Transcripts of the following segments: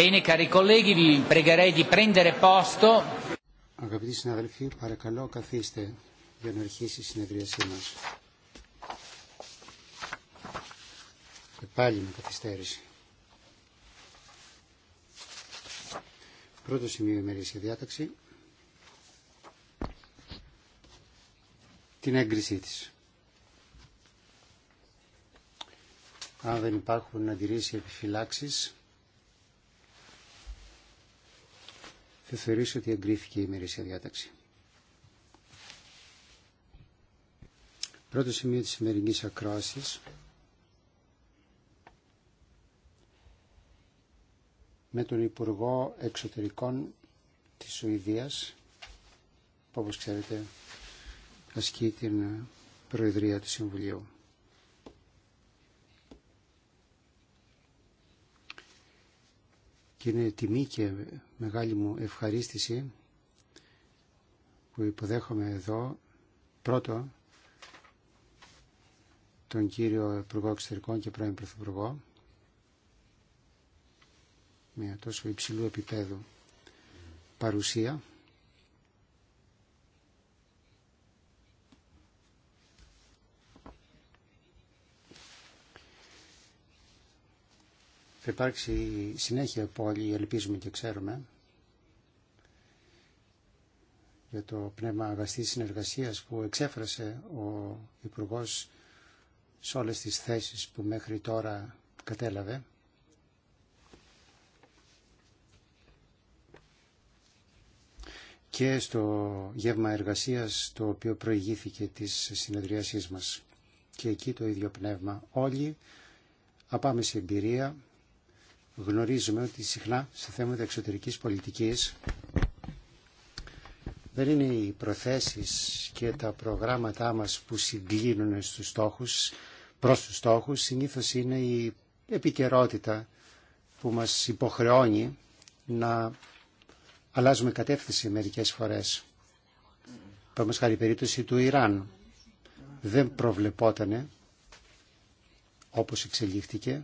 Bene, cari colleghi, vi pregherei di prendere posto. Αγαπητοί συναδελφοί, παρακαλώ καθίστε για να αρχίσει η συνεδρίασή μας. Και πάλι με καθυστέρηση. Πρώτο σημείο ημερήσια διάταξη. Την έγκρισή της. Αν δεν υπάρχουν αντιρρήσεις επιφυλάξεις, θα θεωρήσω ότι εγκρίθηκε η ημερήσια διάταξη. Πρώτο σημείο της σημερινή ακρόασης με τον Υπουργό Εξωτερικών της Σουηδίας που όπως ξέρετε ασκεί την Προεδρία του Συμβουλίου. και είναι τιμή και μεγάλη μου ευχαρίστηση που υποδέχομαι εδώ πρώτο τον κύριο Υπουργό Εξωτερικών και πρώην Πρωθυπουργό μια τόσο υψηλού επίπεδου παρουσία θα υπάρξει συνέχεια που όλοι ελπίζουμε και ξέρουμε για το πνεύμα αγαστής συνεργασίας που εξέφρασε ο Υπουργός σε όλες τις θέσεις που μέχρι τώρα κατέλαβε. και στο γεύμα εργασίας το οποίο προηγήθηκε της συνεδριασής μας. Και εκεί το ίδιο πνεύμα. Όλοι απάμε εμπειρία γνωρίζουμε ότι συχνά σε θέματα εξωτερικής πολιτικής δεν είναι οι προθέσεις και τα προγράμματά μας που συγκλίνουν στους στόχους, προς τους στόχους, συνήθως είναι η επικαιρότητα που μας υποχρεώνει να αλλάζουμε κατεύθυνση μερικές φορές. Πάμε χάρη περίπτωση του Ιράν. Δεν προβλεπότανε όπως εξελίχθηκε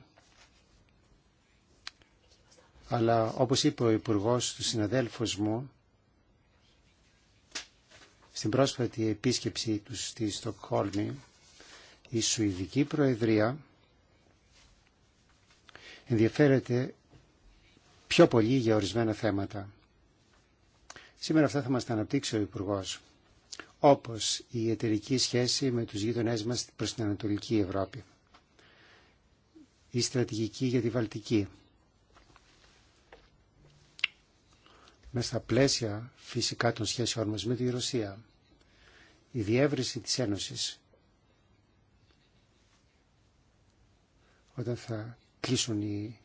αλλά όπως είπε ο υπουργό του συναδέλφους μου στην πρόσφατη επίσκεψή του στη Στοκχόλμη η Σουηδική Προεδρία ενδιαφέρεται πιο πολύ για ορισμένα θέματα. Σήμερα αυτά θα μας τα αναπτύξει ο υπουργό όπως η εταιρική σχέση με τους γείτονές μας προς την Ανατολική Ευρώπη, η στρατηγική για τη Βαλτική, μέσα στα πλαίσια φυσικά των σχέσεων μας με τη Ρωσία. Η διεύρυνση της Ένωσης όταν θα κλείσουν οι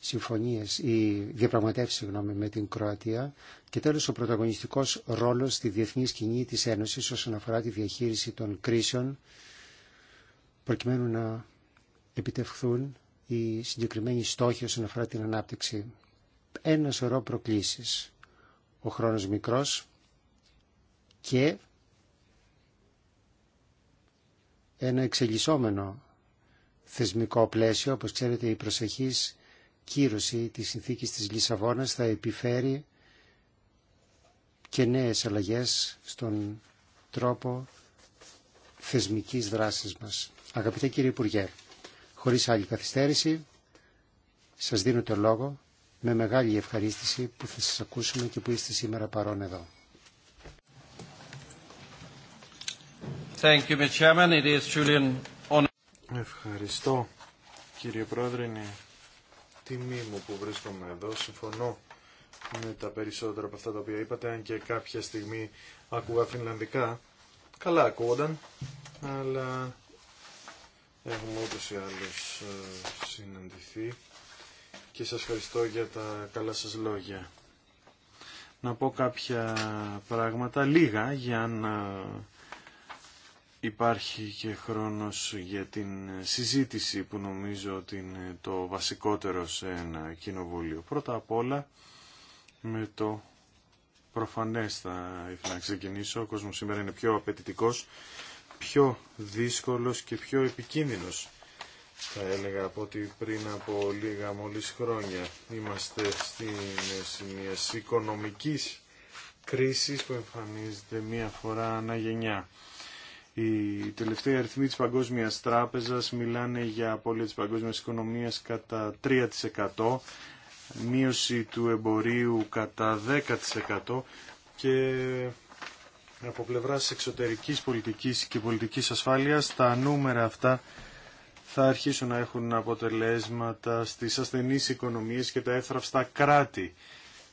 συμφωνίες, οι διαπραγματεύσεις με την Κροατία και τέλος ο πρωταγωνιστικός ρόλος στη διεθνή σκηνή της Ένωσης όσον αφορά τη διαχείριση των κρίσεων προκειμένου να επιτευχθούν οι συγκεκριμένοι στόχοι όσον αφορά την ανάπτυξη. Ένα σωρό προκλήσεις ο χρόνος μικρός και ένα εξελισσόμενο θεσμικό πλαίσιο. Όπως ξέρετε η προσεχής κύρωση της συνθήκης της Λισαβόνας θα επιφέρει και νέες αλλαγές στον τρόπο θεσμικής δράσης μας. Αγαπητέ κύριε Υπουργέ, χωρίς άλλη καθυστέρηση, σας δίνω το λόγο με μεγάλη ευχαρίστηση που θα σας ακούσουμε και που είστε σήμερα παρόν εδώ. Thank you, Chairman. It is an honor. Ευχαριστώ κύριε Πρόεδρε, είναι τιμή μου που βρίσκομαι εδώ. Συμφωνώ με τα περισσότερα από αυτά τα οποία είπατε, αν και κάποια στιγμή άκουγα φινλανδικά. Καλά ακούγονταν, αλλά έχουμε ούτως ή άλλως ε, συναντηθεί και σας ευχαριστώ για τα καλά σας λόγια. Να πω κάποια πράγματα, λίγα, για να υπάρχει και χρόνος για την συζήτηση που νομίζω ότι είναι το βασικότερο σε ένα κοινοβούλιο. Πρώτα απ' όλα με το προφανές θα ήθελα να ξεκινήσω. Ο κόσμος σήμερα είναι πιο απαιτητικός, πιο δύσκολος και πιο επικίνδυνος θα έλεγα από ότι πριν από λίγα μόλις χρόνια είμαστε στην σημεία οικονομικής κρίσης που εμφανίζεται μία φορά ανά γενιά. Οι τελευταίοι αριθμοί της Παγκόσμιας Τράπεζας μιλάνε για απώλεια της παγκόσμιας οικονομίας κατά 3%, μείωση του εμπορίου κατά 10% και από πλευράς εξωτερικής πολιτικής και πολιτικής ασφάλειας τα νούμερα αυτά θα αρχίσουν να έχουν αποτελέσματα στις ασθενείς οικονομίες και τα έθραυστα κράτη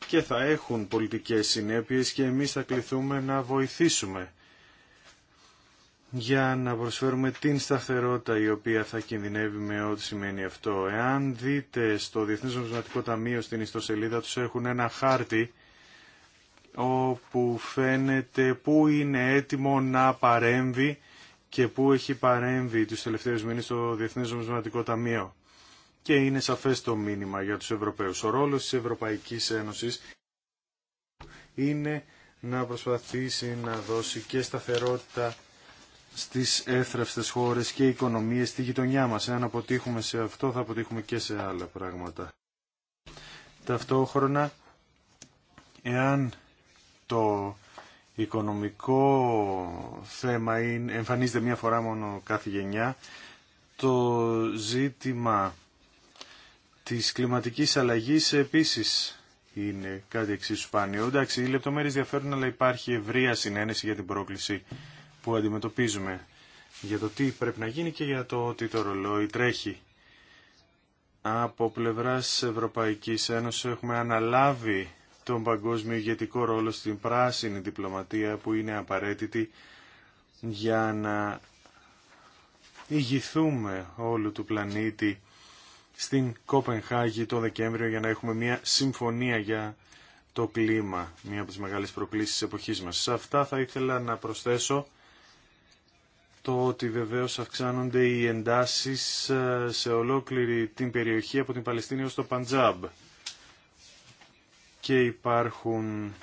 και θα έχουν πολιτικές συνέπειες και εμείς θα κληθούμε να βοηθήσουμε για να προσφέρουμε την σταθερότητα η οποία θα κινδυνεύει με ό,τι σημαίνει αυτό. Εάν δείτε στο Διεθνές Νομισματικό Ταμείο στην ιστοσελίδα τους έχουν ένα χάρτη όπου φαίνεται πού είναι έτοιμο να παρέμβει και πού έχει παρέμβει τους τελευταίους μήνες το Διεθνές Νομισματικό Ταμείο. Και είναι σαφές το μήνυμα για τους Ευρωπαίους. Ο ρόλος της Ευρωπαϊκής Ένωσης είναι να προσπαθήσει να δώσει και σταθερότητα στις έθραυστες χώρες και οικονομίες στη γειτονιά μας. Εάν αποτύχουμε σε αυτό θα αποτύχουμε και σε άλλα πράγματα. Ταυτόχρονα, εάν το οικονομικό θέμα είναι, εμφανίζεται μία φορά μόνο κάθε γενιά. Το ζήτημα της κλιματικής αλλαγής επίσης είναι κάτι εξίσου σπάνιο. Εντάξει, οι λεπτομέρειες διαφέρουν, αλλά υπάρχει ευρεία συνένεση για την πρόκληση που αντιμετωπίζουμε. Για το τι πρέπει να γίνει και για το ότι το ρολόι τρέχει. Από πλευράς Ευρωπαϊκής Ένωσης έχουμε αναλάβει τον παγκόσμιο ηγετικό ρόλο στην πράσινη διπλωματία που είναι απαραίτητη για να ηγηθούμε όλου του πλανήτη στην Κόπενχάγη το Δεκέμβριο για να έχουμε μια συμφωνία για το κλίμα, μια από τις μεγάλες προκλήσεις της εποχής μας. Σε αυτά θα ήθελα να προσθέσω το ότι βεβαίως αυξάνονται οι εντάσεις ε, σε ολόκληρη την περιοχή από την Παλαιστίνη ως το Παντζάμπ και υπάρχουν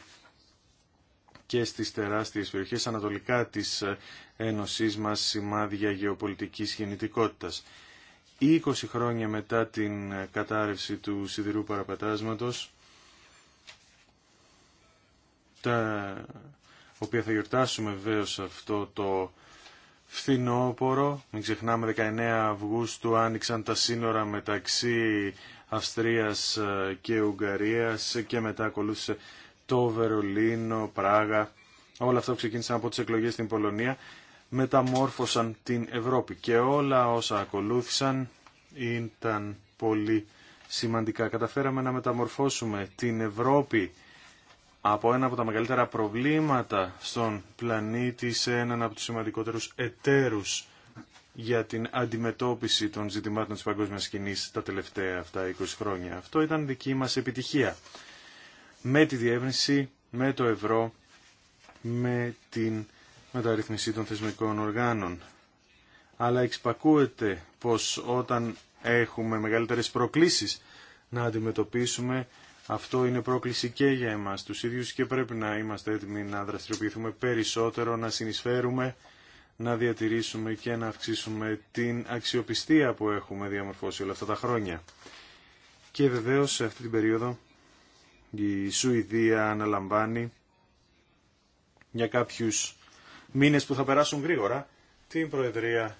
και στις τεράστιες περιοχές ανατολικά της ε, Ένωσής μας σημάδια γεωπολιτικής γεννητικότητας. 20 χρόνια μετά την ε, κατάρρευση του σιδηρού παραπετάσματος, τα οποία θα γιορτάσουμε βεβαίω αυτό το φθινόπορο, μην ξεχνάμε 19 Αυγούστου άνοιξαν τα σύνορα μεταξύ Αυστρίας ε, και Ουγγαρίας ε, και μετά ακολούθησε το Βερολίνο, Πράγα. Όλα αυτά ξεκίνησαν από τις εκλογές στην Πολωνία μεταμόρφωσαν την Ευρώπη και όλα όσα ακολούθησαν ήταν πολύ σημαντικά. Καταφέραμε να μεταμορφώσουμε την Ευρώπη από ένα από τα μεγαλύτερα προβλήματα στον πλανήτη σε έναν από τους σημαντικότερους εταίρους για την αντιμετώπιση των ζητημάτων της παγκόσμιας σκηνής τα τελευταία αυτά 20 χρόνια. Αυτό ήταν δική μας επιτυχία. Με τη διεύρυνση, με το ευρώ, με την μεταρρυθμισή των θεσμικών οργάνων. Αλλά εξπακούεται πως όταν έχουμε μεγαλύτερες προκλήσεις να αντιμετωπίσουμε, αυτό είναι πρόκληση και για εμάς τους ίδιους και πρέπει να είμαστε έτοιμοι να δραστηριοποιηθούμε περισσότερο, να συνεισφέρουμε να διατηρήσουμε και να αυξήσουμε την αξιοπιστία που έχουμε διαμορφώσει όλα αυτά τα χρόνια. Και βεβαίως σε αυτή την περίοδο η Σουηδία αναλαμβάνει για κάποιους μήνες που θα περάσουν γρήγορα την Προεδρία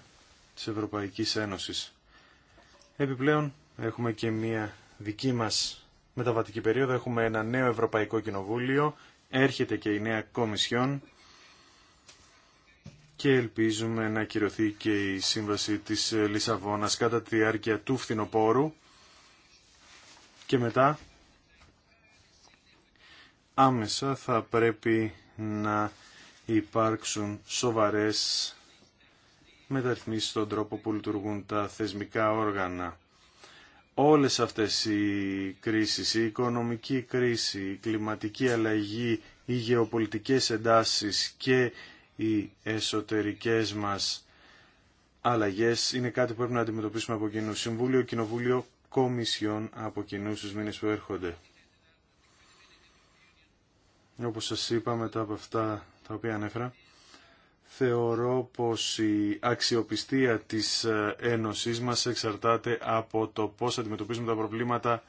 της Ευρωπαϊκής Ένωσης. Επιπλέον έχουμε και μια δική μας μεταβατική περίοδο, έχουμε ένα νέο Ευρωπαϊκό Κοινοβούλιο, έρχεται και η νέα Κομισιόν και ελπίζουμε να κυρωθεί και η σύμβαση της Λισαβόνας κατά τη διάρκεια του φθινοπόρου και μετά άμεσα θα πρέπει να υπάρξουν σοβαρές μεταρρυθμίσεις στον τρόπο που λειτουργούν τα θεσμικά όργανα. Όλες αυτές οι κρίσεις, η οικονομική κρίση, η κλιματική αλλαγή, οι γεωπολιτικές εντάσεις και οι εσωτερικές μας αλλαγές είναι κάτι που πρέπει να αντιμετωπίσουμε από κοινού. Συμβούλιο, Κοινοβούλιο, Κομισιόν από κοινού στους μήνες που έρχονται. Όπως σας είπα μετά από αυτά τα οποία ανέφερα, θεωρώ πως η αξιοπιστία της Ένωσής μας εξαρτάται από το πώς αντιμετωπίζουμε τα προβλήματα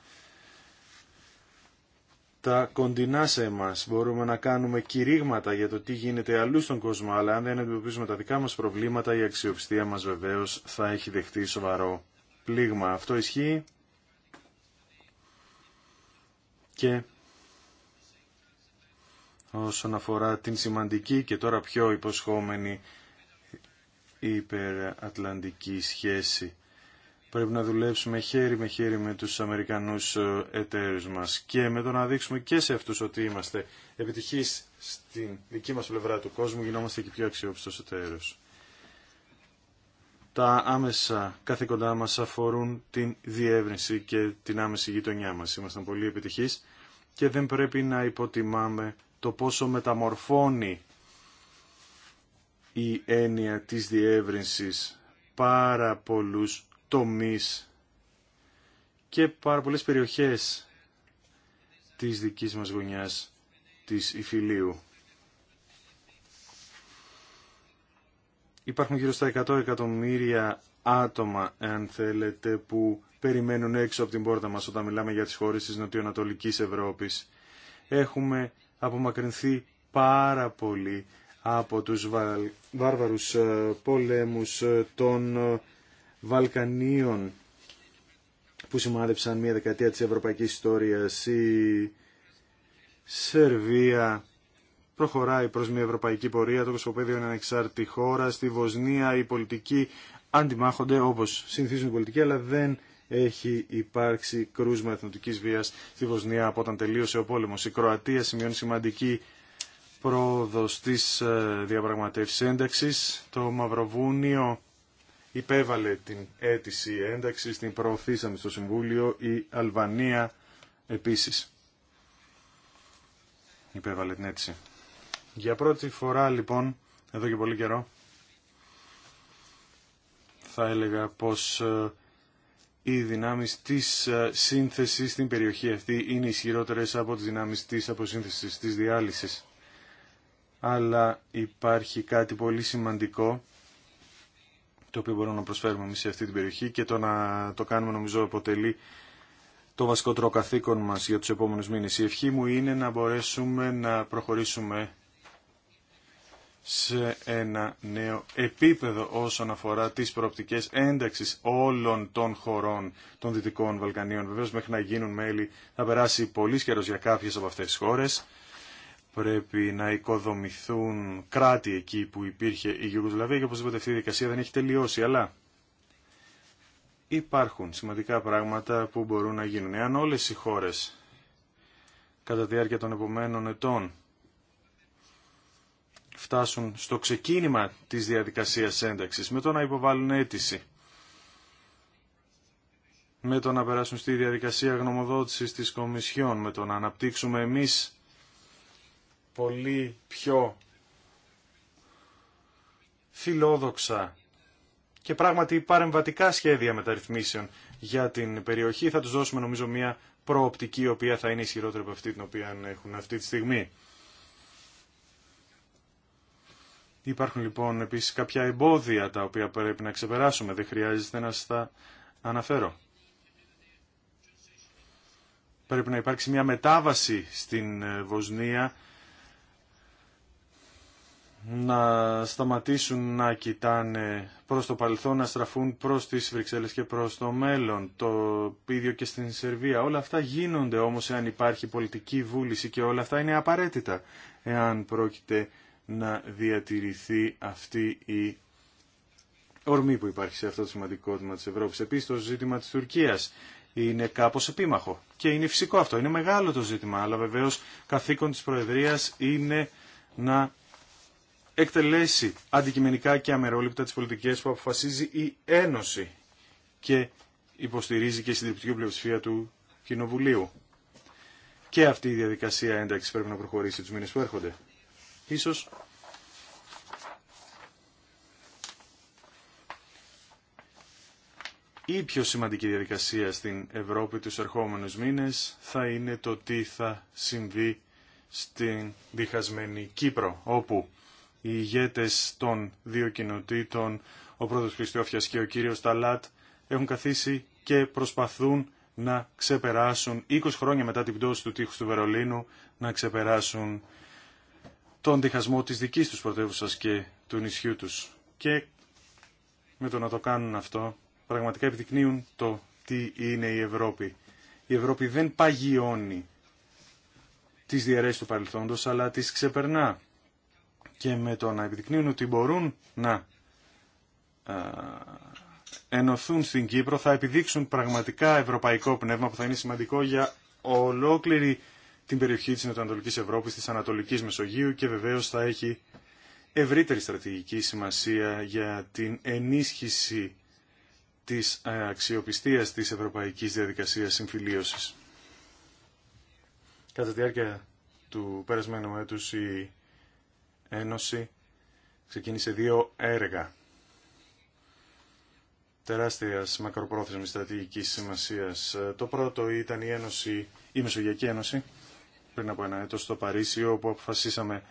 τα κοντινά σε εμά. Μπορούμε να κάνουμε κηρύγματα για το τι γίνεται αλλού στον κόσμο, αλλά αν δεν αντιμετωπίζουμε τα δικά μας προβλήματα, η αξιοπιστία μας βεβαίως θα έχει δεχτεί σοβαρό πλήγμα. Αυτό ισχύει και όσον αφορά την σημαντική και τώρα πιο υποσχόμενη υπερατλαντική σχέση Πρέπει να δουλέψουμε χέρι με χέρι με τους Αμερικανούς ε, εταίρους μας και με το να δείξουμε και σε αυτούς ότι είμαστε επιτυχείς στην δική μας πλευρά του κόσμου, γινόμαστε και πιο αξιόπιστος εταίρους. Τα άμεσα καθήκοντά μας αφορούν την διεύρυνση και την άμεση γειτονιά μας. Ήμασταν πολύ επιτυχείς και δεν πρέπει να υποτιμάμε το πόσο μεταμορφώνει η έννοια της διεύρυνσης πάρα πολλούς τομείς και πάρα πολλές περιοχές της δικής μας γωνιάς της Ιφιλίου. Υπάρχουν γύρω στα 100 εκατομμύρια άτομα, αν θέλετε, που περιμένουν έξω από την πόρτα μας όταν μιλάμε για τις χώρες της Νοτιοανατολικής Ευρώπης. Έχουμε απομακρυνθεί πάρα πολύ από τους βάρβαρους ε, πολέμους ε, των ε, Βαλκανίων που σημάδεψαν μια δεκαετία της ευρωπαϊκής ιστορίας. Η Σερβία προχωράει προς μια ευρωπαϊκή πορεία, το Κοσμοπέδιο είναι ανεξάρτητη χώρα, στη Βοσνία οι πολιτικοί αντιμάχονται όπως συνηθίζουν οι πολιτικοί, αλλά δεν έχει υπάρξει κρούσμα εθνοτικής βίας στη Βοσνία από όταν τελείωσε ο πόλεμος. Η Κροατία σημειώνει σημαντική πρόοδο της ε, διαπραγματεύσης ένταξης, το Μαυροβούνιο υπέβαλε την αίτηση ένταξης, την προωθήσαμε στο Συμβούλιο, η Αλβανία επίσης υπέβαλε την αίτηση. Για πρώτη φορά λοιπόν, εδώ και πολύ καιρό, θα έλεγα πως ε, οι δυνάμεις της ε, σύνθεσης στην περιοχή αυτή είναι ισχυρότερες από τις δυνάμεις της αποσύνθεσης της διάλυσης. Αλλά υπάρχει κάτι πολύ σημαντικό το οποίο μπορούμε να προσφέρουμε εμεί σε αυτή την περιοχή και το να το κάνουμε νομίζω αποτελεί το βασικό καθήκον μας για τους επόμενους μήνες. Η ευχή μου είναι να μπορέσουμε να προχωρήσουμε σε ένα νέο επίπεδο όσον αφορά τις προοπτικές ένταξης όλων των χωρών των Δυτικών Βαλκανίων. Βεβαίως μέχρι να γίνουν μέλη θα περάσει πολύ καιρό για κάποιες από αυτές τις χώρες πρέπει να οικοδομηθούν κράτη εκεί που υπήρχε η Γιουγκοσλαβία και οπωσδήποτε αυτή η δικασία δεν έχει τελειώσει, αλλά υπάρχουν σημαντικά πράγματα που μπορούν να γίνουν. Εάν όλες οι χώρες κατά τη διάρκεια των επομένων ετών φτάσουν στο ξεκίνημα της διαδικασίας ένταξης με το να υποβάλουν αίτηση με το να περάσουν στη διαδικασία γνωμοδότησης της Κομισιόν, με το να αναπτύξουμε εμείς πολύ πιο φιλόδοξα και πράγματι παρεμβατικά σχέδια μεταρρυθμίσεων για την περιοχή. Θα τους δώσουμε νομίζω μια προοπτική η οποία θα είναι ισχυρότερη από αυτή την οποία έχουν αυτή τη στιγμή. Υπάρχουν λοιπόν επίσης κάποια εμπόδια τα οποία πρέπει να ξεπεράσουμε. Δεν χρειάζεται να σας τα αναφέρω. Πρέπει να υπάρξει μια μετάβαση στην ε, Βοσνία να σταματήσουν να κοιτάνε προς το παρελθόν, να στραφούν προς τις Βρυξέλλες και προς το μέλλον, το ίδιο και στην Σερβία. Όλα αυτά γίνονται όμως εάν υπάρχει πολιτική βούληση και όλα αυτά είναι απαραίτητα εάν πρόκειται να διατηρηθεί αυτή η ορμή που υπάρχει σε αυτό το σημαντικό τμήμα της Ευρώπης. Επίσης το ζήτημα της Τουρκίας είναι κάπως επίμαχο και είναι φυσικό αυτό, είναι μεγάλο το ζήτημα, αλλά βεβαίως καθήκον της Προεδρίας είναι να εκτελέσει αντικειμενικά και αμερόληπτα τις πολιτικές που αποφασίζει η Ένωση και υποστηρίζει και η συντριπτική πλειοψηφία του Κοινοβουλίου. Και αυτή η διαδικασία ένταξη πρέπει να προχωρήσει τους μήνες που έρχονται. Ίσως η πιο σημαντική διαδικασία στην Ευρώπη τους ερχόμενους μήνες θα είναι το τι θα συμβεί στην διχασμένη Κύπρο, όπου οι ηγέτες των δύο κοινοτήτων, ο πρόεδρος Χριστιόφιας και ο κύριος Ταλάτ, έχουν καθίσει και προσπαθούν να ξεπεράσουν, 20 χρόνια μετά την πτώση του τείχους του Βερολίνου, να ξεπεράσουν τον διχασμό της δικής τους πρωτεύουσα και του νησιού τους. Και με το να το κάνουν αυτό, πραγματικά επιδεικνύουν το τι είναι η Ευρώπη. Η Ευρώπη δεν παγιώνει τις διαιρέσεις του παρελθόντος, αλλά τις ξεπερνά και με το να επιδεικνύουν ότι μπορούν να ενωθούν στην Κύπρο θα επιδείξουν πραγματικά ευρωπαϊκό πνεύμα που θα είναι σημαντικό για ολόκληρη την περιοχή της Νοτιοανατολικής Ευρώπης, της Ανατολικής Μεσογείου και βεβαίως θα έχει ευρύτερη στρατηγική σημασία για την ενίσχυση της ε, αξιοπιστίας της ευρωπαϊκής διαδικασίας συμφιλίωσης. Κατά τη διάρκεια του περασμένου έτους Ένωση ξεκίνησε δύο έργα τεράστιας μακροπρόθεσμης στρατηγικής σημασίας. Το πρώτο ήταν η, Ένωση, η Μεσογειακή Ένωση πριν από ένα έτος στο Παρίσι όπου αποφασίσαμε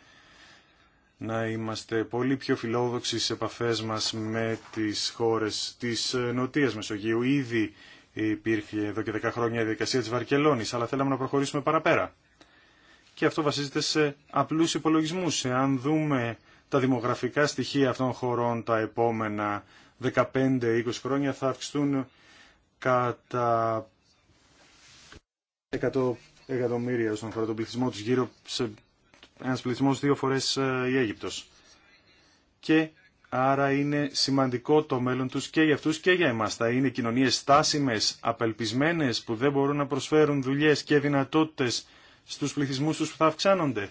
να είμαστε πολύ πιο φιλόδοξοι σε επαφές μας με τις χώρες της Νοτίας Μεσογείου. Ήδη υπήρχε εδώ και 10 χρόνια η διαδικασία της Βαρκελόνης, αλλά θέλαμε να προχωρήσουμε παραπέρα και αυτό βασίζεται σε απλούς υπολογισμούς. Εάν δούμε τα δημογραφικά στοιχεία αυτών χωρών τα επόμενα 15-20 χρόνια θα αυξηθούν κατά 100 εκατομμύρια στον χώρο τον πληθυσμό τους γύρω σε ένας πληθυσμός δύο φορές ε, η Αίγυπτος. Και άρα είναι σημαντικό το μέλλον τους και για αυτούς και για εμάς. Θα είναι κοινωνίες στάσιμες, απελπισμένες που δεν μπορούν να προσφέρουν δουλειές και δυνατότητες στους πληθυσμούς τους που θα αυξάνονται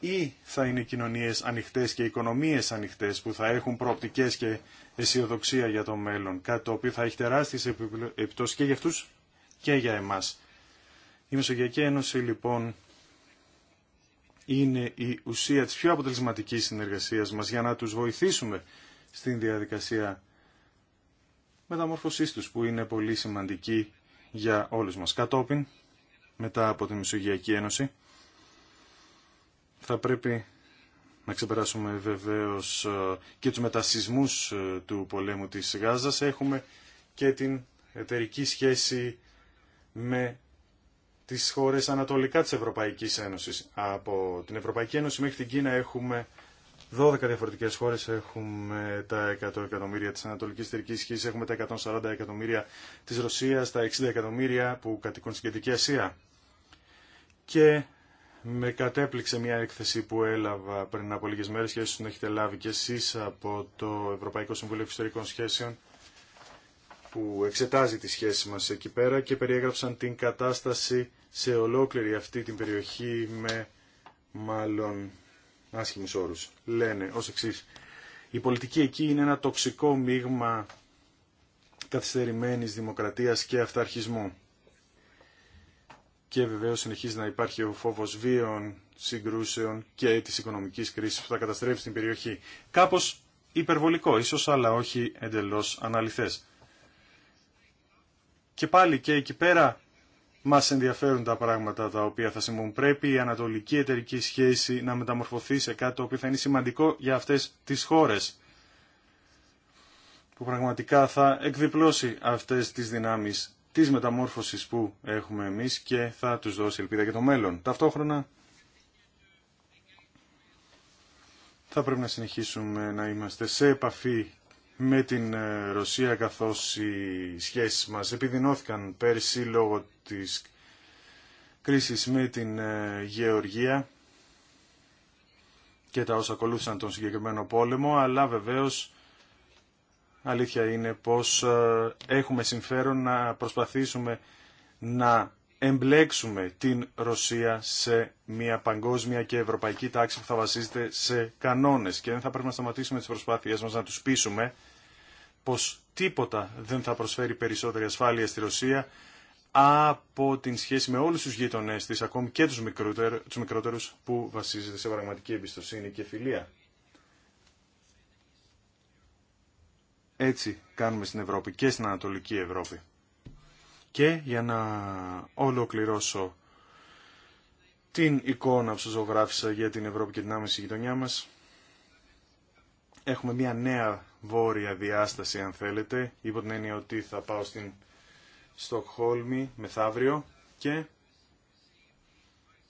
ή θα είναι κοινωνίες ανοιχτές και οικονομίες ανοιχτές που θα έχουν προοπτικές και αισιοδοξία για το μέλλον, κάτι το οποίο θα έχει τεράστιες επιπτώσεις και για αυτούς και για εμάς. Η Μεσογειακή Ένωση λοιπόν είναι η ουσία της πιο αποτελεσματικής συνεργασίας μας για να τους βοηθήσουμε στην διαδικασία μεταμορφωσής τους που είναι πολύ σημαντική για όλους μας. Κατόπιν μετά από τη Μεσογειακή Ένωση. Θα πρέπει να ξεπεράσουμε βεβαίως ε, και τους μετασυσμούς ε, του πολέμου της Γάζας. Έχουμε και την εταιρική σχέση με τις χώρες ανατολικά της Ευρωπαϊκής Ένωσης. Από την Ευρωπαϊκή Ένωση μέχρι την Κίνα έχουμε 12 διαφορετικές χώρες, έχουμε τα 100 εκατομμύρια της Ανατολικής εταιρικής Σχέσης, έχουμε τα 140 εκατομμύρια της Ρωσίας, τα 60 εκατομμύρια που κατοικούν στην Κεντρική Ασία και με κατέπληξε μια έκθεση που έλαβα πριν από λίγες μέρες και ίσως την έχετε λάβει και εσείς από το Ευρωπαϊκό Συμβούλιο Εξωτερικών Σχέσεων που εξετάζει τις σχέσεις μας εκεί πέρα και περιέγραψαν την κατάσταση σε ολόκληρη αυτή την περιοχή με μάλλον άσχημους όρους. Λένε ως εξή. Η πολιτική εκεί είναι ένα τοξικό μείγμα καθυστερημένης δημοκρατίας και αυταρχισμού και βεβαίω συνεχίζει να υπάρχει ο φόβος βίων, συγκρούσεων και τη οικονομικής κρίσης που θα καταστρέψει την περιοχή. Κάπως υπερβολικό ίσως, αλλά όχι εντελώς αναλυθέ. Και πάλι και εκεί πέρα μας ενδιαφέρουν τα πράγματα τα οποία θα συμβούν. Πρέπει η ανατολική εταιρική σχέση να μεταμορφωθεί σε κάτι το οποίο θα είναι σημαντικό για αυτέ τι χώρε που πραγματικά θα εκδιπλώσει αυτές τις δυνάμεις Τη μεταμόρφωσης που έχουμε εμεί και θα τους δώσει ελπίδα για το μέλλον. Ταυτόχρονα θα πρέπει να συνεχίσουμε να είμαστε σε επαφή με την ε, Ρωσία καθώς οι σχέσεις μας επιδεινώθηκαν πέρσι λόγω της κρίσης με την ε, Γεωργία και τα όσα ακολούθησαν τον συγκεκριμένο πόλεμο, αλλά βεβαίως αλήθεια είναι πως ε, έχουμε συμφέρον να προσπαθήσουμε να εμπλέξουμε την Ρωσία σε μια παγκόσμια και ευρωπαϊκή τάξη που θα βασίζεται σε κανόνες και δεν θα πρέπει να σταματήσουμε τις προσπάθειές μας να τους πείσουμε πως τίποτα δεν θα προσφέρει περισσότερη ασφάλεια στη Ρωσία από την σχέση με όλους τους γείτονές της, ακόμη και τους, τους μικρότερους που βασίζεται σε πραγματική εμπιστοσύνη και φιλία. Έτσι κάνουμε στην Ευρώπη και στην Ανατολική Ευρώπη. Και για να ολοκληρώσω την εικόνα που σας ζωγράφισα για την Ευρώπη και την άμεση γειτονιά μας, έχουμε μια νέα βόρεια διάσταση αν θέλετε, υπό την έννοια ότι θα πάω στην Στοκχόλμη μεθαύριο και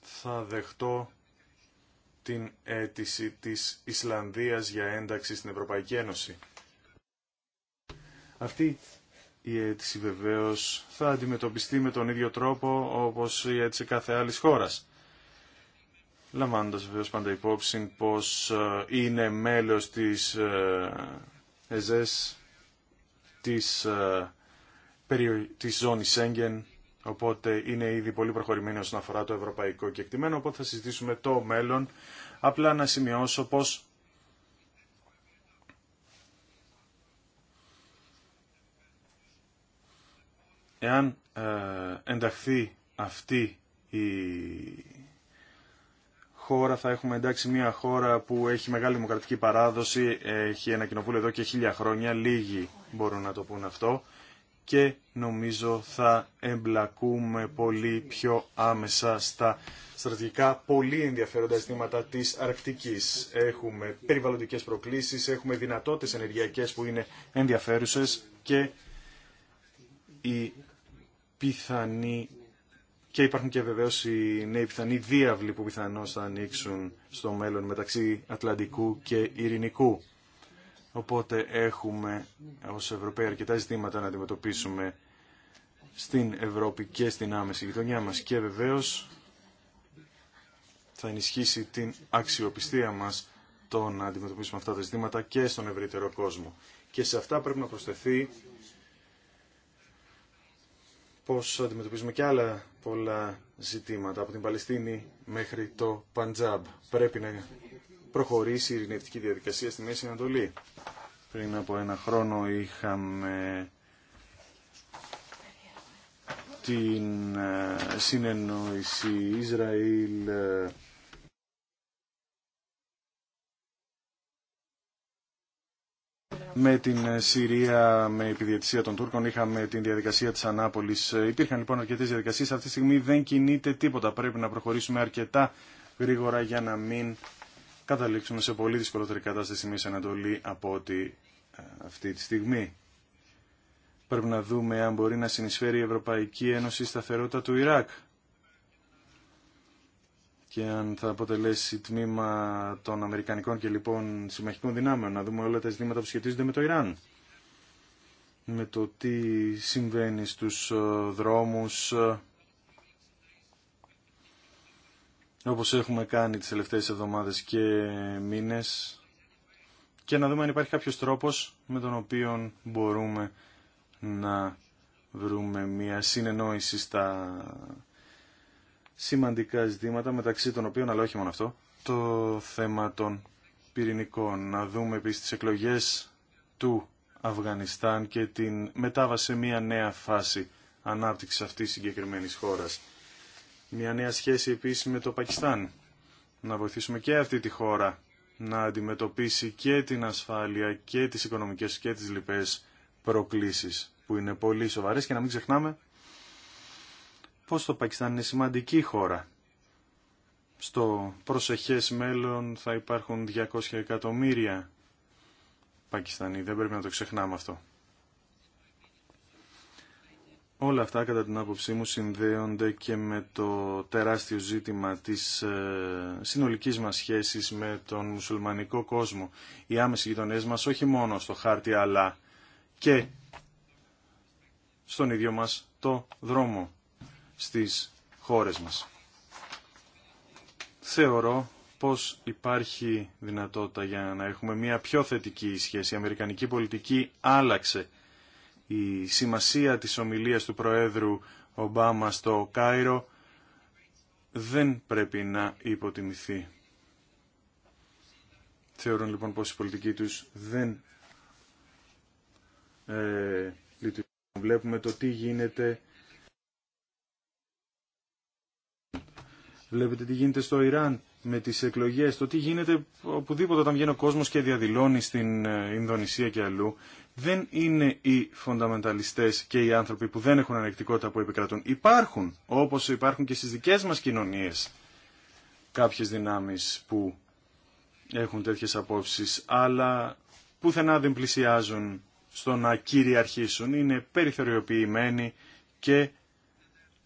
θα δεχτώ την αίτηση της Ισλανδίας για ένταξη στην Ευρωπαϊκή Ένωση. Αυτή η αίτηση βεβαίω θα αντιμετωπιστεί με τον ίδιο τρόπο όπως η αίτηση κάθε άλλη χώρα, λαμβάνοντα βεβαίω πάντα υπόψη πω ε, είναι μέλος της ε, ΕΖΕΣ της, ε, της ζώνης Σέγγεν Οπότε είναι ήδη πολύ προχωρημένη όσον αφορά το ευρωπαϊκό κεκτημένο, οπότε θα συζητήσουμε το μέλλον. Απλά να σημειώσω πως εάν ε, ενταχθεί αυτή η χώρα, θα έχουμε εντάξει μια χώρα που έχει μεγάλη δημοκρατική παράδοση, έχει ένα κοινοβούλιο εδώ και χίλια χρόνια, λίγοι μπορούν να το πούν αυτό και νομίζω θα εμπλακούμε πολύ πιο άμεσα στα στρατηγικά πολύ ενδιαφέροντα ζητήματα της Αρκτικής. Έχουμε περιβαλλοντικές προκλήσεις, έχουμε δυνατότητες ενεργειακές που είναι ενδιαφέρουσες και η πιθανή και υπάρχουν και βεβαίω οι νέοι πιθανοί διάβλοι που πιθανώ θα ανοίξουν στο μέλλον μεταξύ Ατλαντικού και Ειρηνικού. Οπότε έχουμε ως Ευρωπαίοι αρκετά ζητήματα να αντιμετωπίσουμε στην Ευρώπη και στην άμεση γειτονιά μας και βεβαίως θα ενισχύσει την αξιοπιστία μας το να αντιμετωπίσουμε αυτά τα ζητήματα και στον ευρύτερο κόσμο. Και σε αυτά πρέπει να προσθεθεί πώς αντιμετωπίζουμε και άλλα πολλά ζητήματα από την Παλαιστίνη μέχρι το Παντζάμπ. Πρέπει να προχωρήσει η ειρηνευτική διαδικασία στη Μέση Ανατολή. Πριν από ένα χρόνο είχαμε την ε, συνεννόηση Ισραήλ ε, με την ε, Συρία, με επιδιαιτησία των Τούρκων, είχαμε την διαδικασία της Ανάπολης. Ε, υπήρχαν λοιπόν αρκετές διαδικασίες, αυτή τη στιγμή δεν κινείται τίποτα. Πρέπει να προχωρήσουμε αρκετά γρήγορα για να μην καταλήξουμε σε πολύ δυσκολότερη κατάσταση στην Ανατολή από ότι ε, αυτή τη στιγμή. Πρέπει να δούμε αν μπορεί να συνεισφέρει η Ευρωπαϊκή Ένωση σταθερότητα του Ιράκ και αν θα αποτελέσει τμήμα των Αμερικανικών και λοιπόν συμμαχικών δυνάμεων, να δούμε όλα τα ζητήματα που σχετίζονται με το Ιράν, με το τι συμβαίνει στους ε, δρόμους, ε, όπως έχουμε κάνει τις τελευταίες εβδομάδες και μήνες, και να δούμε αν υπάρχει κάποιος τρόπος με τον οποίο μπορούμε να βρούμε μια συνεννόηση στα σημαντικά ζητήματα, μεταξύ των οποίων, αλλά όχι μόνο αυτό, το θέμα των πυρηνικών. Να δούμε επίσης τις εκλογές του Αφγανιστάν και την μετάβαση σε μια νέα φάση ανάπτυξης αυτής της συγκεκριμένης χώρας. Μια νέα σχέση επίσης με το Πακιστάν. Να βοηθήσουμε και αυτή τη χώρα να αντιμετωπίσει και την ασφάλεια και τις οικονομικές και τις λοιπές προκλήσεις που είναι πολύ σοβαρές και να μην ξεχνάμε πως το Πακιστάν είναι σημαντική χώρα. Στο προσεχές μέλλον θα υπάρχουν 200 εκατομμύρια Πακιστανοί. Δεν πρέπει να το ξεχνάμε αυτό. Όλα αυτά κατά την άποψή μου συνδέονται και με το τεράστιο ζήτημα της ε, συνολικής μας σχέσης με τον μουσουλμανικό κόσμο. Οι άμεσοι γειτονές μας όχι μόνο στο χάρτη αλλά και στον ίδιο μας το δρόμο στις χώρες μας. Θεωρώ πως υπάρχει δυνατότητα για να έχουμε μια πιο θετική σχέση. Η Αμερικανική πολιτική άλλαξε. Η σημασία της ομιλίας του Προέδρου Ομπάμα στο Κάιρο δεν πρέπει να υποτιμηθεί. θεωρώ λοιπόν πως η πολιτική τους δεν ε, Βλέπουμε το τι γίνεται Βλέπετε τι γίνεται στο Ιράν με τις εκλογές, το τι γίνεται οπουδήποτε όταν βγαίνει ο κόσμος και διαδηλώνει στην ε, Ινδονησία και αλλού. Δεν είναι οι φονταμενταλιστέ και οι άνθρωποι που δεν έχουν ανεκτικότητα που επικρατούν. Υπάρχουν, όπως υπάρχουν και στις δικές μας κοινωνίες, κάποιες δυνάμεις που έχουν τέτοιε απόψει, αλλά πουθενά δεν πλησιάζουν στο να κυριαρχήσουν. Είναι περιθωριοποιημένοι και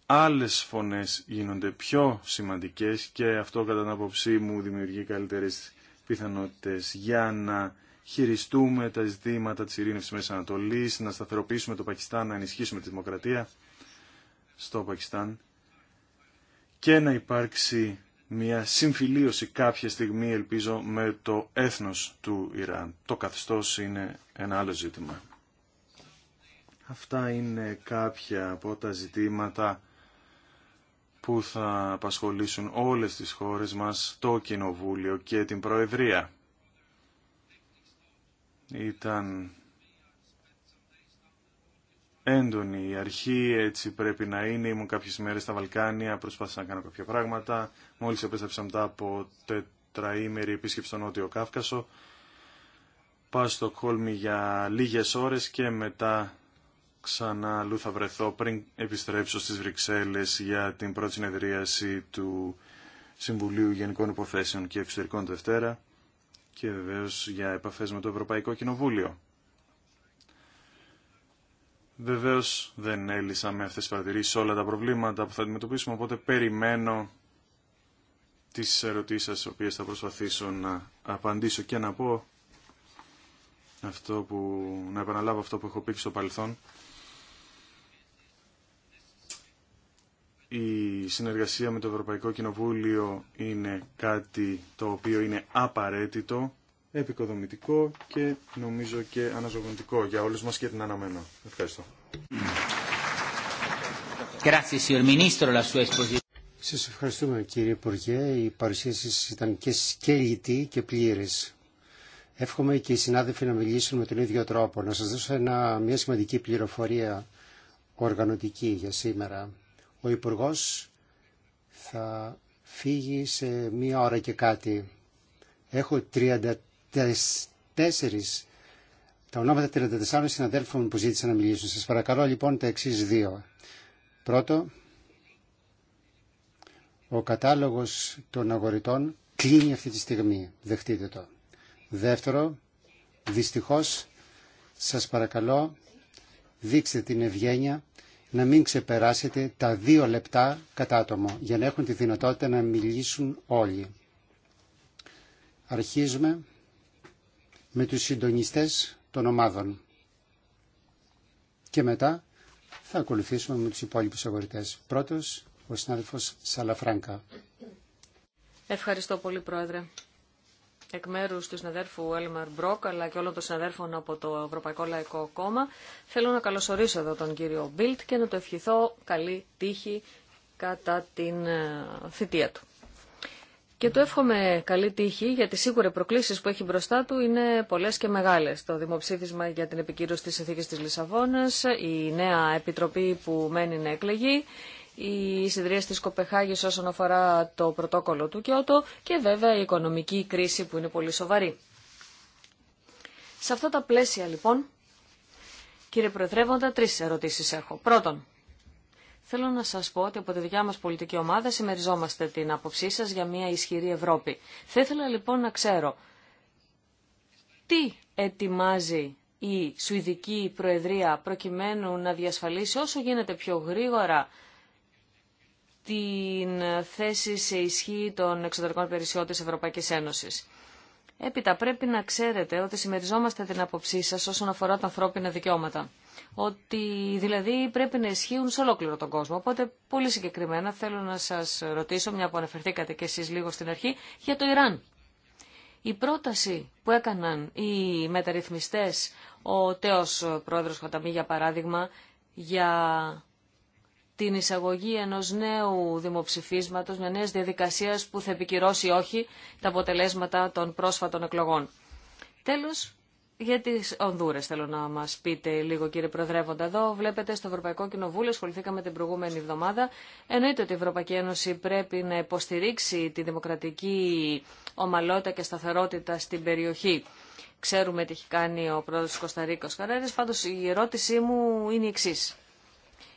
άλλες φωνές γίνονται πιο σημαντικές και αυτό κατά την άποψή μου δημιουργεί καλύτερες πιθανότητες για να χειριστούμε τα ζητήματα της ειρήνευσης Μέσης Ανατολής, να σταθεροποιήσουμε το Πακιστάν, να ενισχύσουμε τη δημοκρατία στο Πακιστάν και να υπάρξει μια συμφιλίωση κάποια στιγμή, ελπίζω, με το έθνος του Ιράν. Το καθεστώς είναι ένα άλλο ζήτημα. Αυτά είναι κάποια από τα ζητήματα που θα απασχολήσουν όλες τις χώρες μας, το Κοινοβούλιο και την Προεδρία. Ήταν έντονη η αρχή, έτσι πρέπει να είναι. Ήμουν κάποιες μέρες στα Βαλκάνια, προσπάθησα να κάνω κάποια πράγματα. Μόλις επέστρεψα μετά από τετραήμερη επίσκεψη στο Νότιο Κάφκασο. Πάω στο Κόλμη για λίγες ώρες και μετά ξανά αλλού θα βρεθώ πριν επιστρέψω στις Βρυξέλλες για την πρώτη συνεδρίαση του Συμβουλίου Γενικών Υποθέσεων και Εξωτερικών Δευτέρα και βεβαίως για επαφές με το Ευρωπαϊκό Κοινοβούλιο. Βεβαίως δεν έλυσα με αυτές τις παρατηρήσεις όλα τα προβλήματα που θα αντιμετωπίσουμε, οπότε περιμένω τις ερωτήσεις σας, οποίες θα προσπαθήσω να απαντήσω και να πω αυτό που, να επαναλάβω αυτό που έχω πει στο παρελθόν η συνεργασία με το Ευρωπαϊκό Κοινοβούλιο είναι κάτι το οποίο είναι απαραίτητο, επικοδομητικό και νομίζω και αναζωογονητικό για όλους μας και την αναμένω. Ευχαριστώ. Σας ευχαριστούμε κύριε Υπουργέ. Η παρουσίαση ήταν και σκέλητη και πλήρης. Εύχομαι και οι συνάδελφοι να μιλήσουν με τον ίδιο τρόπο. Να σας δώσω ένα, μια σημαντική πληροφορία οργανωτική για σήμερα. Ο Υπουργός θα φύγει σε μία ώρα και κάτι. Έχω 34, τα ονόματα 34 συναδέλφων που ζήτησαν να μιλήσουν. Σας παρακαλώ λοιπόν τα εξής δύο. Πρώτο, ο κατάλογος των αγοριτών κλείνει αυτή τη στιγμή. Δεχτείτε το. Δεύτερο, δυστυχώς, σας παρακαλώ, δείξτε την ευγένεια να μην ξεπεράσετε τα δύο λεπτά κατά άτομο για να έχουν τη δυνατότητα να μιλήσουν όλοι. Αρχίζουμε με τους συντονιστές των ομάδων και μετά θα ακολουθήσουμε με τους υπόλοιπους αγορητές. Πρώτος, ο συνάδελφος Σαλαφράνκα. Ευχαριστώ πολύ, Πρόεδρε εκ μέρου του συναδέρφου Έλμαρ Μπρόκ αλλά και όλων των συναδέρφων από το Ευρωπαϊκό Λαϊκό Κόμμα θέλω να καλωσορίσω εδώ τον κύριο Μπίλτ και να του ευχηθώ καλή τύχη κατά την ε, θητεία του. Και του εύχομαι καλή τύχη γιατί σίγουρα οι προκλήσεις που έχει μπροστά του είναι πολλές και μεγάλες. Το δημοψήφισμα για την επικύρωση τη συνθήκη τη Λισαβόνα, η νέα επιτροπή που μένει να εκλεγεί, οι συνδρίες τη Κοπεχάγη όσον αφορά το πρωτόκολλο του Κιώτο και βέβαια η οικονομική κρίση που είναι πολύ σοβαρή. Σε αυτά τα πλαίσια λοιπόν, κύριε Προεδρεύοντα, τρει ερωτήσει έχω. Πρώτον, θέλω να σα πω ότι από τη δικιά μα πολιτική ομάδα συμμεριζόμαστε την άποψή σα για μια ισχυρή Ευρώπη. Θα ήθελα λοιπόν να ξέρω τι ετοιμάζει η Σουηδική Προεδρία προκειμένου να διασφαλίσει όσο γίνεται πιο γρήγορα την θέση σε ισχύ των εξωτερικών υπηρεσιών της Ευρωπαϊκής Ένωσης. Έπειτα πρέπει να ξέρετε ότι συμμεριζόμαστε την αποψή σα όσον αφορά τα ανθρώπινα δικαιώματα. Ότι δηλαδή πρέπει να ισχύουν σε ολόκληρο τον κόσμο. Οπότε πολύ συγκεκριμένα θέλω να σας ρωτήσω, μια που αναφερθήκατε και εσείς λίγο στην αρχή, για το Ιράν. Η πρόταση που έκαναν οι μεταρρυθμιστές, ο τέος πρόεδρος Χαταμή για παράδειγμα, για την εισαγωγή ενός νέου δημοψηφίσματος, μια νέα διαδικασία που θα επικυρώσει όχι τα αποτελέσματα των πρόσφατων εκλογών. Τέλος, για τις Ονδούρες θέλω να μα πείτε λίγο κύριε Προδρεύοντα εδώ. Βλέπετε στο Ευρωπαϊκό Κοινοβούλιο, ασχοληθήκαμε την προηγούμενη εβδομάδα. Εννοείται ότι η Ευρωπαϊκή Ένωση πρέπει να υποστηρίξει τη δημοκρατική ομαλότητα και σταθερότητα στην περιοχή. Ξέρουμε τι έχει κάνει ο πρόεδρος Κωνσταντίνο η ερώτησή μου είναι η εξή.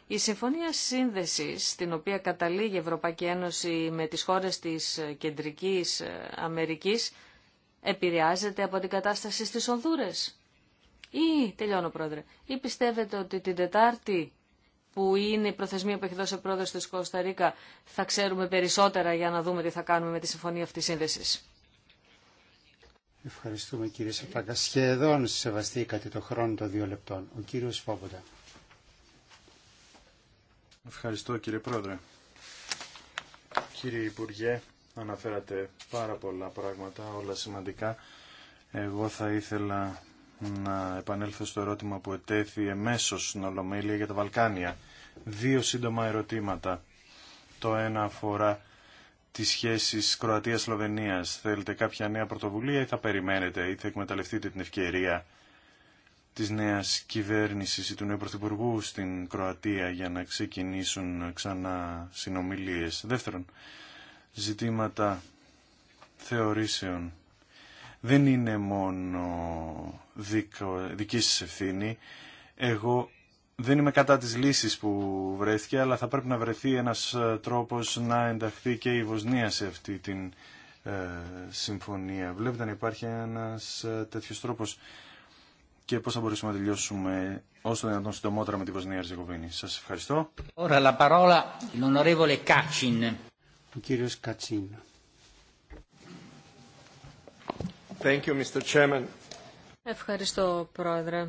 Η Συμφωνία Σύνδεσης, στην οποία καταλήγει η Ευρωπαϊκή Ένωση με τις χώρες της Κεντρικής Αμερικής, επηρεάζεται από την κατάσταση στις Ονδούρες. Ή, τελειώνω πρόεδρε, ή πιστεύετε ότι την Τετάρτη που είναι η προθεσμία που έχει δώσει ο πρόεδρος της Κωνσταντίνα θα ξέρουμε περισσότερα για να δούμε τι θα κάνουμε με τη Συμφωνία αυτή σύνδεσης. Ευχαριστούμε κύριε Σαπάκα. Σχεδόν σεβαστήκατε το χρόνο των δύο λεπτών. Ο κύριος Φόποντα. Ευχαριστώ κύριε Πρόεδρε. Κύριε Υπουργέ, αναφέρατε πάρα πολλά πράγματα, όλα σημαντικά. Εγώ θα ήθελα να επανέλθω στο ερώτημα που ετέθη εμέσως στην Ολομέλεια για τα Βαλκάνια. Δύο σύντομα ερωτήματα. Το ένα αφορά τις σχέσεις Κροατίας-Σλοβενίας. Θέλετε κάποια νέα πρωτοβουλία ή θα περιμένετε ή θα εκμεταλλευτείτε την ευκαιρία της νέας κυβέρνησης ή του νέου πρωθυπουργού στην Κροατία για να ξεκινήσουν ξανά συνομιλίες. Δεύτερον, ζητήματα θεωρήσεων δεν είναι μόνο δική σας ευθύνη. Εγώ δεν είμαι κατά της λύσης που βρέθηκε, αλλά θα πρέπει να βρεθεί ένας ε, τρόπος να ενταχθεί και η Βοσνία σε αυτή την ε, συμφωνία. Βλέπετε να υπάρχει ένας ε, τέτοιος τρόπος και πώς θα μπορέσουμε να τελειώσουμε όσο το δυνατόν συντομότερα με την Βοσνία Ερζεγοβίνη. Σας ευχαριστώ. Ora la parola l'onorevole Kacin. Ο κύριος Κατσίν. Thank you, Mr. Chairman. Ευχαριστώ, Πρόεδρε.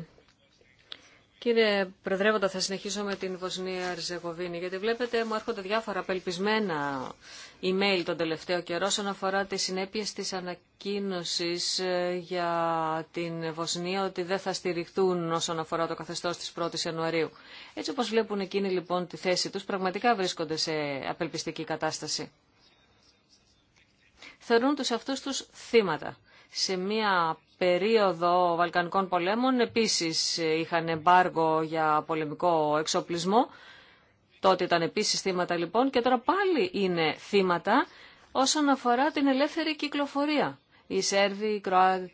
Κύριε Προεδρεύοντα, θα συνεχίσω με την Βοσνία Ριζεγοβίνη, γιατί βλέπετε μου έρχονται διάφορα απελπισμένα email τον τελευταίο καιρό όσον αφορά τις συνέπειες της ανακοίνωσης ε, για την Βοσνία ότι δεν θα στηριχθούν όσον αφορά το καθεστώς της 1ης Ιανουαρίου. Έτσι όπως βλέπουν εκείνοι λοιπόν τη θέση τους, πραγματικά βρίσκονται σε απελπιστική κατάσταση. Θεωρούν τους αυτούς τους θύματα σε μία περίοδο Βαλκανικών πολέμων επίσης είχαν εμπάργο για πολεμικό εξοπλισμό. Τότε ήταν επίσης θύματα λοιπόν και τώρα πάλι είναι θύματα όσον αφορά την ελεύθερη κυκλοφορία. Οι Σέρβοι,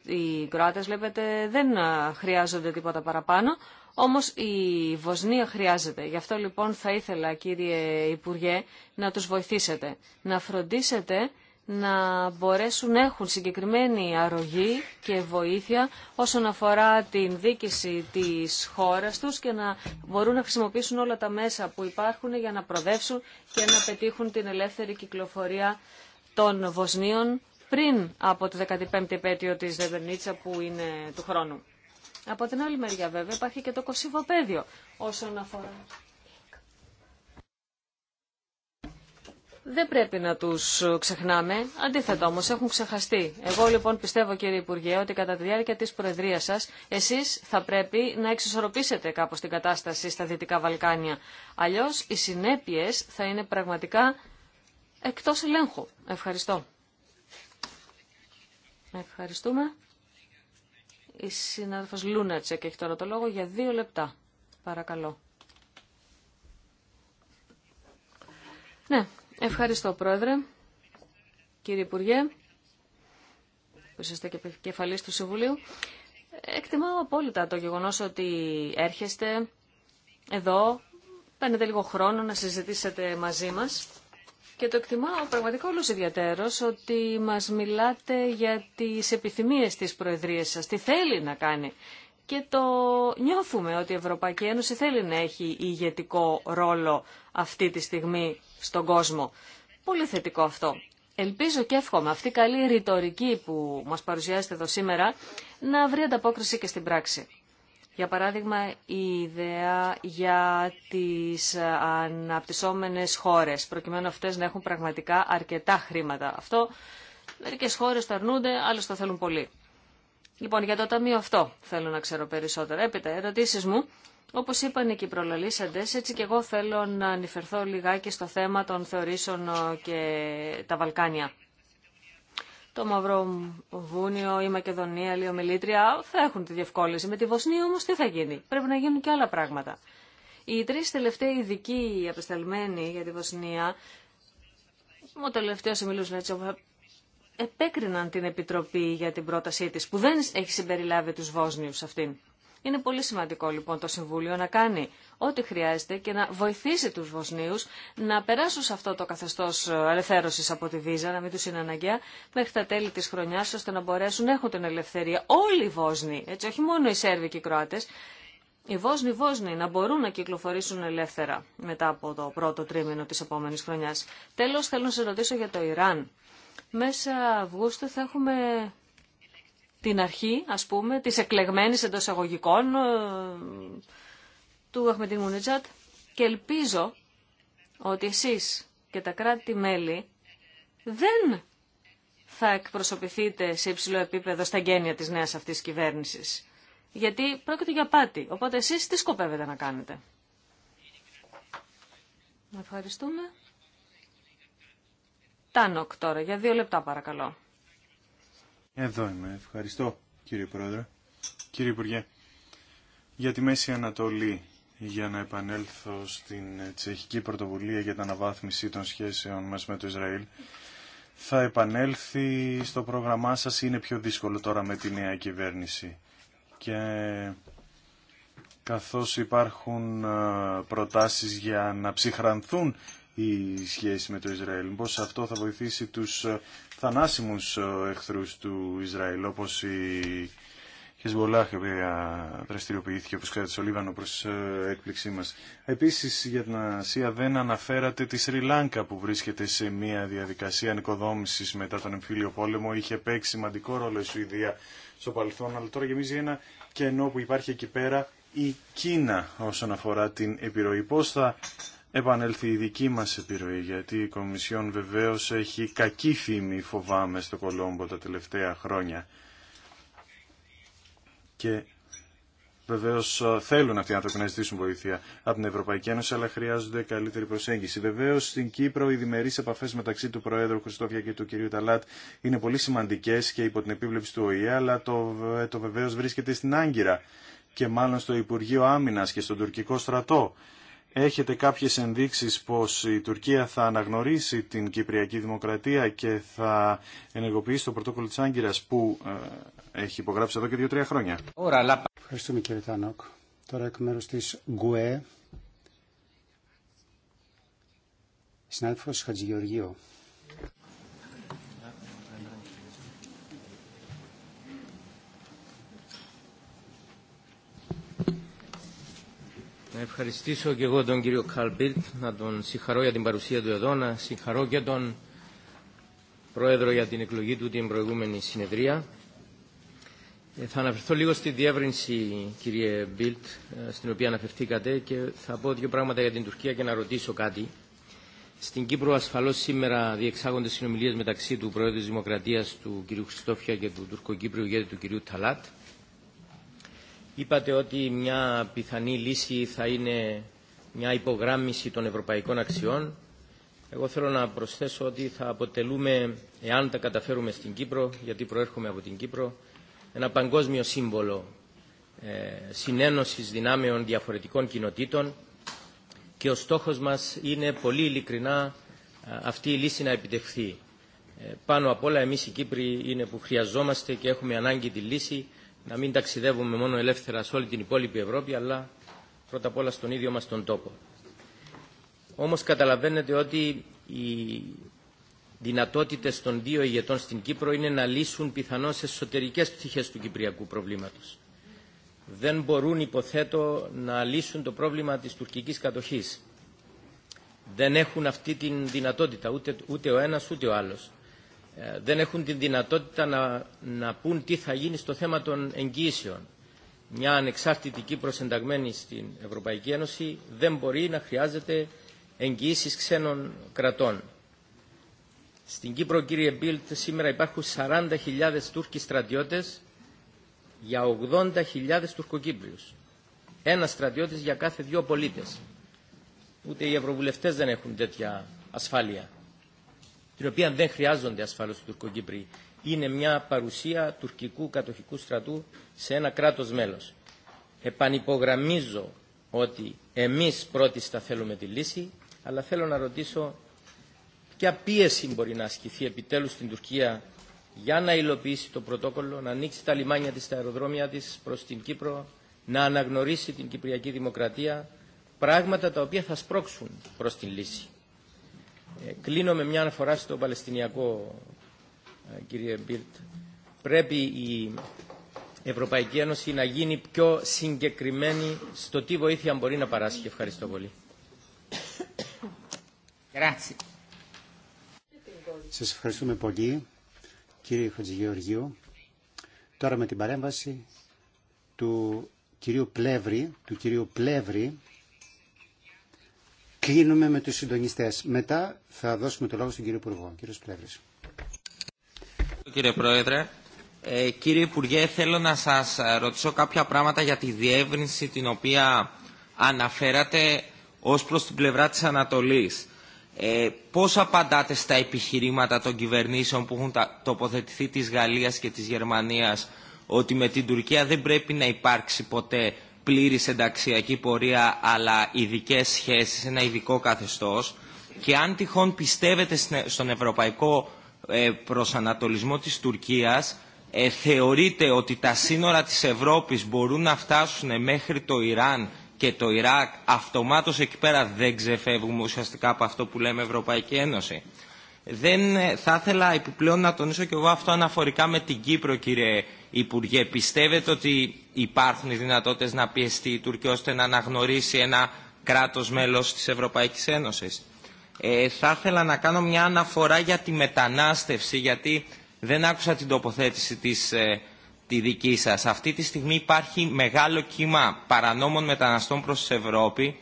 οι Κροάτες βλέπετε δεν χρειάζονται τίποτα παραπάνω, όμως η Βοσνία χρειάζεται. Γι' αυτό λοιπόν θα ήθελα κύριε Υπουργέ να τους βοηθήσετε, να φροντίσετε να μπορέσουν να έχουν συγκεκριμένη αρρωγή και βοήθεια όσον αφορά την δίκηση της χώρας τους και να μπορούν να χρησιμοποιήσουν όλα τα μέσα που υπάρχουν για να προδεύσουν και να πετύχουν την ελεύθερη κυκλοφορία των Βοσνίων πριν από το 15η επέτειο της Δεβερνίτσα που είναι του χρόνου. Από την άλλη μεριά βέβαια υπάρχει και το Πέδιο όσον αφορά δεν πρέπει να τους ξεχνάμε. Αντίθετα όμως έχουν ξεχαστεί. Εγώ λοιπόν πιστεύω κύριε Υπουργέ ότι κατά τη διάρκεια της Προεδρίας σας εσείς θα πρέπει να εξισορροπήσετε κάπως την κατάσταση στα Δυτικά Βαλκάνια. Αλλιώς οι συνέπειες θα είναι πραγματικά εκτός ελέγχου. Ευχαριστώ. Ευχαριστούμε. Η συνάδελφος Λούνατσεκ έχει τώρα το λόγο για δύο λεπτά. Παρακαλώ. Ναι, Ευχαριστώ, Πρόεδρε. Κύριε Υπουργέ, που είσαστε και κεφαλής του Συμβουλίου, εκτιμάω απόλυτα το γεγονός ότι έρχεστε εδώ, παίρνετε λίγο χρόνο να συζητήσετε μαζί μας και το εκτιμάω πραγματικά όλος ιδιαίτερος ότι μας μιλάτε για τις επιθυμίες της Προεδρίας σας, τι θέλει να κάνει και το νιώθουμε ότι η Ευρωπαϊκή Ένωση θέλει να έχει ηγετικό ρόλο αυτή τη στιγμή στον κόσμο. Πολύ θετικό αυτό. Ελπίζω και εύχομαι αυτή η καλή ρητορική που μας παρουσιάζεται εδώ σήμερα να βρει ανταπόκριση και στην πράξη. Για παράδειγμα, η ιδέα για τις αναπτυσσόμενες χώρες, προκειμένου αυτές να έχουν πραγματικά αρκετά χρήματα. Αυτό μερικές χώρες το αρνούνται, άλλες το θέλουν πολύ. Λοιπόν, για το ταμείο αυτό θέλω να ξέρω περισσότερα. Έπειτα, ερωτήσει μου. Όπω είπαν και οι προλαλήσαντε, έτσι και εγώ θέλω να ανηφερθώ λιγάκι στο θέμα των θεωρήσεων ε, και τα Βαλκάνια. Το Μαυρό Βούνιο, η Μακεδονία, η Ομιλήτρια θα έχουν τη διευκόλυνση. Με τη Βοσνία όμω τι θα γίνει. Πρέπει να γίνουν και άλλα πράγματα. Οι τρει τελευταίοι ειδικοί απεσταλμένοι για τη Βοσνία, ο τελευταίο ομιλούσε επέκριναν την Επιτροπή για την πρότασή της, που δεν έχει συμπεριλάβει τους Βόσνιους αυτήν. Είναι πολύ σημαντικό λοιπόν το Συμβούλιο να κάνει ό,τι χρειάζεται και να βοηθήσει τους Βοσνίους να περάσουν σε αυτό το καθεστώς ελευθέρωσης από τη Βίζα, να μην τους είναι αναγκαία, μέχρι τα τέλη της χρονιάς, ώστε να μπορέσουν να έχουν την ελευθερία όλοι οι Βόσνοι, έτσι όχι μόνο οι Σέρβοι και οι Κροάτες, οι Βόσνοι Βόσνοι να μπορούν να κυκλοφορήσουν ελεύθερα μετά από το πρώτο τρίμηνο της επόμενης χρονιάς. Τέλος θέλω να σε ρωτήσω για το Ιράν. Μέσα Αυγούστου θα έχουμε την αρχή, ας πούμε, της εκλεγμένης εντό αγωγικών ε, του Αχμεντίν Μουνιτζάτ και ελπίζω ότι εσείς και τα κράτη-μέλη δεν θα εκπροσωπηθείτε σε υψηλό επίπεδο στα γένεια της νέας αυτής κυβέρνησης. Γιατί πρόκειται για πάτη. Οπότε εσείς τι σκοπεύετε να κάνετε. Ευχαριστούμε. Τάνοκ τώρα, για δύο λεπτά παρακαλώ. Εδώ είμαι. Ευχαριστώ κύριε Πρόεδρε. Κύριε Υπουργέ, για τη Μέση Ανατολή, για να επανέλθω στην τσεχική πρωτοβουλία για την αναβάθμιση των σχέσεων μας με το Ισραήλ, θα επανέλθει στο πρόγραμμά σας, είναι πιο δύσκολο τώρα με τη νέα κυβέρνηση. Και καθώς υπάρχουν ε, προτάσεις για να ψυχρανθούν η σχέση με το Ισραήλ. Πώς αυτό θα βοηθήσει τους ε, θανάσιμους ε, εχθρούς του Ισραήλ, όπως η Χεσμολάχ, η οποία δραστηριοποιήθηκε, όπως ξέρετε, στο Λίβανο προς ε, έκπληξή μας. Επίσης, για την Ασία δεν αναφέρατε τη Σρι Λάνκα, που βρίσκεται σε μια διαδικασία νοικοδόμησης μετά τον εμφύλιο πόλεμο. Είχε παίξει σημαντικό ρόλο η Σουηδία στο παρελθόν, αλλά τώρα γεμίζει ένα κενό που υπάρχει εκεί πέρα η Κίνα όσον αφορά την επιρροή. θα επανέλθει η δική μας επιρροή, γιατί η Κομισιόν βεβαίως έχει κακή φήμη, φοβάμαι, στο Κολόμπο τα τελευταία χρόνια. Και Βεβαίω ε, θέλουν αυτοί οι άνθρωποι να ζητήσουν βοήθεια από την Ευρωπαϊκή Ένωση, αλλά χρειάζονται καλύτερη προσέγγιση. Βεβαίω στην Κύπρο οι διμερεί επαφέ μεταξύ του Προέδρου Χριστόφια και του κ. Ταλάτ είναι πολύ σημαντικέ και υπό την επίβλεψη του ΟΗΕ, αλλά το, ε, το βεβαίω βρίσκεται στην Άγκυρα και μάλλον στο Υπουργείο Άμυνα και στον τουρκικό στρατό. Έχετε κάποιες ενδείξεις πως η Τουρκία θα αναγνωρίσει την Κυπριακή Δημοκρατία και θα ενεργοποιήσει το πρωτόκολλο της Άγκυρας που ε, έχει υπογράψει εδώ και δύο-τρία χρόνια. Ευχαριστούμε κύριε Τάνοκ. Τώρα εκ μέρους της ΓΚΟΕ, συνάδελφος Χατζηγεωργίου. Να ευχαριστήσω και εγώ τον κύριο Καλμπίλτ, να τον συγχαρώ για την παρουσία του εδώ, να συγχαρώ και τον Πρόεδρο για την εκλογή του την προηγούμενη συνεδρία. Ε, θα αναφερθώ λίγο στη διεύρυνση, κύριε Μπίλτ, ε, στην οποία αναφερθήκατε και θα πω δύο πράγματα για την Τουρκία και να ρωτήσω κάτι. Στην Κύπρο ασφαλώ σήμερα διεξάγονται συνομιλίε μεταξύ του Προέδρου τη Δημοκρατία του κ. Χριστόφια και του Τουρκοκύπριου ηγέτη του κ. Ταλάτ. Είπατε ότι μια πιθανή λύση θα είναι μια υπογράμμιση των ευρωπαϊκών αξιών. Εγώ θέλω να προσθέσω ότι θα αποτελούμε, εάν τα καταφέρουμε στην Κύπρο, γιατί προέρχομαι από την Κύπρο, ένα παγκόσμιο σύμβολο ε, συνένωσης δυνάμεων διαφορετικών κοινοτήτων και ο στόχος μας είναι πολύ ειλικρινά ε, αυτή η λύση να επιτευχθεί. Ε, πάνω απ' όλα εμείς οι Κύπροι είναι που χρειαζόμαστε και έχουμε ανάγκη τη λύση να μην ταξιδεύουμε μόνο ελεύθερα σε όλη την υπόλοιπη Ευρώπη, αλλά πρώτα απ' όλα στον ίδιο μας τον τόπο. Όμως καταλαβαίνετε ότι οι δυνατότητες των δύο ηγετών στην Κύπρο είναι να λύσουν πιθανώς εσωτερικές πτυχές του κυπριακού προβλήματος. Δεν μπορούν, υποθέτω, να λύσουν το πρόβλημα της τουρκικής κατοχής. Δεν έχουν αυτή την δυνατότητα ούτε, ούτε ο ένας ούτε ο άλλος. Ε, δεν έχουν την δυνατότητα να, πούν τι θα γίνει στο θέμα των εγγύσεων. Μια ανεξάρτητη Κύπρος ενταγμένη στην Ευρωπαϊκή Ένωση δεν μπορεί να χρειάζεται εγγύησει ξένων κρατών. Στην Κύπρο, κύριε Μπίλτ, σήμερα υπάρχουν 40.000 Τούρκοι στρατιώτες για 80.000 Τουρκοκύπριους. Ένα στρατιώτης για κάθε δύο πολίτες. Ούτε οι ευρωβουλευτές δεν έχουν τέτοια ασφάλεια την οποία δεν χρειάζονται ασφαλώς οι Τουρκοκύπροι. Είναι μια παρουσία τουρκικού κατοχικού στρατού σε ένα κράτο μέλο. Επανυπογραμμίζω ότι εμεί πρώτοι θα θέλουμε τη λύση, αλλά θέλω να ρωτήσω ποια πίεση μπορεί να ασκηθεί επιτέλου στην Τουρκία για να υλοποιήσει το πρωτόκολλο, να ανοίξει τα λιμάνια της, τα αεροδρόμια της προς την Κύπρο, να αναγνωρίσει την Κυπριακή Δημοκρατία, πράγματα τα οποία θα σπρώξουν προς την λύση. Ε, κλείνω με μια αναφορά στο Παλαιστινιακό, ε, κύριε Μπίρτ. Πρέπει η Ευρωπαϊκή Ένωση να γίνει πιο συγκεκριμένη στο τι βοήθεια μπορεί να παράσχει. Ευχαριστώ πολύ. Σας ευχαριστούμε πολύ, κύριε Χατζηγεωργίου. Τώρα με την παρέμβαση του κυρίου Πλεύρη, του κυρίου Πλεύρη, κλείνουμε με τους συντονιστές. Μετά θα δώσουμε το λόγο στον κύριο Υπουργό. Κύριος Πλεύρης. Κύριε Πρόεδρε, ε, κύριε Υπουργέ, θέλω να σας ε, ρωτήσω κάποια πράγματα για τη διεύρυνση την οποία αναφέρατε ως προς την πλευρά της Ανατολής. Ε, πώς απαντάτε στα επιχειρήματα των κυβερνήσεων που έχουν τοποθετηθεί της Γαλλίας και της Γερμανίας ότι με την Τουρκία δεν πρέπει να υπάρξει ποτέ Πλήρη ενταξιακή πορεία αλλά ειδικέ σχέσει, ένα ειδικό καθεστώς και αν τυχόν πιστεύετε στον ευρωπαϊκό ε, προσανατολισμό της Τουρκίας ε, θεωρείτε ότι τα σύνορα της Ευρώπης μπορούν να φτάσουν μέχρι το Ιράν και το Ιράκ αυτομάτως εκεί πέρα δεν ξεφεύγουμε ουσιαστικά από αυτό που λέμε Ευρωπαϊκή Ένωση. Δεν ε, θα ήθελα επιπλέον να τονίσω και εγώ αυτό αναφορικά με την Κύπρο κύριε Υπουργέ, πιστεύετε ότι υπάρχουν οι δυνατότητες να πιεστεί η Τουρκία ώστε να αναγνωρίσει ένα κράτος μέλος της Ευρωπαϊκής Ένωσης. Ε, θα ήθελα να κάνω μια αναφορά για τη μετανάστευση, γιατί δεν άκουσα την τοποθέτηση της, ε, τη δική σας. Αυτή τη στιγμή υπάρχει μεγάλο κύμα παρανόμων μεταναστών προς την Ευρώπη.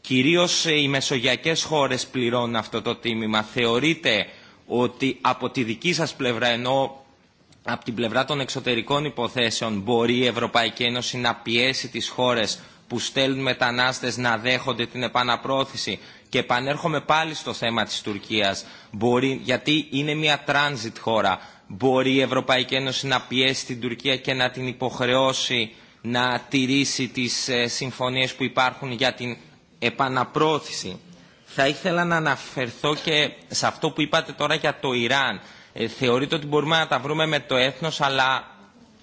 Κυρίως ε, οι μεσογειακές χώρες πληρώνουν αυτό το τίμημα. Θεωρείτε ότι από τη δική σας πλευρά, ενώ από την πλευρά των εξωτερικών υποθέσεων μπορεί η Ευρωπαϊκή Ένωση να πιέσει τις χώρες που στέλνουν μετανάστες να δέχονται την επαναπρόθεση και επανέρχομαι πάλι στο θέμα της Τουρκίας μπορεί, γιατί είναι μια transit χώρα μπορεί η Ευρωπαϊκή Ένωση να πιέσει την Τουρκία και να την υποχρεώσει να τηρήσει τις ε, συμφωνίες που υπάρχουν για την επαναπρόθεση θα ήθελα να αναφερθώ και σε αυτό που είπατε τώρα για το Ιράν ε, θεωρείται ότι μπορούμε να τα βρούμε με το έθνος, αλλά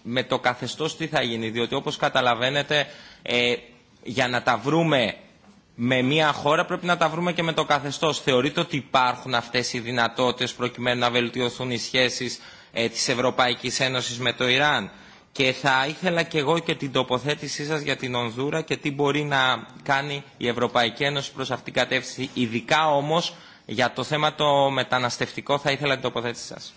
με το καθεστώς τι θα γίνει. Διότι όπως καταλαβαίνετε, ε, για να τα βρούμε με μια χώρα πρέπει να τα βρούμε και με το καθεστώς. Θεωρείτε ότι υπάρχουν αυτές οι δυνατότητες προκειμένου να βελτιωθούν οι σχέσεις ε, της Ευρωπαϊκής Ένωσης με το Ιράν. Και θα ήθελα και εγώ και την τοποθέτησή σας για την Ονδούρα και τι μπορεί να κάνει η Ευρωπαϊκή Ένωση προς αυτήν την κατεύθυνση. Ειδικά όμως για το θέμα το μεταναστευτικό θα ήθελα την τοποθέτηση σας.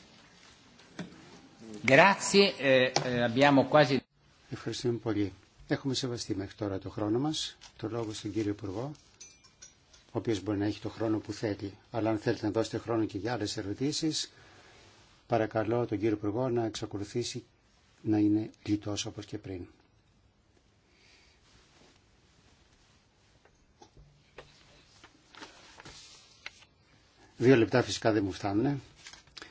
Ε, ε, Ευχαριστούμε πολύ. Έχουμε σεβαστεί μέχρι τώρα το χρόνο μας. Το λόγο στον κύριο Υπουργό, ο οποίος μπορεί να έχει το χρόνο που θέλει. Αλλά αν θέλετε να δώσετε χρόνο και για άλλες ερωτήσεις, παρακαλώ τον κύριο Υπουργό να εξακολουθήσει να είναι λιτός όπως και πριν. Δύο λεπτά φυσικά δεν μου φτάνουν.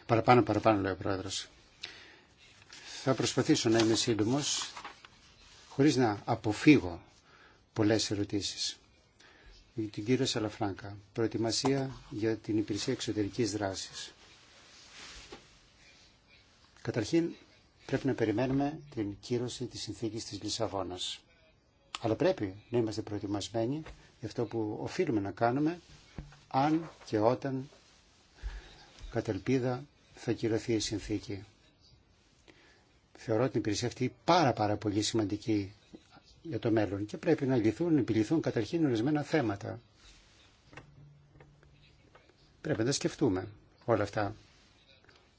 Παραπάνω, παραπάνω λέει ο Πρόεδρος. Θα προσπαθήσω να είμαι σύντομο χωρίς να αποφύγω πολλέ ερωτήσει. Για την κύριο Σαλαφράγκα, προετοιμασία για την υπηρεσία εξωτερική δράση. Καταρχήν, πρέπει να περιμένουμε την κύρωση της συνθήκης της Λισαβόνας. Αλλά πρέπει να είμαστε προετοιμασμένοι για αυτό που οφείλουμε να κάνουμε αν και όταν κατ' ελπίδα θα κυρωθεί η συνθήκη. Θεωρώ την υπηρεσία αυτή πάρα πάρα πολύ σημαντική για το μέλλον και πρέπει να λυθούν, επιληθούν καταρχήν ορισμένα θέματα. Πρέπει να σκεφτούμε όλα αυτά.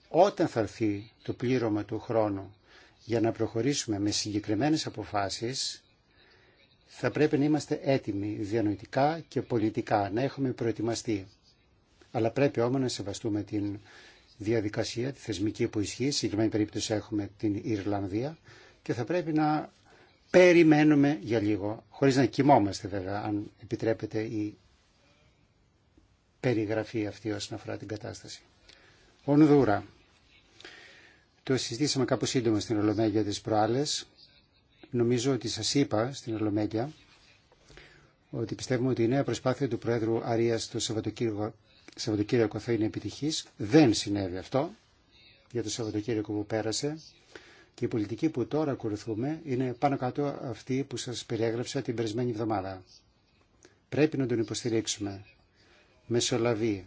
Όταν θα έρθει το πλήρωμα του χρόνου για να προχωρήσουμε με συγκεκριμένες αποφάσεις, θα πρέπει να είμαστε έτοιμοι διανοητικά και πολιτικά, να έχουμε προετοιμαστεί. Αλλά πρέπει όμως να σεβαστούμε την διαδικασία, τη θεσμική που ισχύει. Σε συγκεκριμένη περίπτωση έχουμε την Ιρλανδία και θα πρέπει να περιμένουμε για λίγο, χωρίς να κοιμόμαστε βέβαια, αν επιτρέπεται η περιγραφή αυτή όσον αφορά την κατάσταση. Ονδούρα. Το συζητήσαμε κάπου σύντομα στην Ολομέγια της προάλλες Νομίζω ότι σας είπα στην Ολομέλεια ότι πιστεύουμε ότι η νέα προσπάθεια του Προέδρου Αρίας το Σαββατοκύριακο, Σαββατοκύριακο θα είναι επιτυχής. Δεν συνέβη αυτό για το Σαββατοκύριακο που πέρασε. Και η πολιτική που τώρα ακολουθούμε είναι πάνω κάτω αυτή που σας περιέγραψα την περισμένη εβδομάδα. Πρέπει να τον υποστηρίξουμε. Μεσολαβή.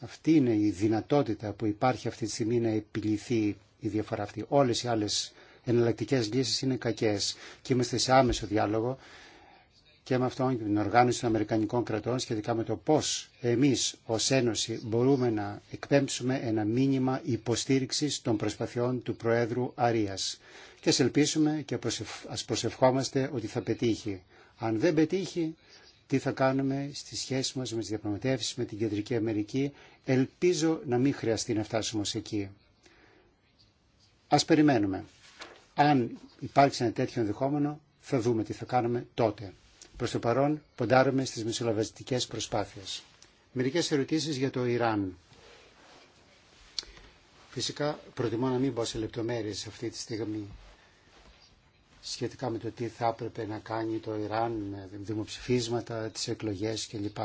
Αυτή είναι η δυνατότητα που υπάρχει αυτή τη στιγμή να επιληθεί η διαφορά αυτή. Όλες οι άλλες εναλλακτικέ λύσει είναι κακέ. Και είμαστε σε άμεσο διάλογο και με αυτόν την οργάνωση των Αμερικανικών κρατών σχετικά με το πώ εμεί ω Ένωση μπορούμε να εκπέμψουμε ένα μήνυμα υποστήριξη των προσπαθειών του Προέδρου Αρία. Και α ελπίσουμε και α προσευχόμαστε ότι θα πετύχει. Αν δεν πετύχει, τι θα κάνουμε στη σχέση μας με τις διαπραγματεύσεις με την Κεντρική Αμερική. Ελπίζω να μην χρειαστεί να φτάσουμε ως εκεί. Ας περιμένουμε αν υπάρξει ένα τέτοιο ενδεχόμενο, θα δούμε τι θα κάνουμε τότε. Προς το παρόν, ποντάρουμε στις μεσολαβαστικέ προσπάθειες. Μερικέ ερωτήσεις για το Ιράν. Φυσικά, προτιμώ να μην πω σε λεπτομέρειε αυτή τη στιγμή σχετικά με το τι θα έπρεπε να κάνει το Ιράν, με δημοψηφίσματα, τις εκλογές κλπ.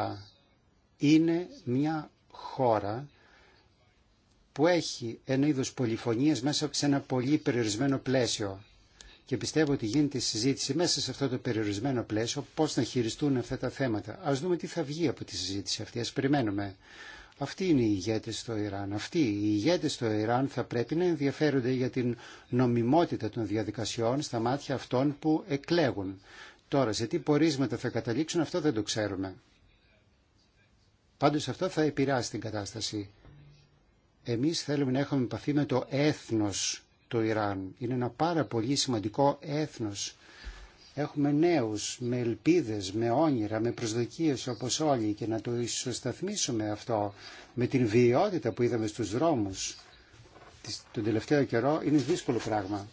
Είναι μια χώρα που έχει ένα είδο πολυφωνία μέσα σε ένα πολύ περιορισμένο πλαίσιο. Και πιστεύω ότι γίνεται συζήτηση μέσα σε αυτό το περιορισμένο πλαίσιο πώ να χειριστούν αυτά τα θέματα. Α δούμε τι θα βγει από τη συζήτηση αυτή, Α περιμένουμε. Αυτοί είναι οι ηγέτε στο Ιράν. Αυτοί οι ηγέτε στο Ιράν θα πρέπει να ενδιαφέρονται για την νομιμότητα των διαδικασιών στα μάτια αυτών που εκλέγουν. Τώρα, σε τι πορίσματα θα καταλήξουν, αυτό δεν το ξέρουμε. Πάντως αυτό θα επηρεάσει την κατάσταση. Εμείς θέλουμε να έχουμε επαφή με το έθνος του Ιράν. Είναι ένα πάρα πολύ σημαντικό έθνος. Έχουμε νέους με ελπίδες, με όνειρα, με προσδοκίες όπως όλοι και να το ισοσταθμίσουμε αυτό με την βιαιότητα που είδαμε στους δρόμους τον τελευταίο καιρό είναι δύσκολο πράγμα.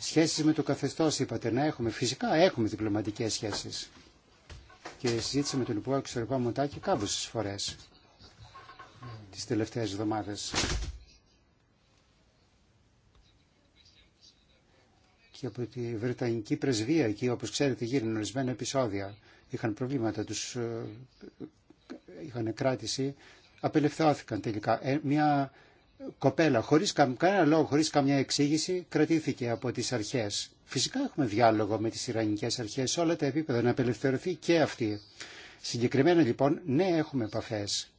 Σχέσεις με το καθεστώς είπατε να έχουμε. Φυσικά έχουμε διπλωματικές σχέσεις. Και συζήτησα με τον Υπουργό Εξωτερικών Μοντάκη κάποιες φορές τις τελευταίες εβδομάδες. Και από τη Βρετανική Πρεσβεία εκεί, όπως ξέρετε, γίνανε ορισμένα επεισόδια. Είχαν προβλήματα, τους ε, είχαν κράτηση, απελευθερώθηκαν τελικά. Ε, μια κοπέλα, χωρίς κανένα λόγο, χωρίς καμιά εξήγηση, κρατήθηκε από τις αρχές. Φυσικά έχουμε διάλογο με τις Ιρανικές αρχές σε όλα τα επίπεδα, να απελευθερωθεί και αυτή. Συγκεκριμένα λοιπόν, ναι έχουμε επαφές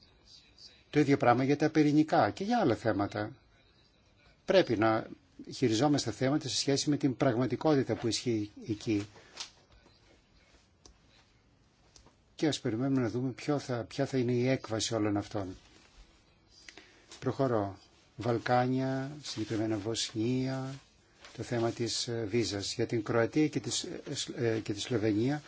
το ίδιο πράγμα για τα πυρηνικά και για άλλα θέματα. Πρέπει να χειριζόμαστε θέματα σε σχέση με την πραγματικότητα που ισχύει εκεί. Και ας περιμένουμε να δούμε θα, ποια θα είναι η έκβαση όλων αυτών. Προχωρώ. Βαλκάνια, συγκεκριμένα Βοσνία, το θέμα της ε, βίζας. Για την Κροατία και ε, ε, και τη Σλοβενία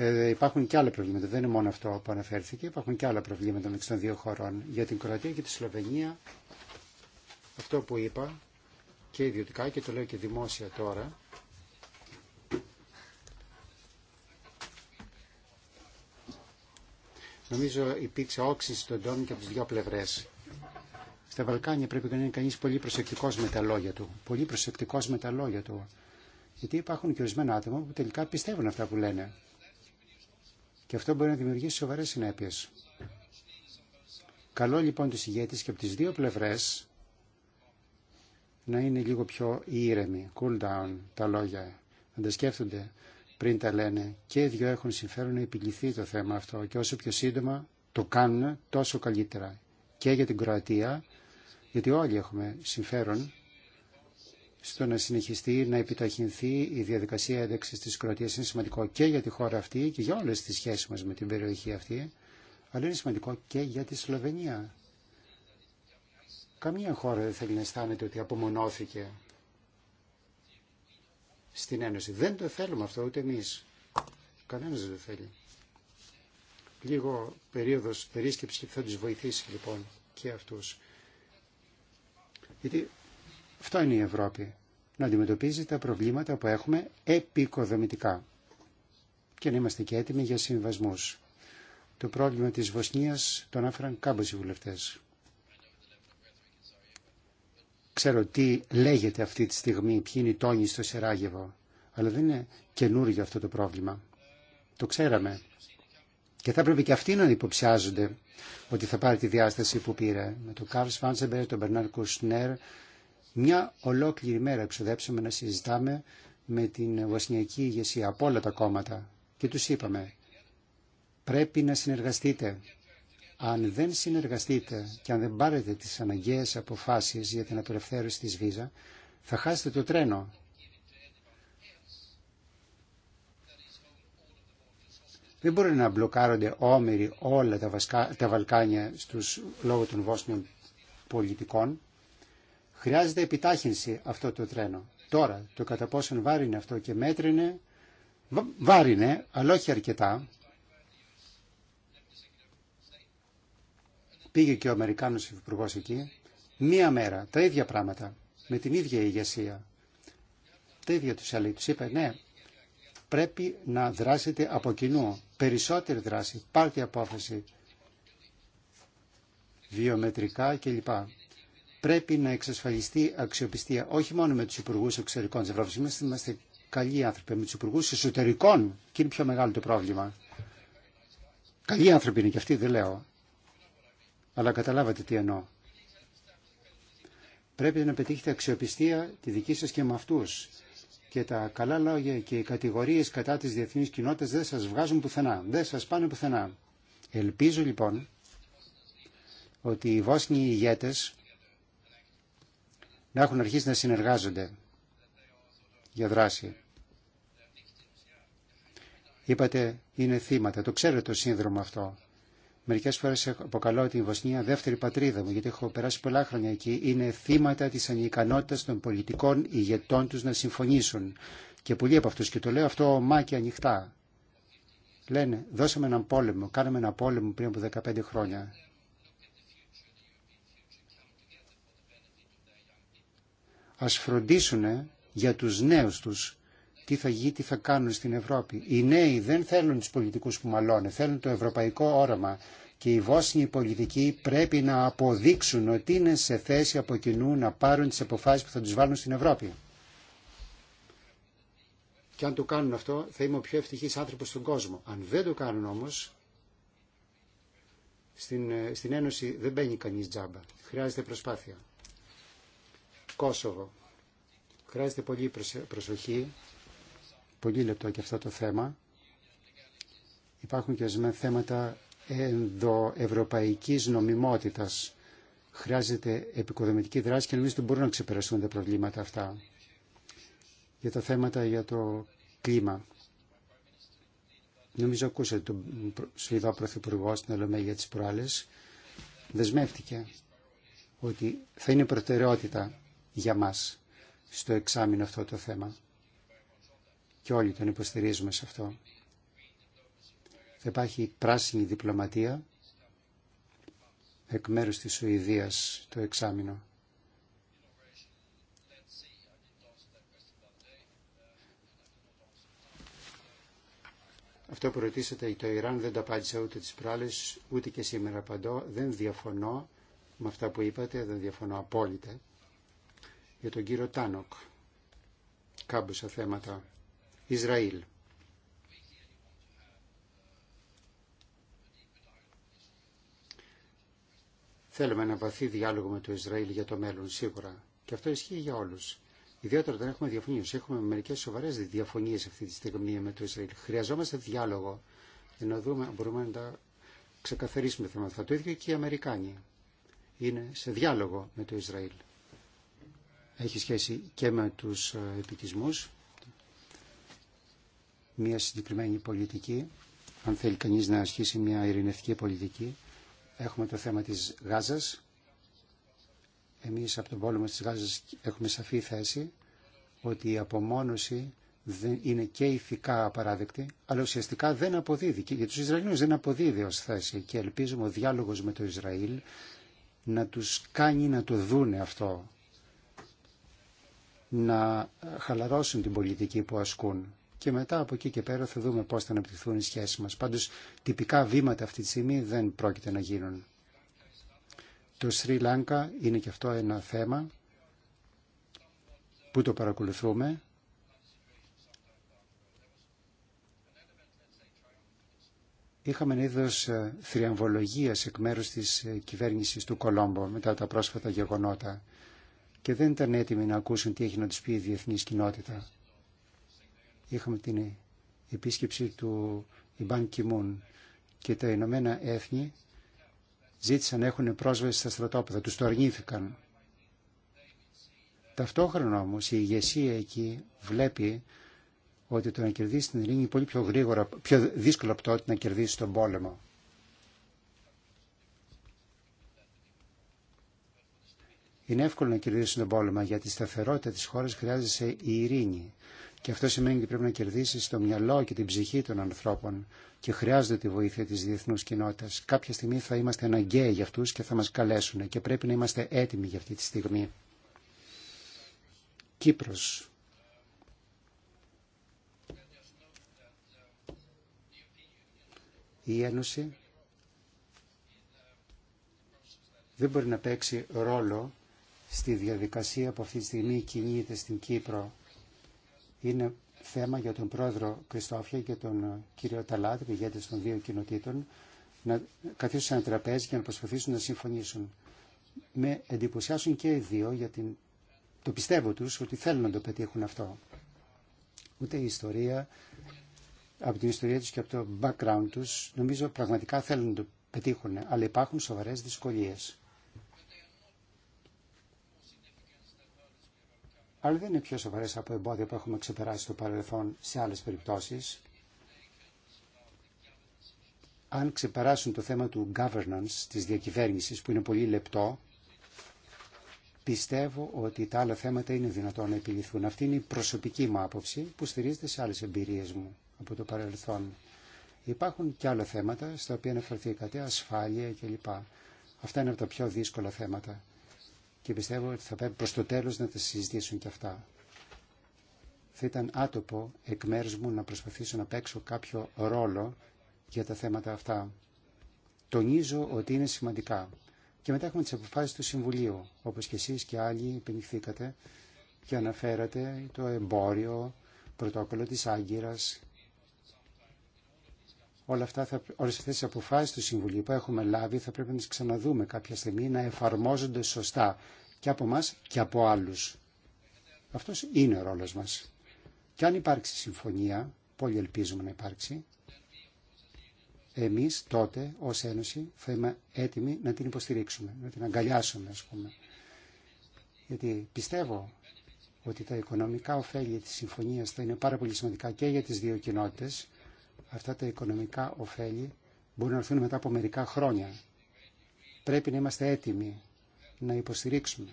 ε, υπάρχουν και άλλα προβλήματα. Δεν είναι μόνο αυτό που αναφέρθηκε. Υπάρχουν και άλλα προβλήματα μεταξύ των δύο χωρών. Για την Κροατία και τη Σλοβενία, αυτό που είπα και ιδιωτικά και το λέω και δημόσια τώρα, Νομίζω υπήρξε όξυνση των τόνων και από τι δύο πλευρέ. Στα Βαλκάνια πρέπει να είναι κανεί πολύ προσεκτικό με τα λόγια του. Πολύ προσεκτικό με τα λόγια του. Γιατί υπάρχουν και ορισμένα άτομα που τελικά πιστεύουν αυτά που λένε και αυτό μπορεί να δημιουργήσει σοβαρέ συνέπειε. Καλό λοιπόν τους ηγέτες και από τις δύο πλευρές να είναι λίγο πιο ήρεμοι, cool down τα λόγια, να τα σκέφτονται πριν τα λένε και οι δυο έχουν συμφέρον να επιληθεί το θέμα αυτό και όσο πιο σύντομα το κάνουν τόσο καλύτερα και για την Κροατία γιατί όλοι έχουμε συμφέρον στο να συνεχιστεί, να επιταχυνθεί η διαδικασία ένταξη τη Κροατία. Είναι σημαντικό και για τη χώρα αυτή και για όλε τι σχέσει μα με την περιοχή αυτή, αλλά είναι σημαντικό και για τη Σλοβενία. Καμία χώρα δεν θέλει να αισθάνεται ότι απομονώθηκε στην Ένωση. Δεν το θέλουμε αυτό ούτε εμεί. Κανένα δεν το θέλει. Λίγο περίοδο περίσκεψη θα του βοηθήσει λοιπόν και αυτού. Γιατί αυτό είναι η Ευρώπη. Να αντιμετωπίζει τα προβλήματα που έχουμε επικοδομητικά. Και να είμαστε και έτοιμοι για συμβασμούς. Το πρόβλημα της Βοσνίας τον άφεραν οι βουλευτές. Ξέρω τι λέγεται αυτή τη στιγμή, ποιοι είναι οι τόνοι στο Σεράγεβο, αλλά δεν είναι καινούργιο αυτό το πρόβλημα. Το ξέραμε. Και θα έπρεπε και αυτοί να υποψιάζονται ότι θα πάρει τη διάσταση που πήρε. Με τον Καρλ Σφάντσεμπερ, τον Μπερνάρ Κουσνέρ, μια ολόκληρη μέρα εξοδέψαμε να συζητάμε με την Βοσνιακή ηγεσία από όλα τα κόμματα και τους είπαμε πρέπει να συνεργαστείτε. Αν δεν συνεργαστείτε και αν δεν πάρετε τις αναγκαίες αποφάσεις για την απελευθέρωση της βίζα, θα χάσετε το τρένο. Δεν μπορεί να μπλοκάρονται όμοιροι όλα τα, Βασκά, τα Βαλκάνια στους, λόγω των Βόσνιων πολιτικών. Χρειάζεται επιτάχυνση αυτό το τρένο. Τώρα, το κατά πόσον βάρινε αυτό και μέτρινε, βάρινε, αλλά όχι αρκετά. Πήγε και ο Αμερικάνος υπουργό εκεί. Μία μέρα, τα ίδια πράγματα, με την ίδια ηγεσία. Τα ίδια τους έλεγε. Τους είπε, ναι, πρέπει να δράσετε από κοινού. Περισσότερη δράση, πάρτε απόφαση. Βιομετρικά κλπ πρέπει να εξασφαλιστεί αξιοπιστία όχι μόνο με του υπουργού εξωτερικών τη Ευρώπη. Είμαστε, είμαστε καλοί άνθρωποι. Με του υπουργού εσωτερικών και είναι πιο μεγάλο το πρόβλημα. Καλοί άνθρωποι είναι και αυτοί, δεν λέω. Αλλά καταλάβατε τι εννοώ. Πρέπει να πετύχετε αξιοπιστία τη δική σα και με αυτού. Και τα καλά λόγια και οι κατηγορίε κατά τη διεθνή κοινότητα δεν σα βγάζουν πουθενά, δεν σα πάνε πουθενά. Ελπίζω λοιπόν ότι οι Βόσνιοι ηγέτες έχουν αρχίσει να συνεργάζονται για δράση. Είπατε είναι θύματα. Το ξέρω το σύνδρομο αυτό. Μερικές φορές αποκαλώ την Βοσνία δεύτερη πατρίδα μου, γιατί έχω περάσει πολλά χρόνια εκεί. Είναι θύματα της ανικανότητας των πολιτικών ηγετών τους να συμφωνήσουν. Και πολλοί από αυτούς, και το λέω αυτό ομά και ανοιχτά, λένε δώσαμε έναν πόλεμο, κάναμε έναν πόλεμο πριν από 15 χρόνια. ας φροντίσουν για τους νέους τους τι θα γίνει, τι θα κάνουν στην Ευρώπη. Οι νέοι δεν θέλουν τους πολιτικούς που μαλώνουν, θέλουν το ευρωπαϊκό όραμα και οι Βόσνιοι πολιτικοί πρέπει να αποδείξουν ότι είναι σε θέση από κοινού να πάρουν τις αποφάσεις που θα τους βάλουν στην Ευρώπη. Και αν το κάνουν αυτό θα είμαι ο πιο ευτυχής άνθρωπος στον κόσμο. Αν δεν το κάνουν όμως, στην, ε, στην Ένωση δεν μπαίνει κανείς τζάμπα. Χρειάζεται προσπάθεια. Κόσοβο. Χρειάζεται πολύ προσοχή, πολύ λεπτό και αυτό το θέμα. Υπάρχουν και ορισμένα θέματα ενδοευρωπαϊκής νομιμότητας. Χρειάζεται επικοδομητική δράση και νομίζω ότι μπορούν να ξεπεραστούν τα προβλήματα αυτά. Για τα θέματα για το κλίμα. Νομίζω ακούσατε τον Σουηδό Πρωθυπουργό στην Ολομέλεια της προάλλες. Δεσμεύτηκε ότι θα είναι προτεραιότητα για μας στο εξάμεινο αυτό το θέμα. Και όλοι τον υποστηρίζουμε σε αυτό. Θα υπάρχει πράσινη διπλωματία εκ μέρους της Σουηδίας το εξάμεινο. Αυτό που ρωτήσατε το Ιράν δεν τα απάντησα ούτε τις πράλες, ούτε και σήμερα απαντώ. Δεν διαφωνώ με αυτά που είπατε, δεν διαφωνώ απόλυτα για τον κύριο Τάνοκ. Κάμποσα θέματα. Ισραήλ. Θέλουμε ένα βαθύ διάλογο με το Ισραήλ για το μέλλον, σίγουρα. Και αυτό ισχύει για όλου. Ιδιαίτερα όταν έχουμε διαφωνίε. Έχουμε μερικέ σοβαρέ διαφωνίε αυτή τη στιγμή με το Ισραήλ. Χρειαζόμαστε διάλογο για να δούμε αν μπορούμε να τα ξεκαθαρίσουμε θέματα. Το ίδιο και οι Αμερικάνοι. Είναι σε διάλογο με το Ισραήλ έχει σχέση και με τους ε, επικισμούς, μια συγκεκριμένη πολιτική, αν θέλει κανείς να ασχίσει μια ειρηνευτική πολιτική. Έχουμε το θέμα της Γάζας. Εμείς από τον πόλεμο της Γάζας έχουμε σαφή θέση ότι η απομόνωση δεν είναι και ηθικά απαράδεκτη, αλλά ουσιαστικά δεν αποδίδει. Και για τους Ισραηλινούς δεν αποδίδει ως θέση και ελπίζουμε ο διάλογος με το Ισραήλ να τους κάνει να το δούνε αυτό να χαλαρώσουν την πολιτική που ασκούν. Και μετά από εκεί και πέρα θα δούμε πώς θα αναπτυχθούν οι σχέσεις μας. Πάντως τυπικά βήματα αυτή τη στιγμή δεν πρόκειται να γίνουν. Το Σρι Λάνκα είναι και αυτό ένα θέμα που το παρακολουθούμε. Είχαμε ένα είδος ε, θριαμβολογίας εκ μέρους της ε, κυβέρνηση του Κολόμπο μετά τα πρόσφατα γεγονότα και δεν ήταν έτοιμοι να ακούσουν τι έχει να τους πει η διεθνής κοινότητα. Είχαμε την επίσκεψη του Ιμπάν Κιμούν και τα Ηνωμένα Έθνη ζήτησαν να έχουν πρόσβαση στα στρατόπεδα, τους το αρνήθηκαν. Ταυτόχρονα όμως η ηγεσία εκεί βλέπει ότι το να κερδίσει την ειρήνη είναι πολύ πιο, γρήγορα, πιο δύσκολο από το ότι να κερδίσει τον πόλεμο. Είναι εύκολο να κερδίσει τον πόλεμο γιατί η σταθερότητα τη χώρα χρειάζεσαι η ειρήνη. Και αυτό σημαίνει ότι πρέπει να κερδίσει το μυαλό και την ψυχή των ανθρώπων και χρειάζονται τη βοήθεια τη διεθνού κοινότητα. Κάποια στιγμή θα είμαστε αναγκαίοι για αυτού και θα μα καλέσουν και πρέπει να είμαστε έτοιμοι για αυτή τη στιγμή. Κύπρος. Η Ένωση δεν μπορεί να παίξει ρόλο στη διαδικασία που αυτή τη στιγμή κινείται στην Κύπρο. Είναι θέμα για τον πρόεδρο Κριστόφια και τον ε, κύριο Ταλάτ, ηγέτες των δύο κοινοτήτων, να καθίσουν σε ένα τραπέζι και να προσπαθήσουν να συμφωνήσουν. Με εντυπωσιάσουν και οι δύο για την... το πιστεύω τους ότι θέλουν να το πετύχουν αυτό. Ούτε η ιστορία, από την ιστορία τους και από το background τους, νομίζω πραγματικά θέλουν να το πετύχουν, αλλά υπάρχουν σοβαρές δυσκολίες. αλλά δεν είναι πιο σοβαρέ από εμπόδια που έχουμε ξεπεράσει στο παρελθόν σε άλλε περιπτώσεις. Αν ξεπεράσουν το θέμα του governance, της διακυβέρνησης, που είναι πολύ λεπτό, πιστεύω ότι τα άλλα θέματα είναι δυνατόν να επιληθούν. Αυτή είναι η προσωπική μου άποψη που στηρίζεται σε άλλες εμπειρίες μου από το παρελθόν. Υπάρχουν και άλλα θέματα στα οποία αναφερθήκατε, ασφάλεια κλπ. Αυτά είναι από τα πιο δύσκολα θέματα και πιστεύω ότι θα πρέπει προς το τέλος να τα συζητήσουν και αυτά. Θα ήταν άτοπο εκ μέρους μου να προσπαθήσω να παίξω κάποιο ρόλο για τα θέματα αυτά. Τονίζω ότι είναι σημαντικά. Και μετά έχουμε τις αποφάσεις του Συμβουλίου, όπως και εσείς και άλλοι επενηχθήκατε και αναφέρατε το εμπόριο, πρωτόκολλο της Άγκυρας, όλα αυτά θα, όλες αυτές τις αποφάσεις του Συμβουλίου που έχουμε λάβει θα πρέπει να τις ξαναδούμε κάποια στιγμή να εφαρμόζονται σωστά και από μας και από άλλους. Αυτός είναι ο ρόλος μας. Και αν υπάρξει συμφωνία, πολύ ελπίζουμε να υπάρξει, εμείς τότε ως Ένωση θα είμαστε έτοιμοι να την υποστηρίξουμε, να την αγκαλιάσουμε ας πούμε. Γιατί πιστεύω ότι τα οικονομικά ωφέλη της συμφωνίας θα είναι πάρα πολύ σημαντικά και για τις δύο κοινότητες αυτά τα οικονομικά ωφέλη μπορούν να έρθουν μετά από μερικά χρόνια. Πρέπει να είμαστε έτοιμοι να υποστηρίξουμε,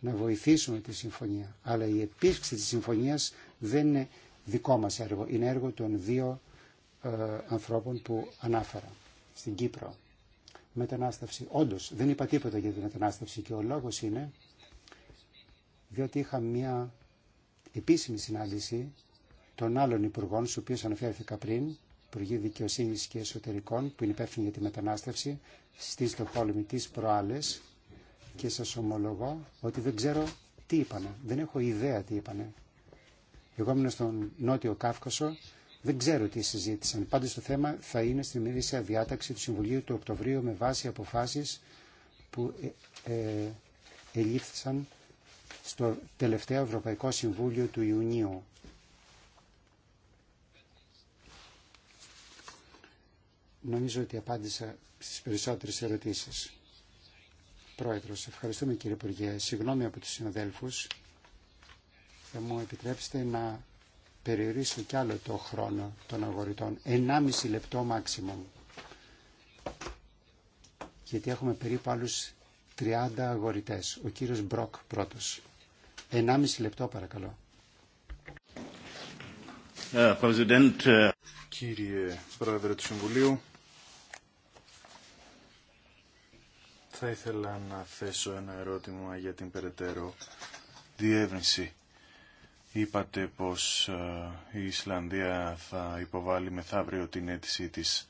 να βοηθήσουμε τη συμφωνία. Αλλά η επίσκεψη της συμφωνίας δεν είναι δικό μας έργο. Είναι έργο των δύο ε, ανθρώπων που ανάφερα στην Κύπρο. Μετανάστευση. Όντω. δεν είπα τίποτα για τη μετανάστευση και ο λόγος είναι διότι είχα μια επίσημη συνάντηση των άλλων υπουργών, στους οποίους αναφέρθηκα πριν, Υπουργοί Δικαιοσύνη και Εσωτερικών, που είναι υπεύθυνοι για τη μετανάστευση, στη Στοχόλμη τη προάλλε και σα ομολογώ ότι δεν ξέρω τι είπανε. Δεν έχω ιδέα τι είπανε. Εγώ ήμουν στον Νότιο Κάφκασο, δεν ξέρω τι συζήτησαν. Πάντω το θέμα θα είναι στην μίληση διάταξη του Συμβουλίου του Οκτωβρίου με βάση αποφάσει που ε, ε, ελήφθησαν στο τελευταίο Ευρωπαϊκό Συμβούλιο του Ιουνίου. Νομίζω ότι απάντησα στις περισσότερες ερωτήσεις. Πρόεδρος, ευχαριστούμε κύριε Υπουργέ. Συγγνώμη από τους συναδέλφους. Θα μου επιτρέψετε να περιορίσω κι άλλο το χρόνο των αγοριτών 1,5 λεπτό maximum. Γιατί έχουμε περίπου άλλους 30 αγορητές. Ο κύριος Μπροκ πρώτος. 1,5 λεπτό παρακαλώ. Ε, ε, κύριε Πρόεδρε του Συμβουλίου, θα ήθελα να θέσω ένα ερώτημα για την περαιτέρω διεύρυνση. Είπατε πως η Ισλανδία θα υποβάλει μεθαύριο την αίτησή της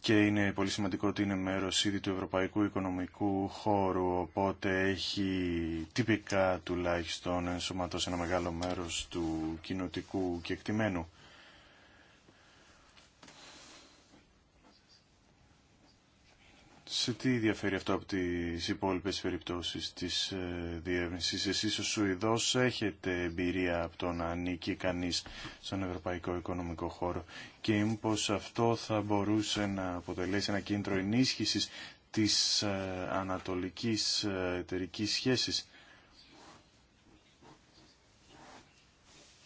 και είναι πολύ σημαντικό ότι είναι μέρος ήδη του Ευρωπαϊκού Οικονομικού Χώρου οπότε έχει τυπικά τουλάχιστον ενσωματώσει ένα μεγάλο μέρος του κοινοτικού κεκτημένου. Σε τι διαφέρει αυτό από τις υπόλοιπες περιπτώσεις της ε, διεύρυνσης. Εσείς ο Σουηδός έχετε εμπειρία από το να ανήκει κανείς στον Ευρωπαϊκό Οικονομικό Χώρο και μήπως αυτό θα μπορούσε να αποτελέσει ένα κίνητρο ενίσχυσης της ε, ανατολικής ε, εταιρική σχέσης.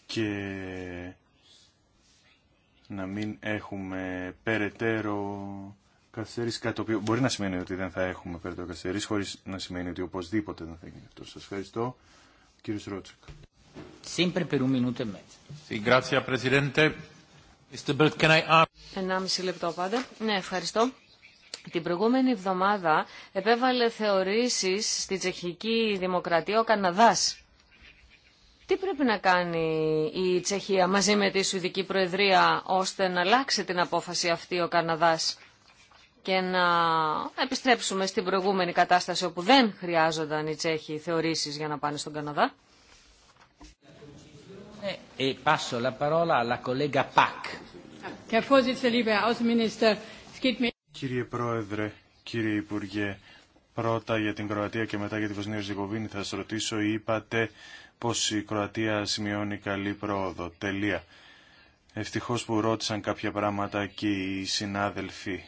Και να μην έχουμε περαιτέρω καθυστερήσει, κάτι το οποίο μπορεί να σημαίνει ότι δεν θα έχουμε περαιτέρω καθυστερήσει, χωρί να σημαίνει ότι οπωσδήποτε δεν θα γίνει αυτό. Σα ευχαριστώ. Κύριε Ρότσεκ. E Ενάμιση λεπτό πάντα. Ναι, ευχαριστώ. Την προηγούμενη εβδομάδα επέβαλε θεωρήσεις στη Τσεχική Δημοκρατία ο Καναδάς. Τι πρέπει να κάνει η Τσεχία μαζί με τη Σουηδική Προεδρία ώστε να αλλάξει την απόφαση αυτή ο Καναδάς και να επιστρέψουμε στην προηγούμενη κατάσταση όπου δεν χρειάζονταν οι Τσέχοι θεωρήσει για να πάνε στον Καναδά. Ε, ε, la parola alla collega Κύριε Πρόεδρε, κύριε Υπουργέ, πρώτα για την Κροατία και μετά για τη Βοσνία Ζηγοβίνη θα σας ρωτήσω, είπατε πως η Κροατία σημειώνει καλή πρόοδο. Τελεία. Ευτυχώς που ρώτησαν κάποια πράγματα και οι συνάδελφοι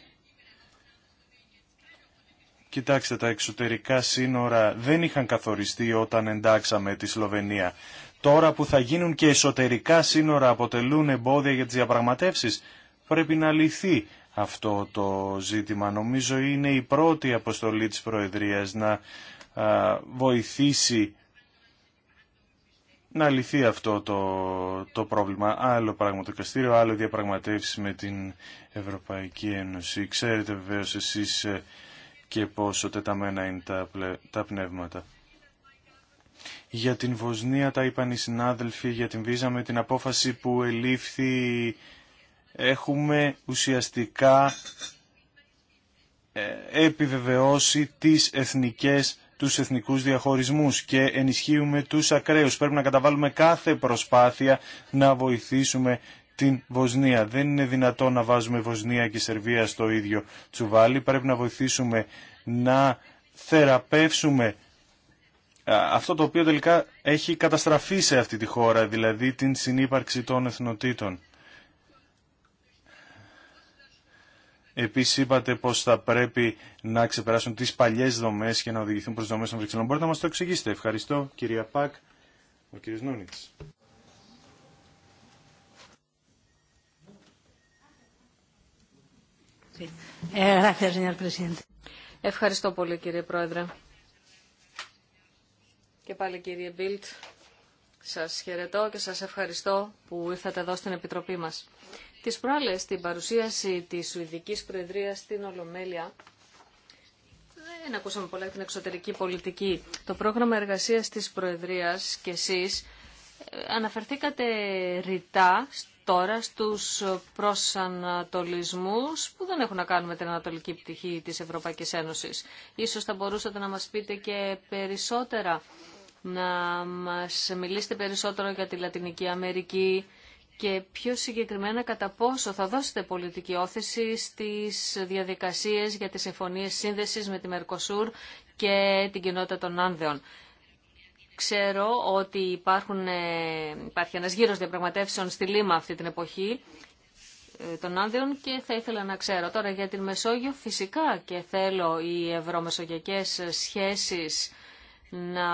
Κοιτάξτε, τα εξωτερικά σύνορα δεν είχαν καθοριστεί όταν εντάξαμε τη Σλοβενία. Τώρα που θα γίνουν και εσωτερικά σύνορα αποτελούν εμπόδια για τις διαπραγματεύσεις, πρέπει να λυθεί αυτό το ζήτημα. Νομίζω είναι η πρώτη αποστολή της Προεδρίας να βοηθήσει να λυθεί αυτό το, το πρόβλημα. Άλλο πραγματοκαστήριο, άλλο διαπραγματεύσεις με την Ευρωπαϊκή Ένωση. Ξέρετε βεβαίως εσείς ε, και πόσο τεταμένα είναι τα, τα πνεύματα. Για την Βοσνία τα είπαν οι συνάδελφοι, για την Βίζα με την απόφαση που ελήφθη έχουμε ουσιαστικά ε, επιβεβαιώσει τις εθνικές τους εθνικούς διαχωρισμούς και ενισχύουμε τους ακραίους. Πρέπει να καταβάλουμε κάθε προσπάθεια να βοηθήσουμε την Βοσνία. Δεν είναι δυνατόν να βάζουμε Βοσνία και Σερβία στο ίδιο τσουβάλι. Πρέπει να βοηθήσουμε να θεραπεύσουμε αυτό το οποίο τελικά έχει καταστραφεί σε αυτή τη χώρα, δηλαδή την συνύπαρξη των εθνοτήτων. Επίσης είπατε πως θα πρέπει να ξεπεράσουν τις παλιές δομές και να οδηγηθούν προς δομές των Βρυξελών. Μπορείτε να μας το εξηγήσετε. Ευχαριστώ κυρία Πακ, ο κύριος Νούνιτς. Ευχαριστώ πολύ κύριε Πρόεδρε. Και πάλι κύριε Μπίλτ, σας χαιρετώ και σας ευχαριστώ που ήρθατε εδώ στην Επιτροπή μας. Τις προάλλες στην παρουσίαση της Σουηδικής Προεδρίας στην Ολομέλεια δεν ακούσαμε πολλά την εξωτερική πολιτική. Το πρόγραμμα εργασίας της Προεδρίας και εσείς ε, αναφερθήκατε ρητά τώρα στους προσανατολισμούς που δεν έχουν να κάνουν με την ανατολική πτυχή της Ευρωπαϊκής Ένωσης. Ίσως θα μπορούσατε να μας πείτε και περισσότερα, να μας μιλήσετε περισσότερο για τη Λατινική Αμερική και πιο συγκεκριμένα κατά πόσο θα δώσετε πολιτική όθεση στις διαδικασίες για τις συμφωνίες σύνδεσης με τη Μερκοσούρ και την κοινότητα των Άνδεων. Ξέρω ότι υπάρχουν, ε, υπάρχει ένας γύρος διαπραγματεύσεων στη Λίμα αυτή την εποχή ε, των άνδρων και θα ήθελα να ξέρω τώρα για την Μεσόγειο φυσικά και θέλω οι ευρωμεσογειακές σχέσεις να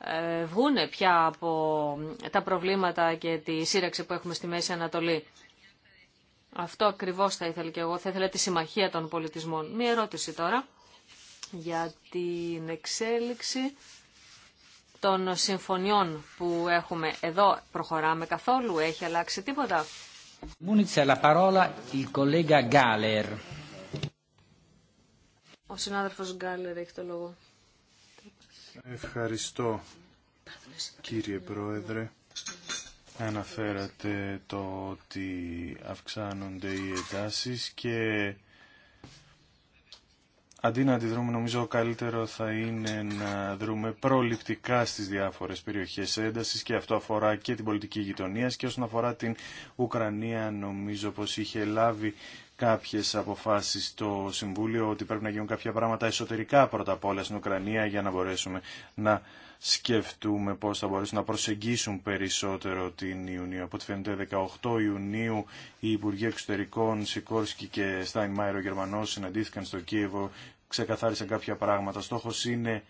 ε, βγουν πια από τα προβλήματα και τη σύραξη που έχουμε στη Μέση Ανατολή. Αυτό ακριβώς θα ήθελα και εγώ. Θα ήθελα τη συμμαχία των πολιτισμών. Μία ερώτηση τώρα για την εξέλιξη των συμφωνιών που έχουμε εδώ προχωράμε καθόλου, έχει αλλάξει τίποτα. Ο συνάδελφος Γκάλερ έχει το λόγο. Ευχαριστώ κύριε Πρόεδρε. Αναφέρατε το ότι αυξάνονται οι εντάσεις και Αντί να αντιδρούμε νομίζω καλύτερο θα είναι να δρούμε προληπτικά στις διάφορες περιοχές έντασης και αυτό αφορά και την πολιτική γειτονίας και όσον αφορά την Ουκρανία νομίζω πως είχε λάβει κάποιες αποφάσεις το Συμβούλιο ότι πρέπει να γίνουν κάποια πράγματα εσωτερικά πρώτα απ' όλα στην Ουκρανία για να μπορέσουμε να σκεφτούμε πώς θα μπορέσουν να προσεγγίσουν περισσότερο την Ιουνίου. Από ό,τι φαίνεται 18 Ιουνίου οι Υπουργοί Εξωτερικών Σικόρσκι και Στάιν Μάιρο ο συναντήθηκαν στο Κίεβο, ξεκαθάρισαν κάποια πράγματα. Στόχος είναι...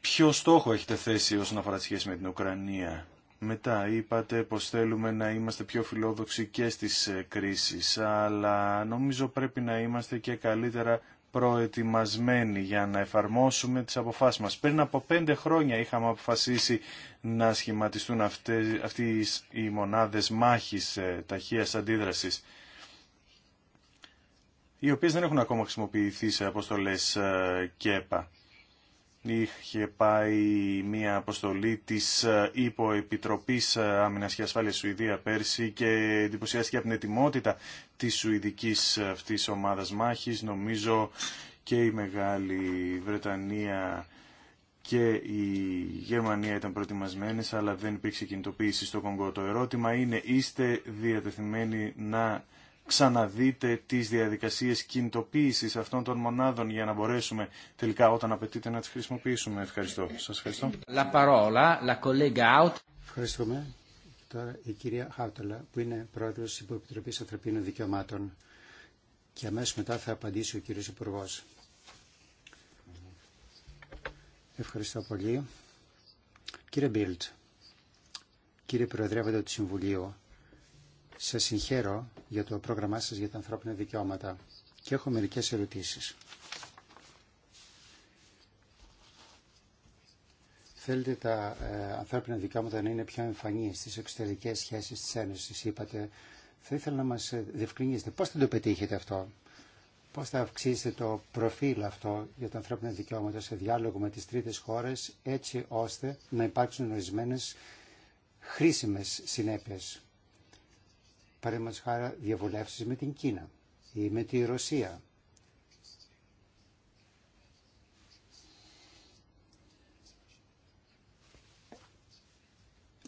Ποιο στόχο έχετε θέσει όσον αφορά τη σχέση με την Ουκρανία. Μετά είπατε πως θέλουμε να είμαστε πιο φιλόδοξοι και στις ε, κρίσεις, αλλά νομίζω πρέπει να είμαστε και καλύτερα προετοιμασμένοι για να εφαρμόσουμε τις αποφάσεις μας. Πριν από πέντε χρόνια είχαμε αποφασίσει να σχηματιστούν αυτές, αυτές οι μονάδες μάχης ε, ταχείας αντίδρασης οι οποίες δεν έχουν ακόμα χρησιμοποιηθεί σε αποστολές ε, ΚΕΠΑ είχε πάει μια αποστολή της ε, Υποεπιτροπής ε, Άμυνας και Ασφάλειας Σουηδία πέρσι και εντυπωσιάστηκε από την ετοιμότητα της Σουηδικής αυτής ομάδας μάχης. Νομίζω και η Μεγάλη Βρετανία και η Γερμανία ήταν προετοιμασμένες αλλά δεν υπήρξε κινητοποίηση στο Κονγκό. Το ερώτημα είναι είστε διατεθειμένοι να ξαναδείτε τις διαδικασίες κινητοποίησης αυτών των μονάδων για να μπορέσουμε τελικά όταν απαιτείται να τις χρησιμοποιήσουμε. Ευχαριστώ. Σας ευχαριστώ. La parola, la collega out. Ευχαριστούμε. Τώρα η κυρία Χάουταλα που είναι πρόεδρος της Υποεπιτροπής Ανθρωπίνων Δικαιωμάτων και αμέσως μετά θα απαντήσει ο κύριος Υπουργό. Ευχαριστώ πολύ. Κύριε Μπίλτ, κύριε Προεδρεύοντα του Συμβουλίου, σε συγχαίρω για το πρόγραμμά σας για τα ανθρώπινα δικαιώματα και έχω μερικές ερωτήσεις. Θέλετε τα ε, ανθρώπινα δικαιώματα να είναι πιο εμφανή στις εξωτερικές σχέσεις της Ένωσης, είπατε. Θα ήθελα να μας διευκρινίσετε πώς θα το πετύχετε αυτό. Πώς θα αυξήσετε το προφίλ αυτό για τα ανθρώπινα δικαιώματα σε διάλογο με τις τρίτες χώρες, έτσι ώστε να υπάρξουν ορισμένε χρήσιμες συνέπειες παραδείγματος χάρη διαβουλεύσεις με την Κίνα ή με τη Ρωσία.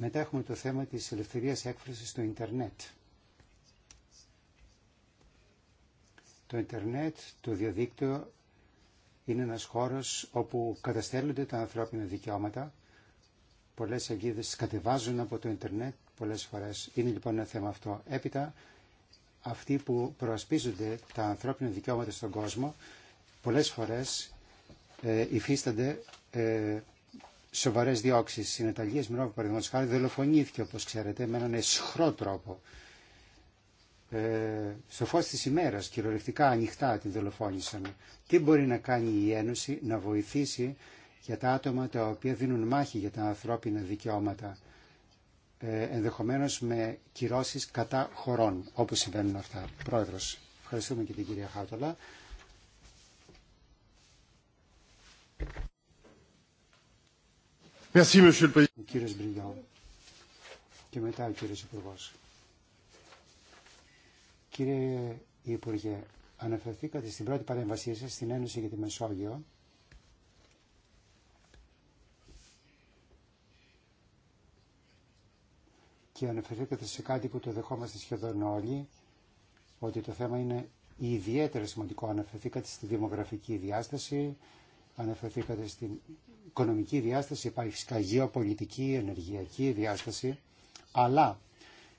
Μετά έχουμε το θέμα της ελευθερίας έκφρασης στο ίντερνετ. Το ίντερνετ, το διαδίκτυο είναι ένας χώρος όπου καταστέλλονται τα ανθρώπινα δικαιώματα. Πολλές αγίδες κατεβάζουν από το ίντερνετ πολλές φορές. Είναι λοιπόν ένα θέμα αυτό. Έπειτα, αυτοί που προασπίζονται τα ανθρώπινα δικαιώματα στον κόσμο, πολλές φορές ε, υφίστανται ε, σοβαρές διώξεις. Στην Ιταλία, Σμυρόβα, παραδείγματος χάρη, δολοφονήθηκε, όπως ξέρετε, με έναν εσχρό τρόπο. Ε, στο φως τη ημέρα, κυριολεκτικά ανοιχτά την δολοφόνησαν. Τι μπορεί να κάνει η Ένωση να βοηθήσει για τα άτομα τα οποία δίνουν μάχη για τα ανθρώπινα δικαιώματα. Ε, ενδεχομένως με κυρώσεις κατά χωρών, όπως συμβαίνουν αυτά. Πρόεδρος, ευχαριστούμε και την κυρία Χάτολα. Ο και μετά ο κύριος Κύριε Υπουργέ, αναφερθήκατε στην πρώτη παρέμβασή σας στην Ένωση για τη Μεσόγειο και αναφερθήκατε σε κάτι που το δεχόμαστε σχεδόν όλοι, ότι το θέμα είναι ιδιαίτερα σημαντικό. Αναφερθήκατε στη δημογραφική διάσταση, αναφερθήκατε στην οικονομική διάσταση, υπάρχει φυσικά γεωπολιτική, ενεργειακή διάσταση, αλλά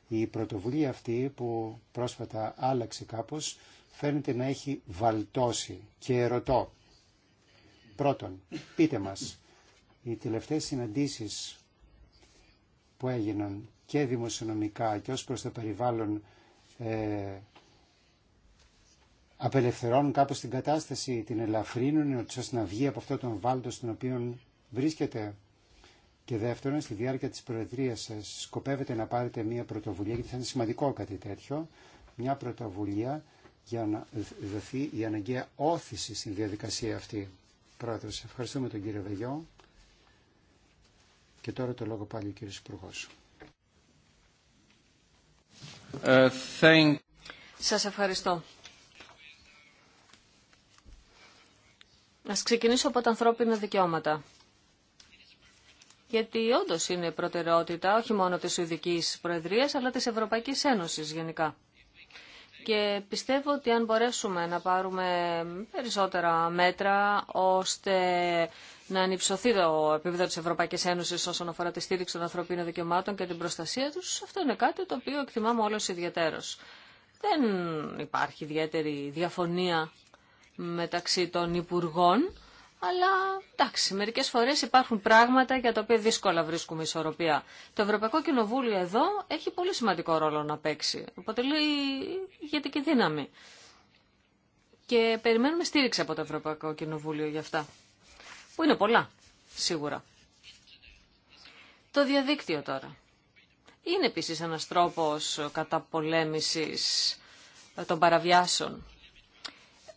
η πρωτοβουλία αυτή που πρόσφατα άλλαξε κάπως φαίνεται να έχει βαλτώσει και ερωτώ. Πρώτον, πείτε μας, οι τελευταίες συναντήσεις που έγιναν και δημοσιονομικά και ως προς το περιβάλλον ε, απελευθερώνουν κάπως την κατάσταση, την ελαφρύνουν ώστε να βγει από αυτό τον βάλτο στον οποίο βρίσκεται. Και δεύτερον, στη διάρκεια της Προεδρίας σας σκοπεύετε να πάρετε μια πρωτοβουλία, γιατί θα είναι σημαντικό κάτι τέτοιο, μια πρωτοβουλία για να δοθεί η αναγκαία όθηση στην διαδικασία αυτή. Πρόεδρος, ευχαριστούμε τον κύριο Βεγιό. Και τώρα το λόγο πάλι ο κύριος Υπουργός. Σας ευχαριστώ. Ας ξεκινήσω από τα ανθρώπινα δικαιώματα. Γιατί όντω είναι προτεραιότητα όχι μόνο της Ουδικής Προεδρίας, αλλά της Ευρωπαϊκής Ένωσης γενικά. Και πιστεύω ότι αν μπορέσουμε να πάρουμε περισσότερα μέτρα ώστε να ανυψωθεί το επίπεδο της Ευρωπαϊκής Ένωσης όσον αφορά τη στήριξη των ανθρωπίνων δικαιωμάτων και την προστασία τους, αυτό είναι κάτι το οποίο εκτιμάμε όλος ιδιαίτερος. Δεν υπάρχει ιδιαίτερη διαφωνία μεταξύ των Υπουργών αλλά εντάξει, μερικέ φορέ υπάρχουν πράγματα για τα οποία δύσκολα βρίσκουμε ισορροπία. Το Ευρωπαϊκό Κοινοβούλιο εδώ έχει πολύ σημαντικό ρόλο να παίξει. Αποτελεί ηγετική δύναμη. Και περιμένουμε στήριξη από το Ευρωπαϊκό Κοινοβούλιο για αυτά. Που είναι πολλά, σίγουρα. Το διαδίκτυο τώρα. Είναι επίση ένα τρόπο καταπολέμησης των παραβιάσεων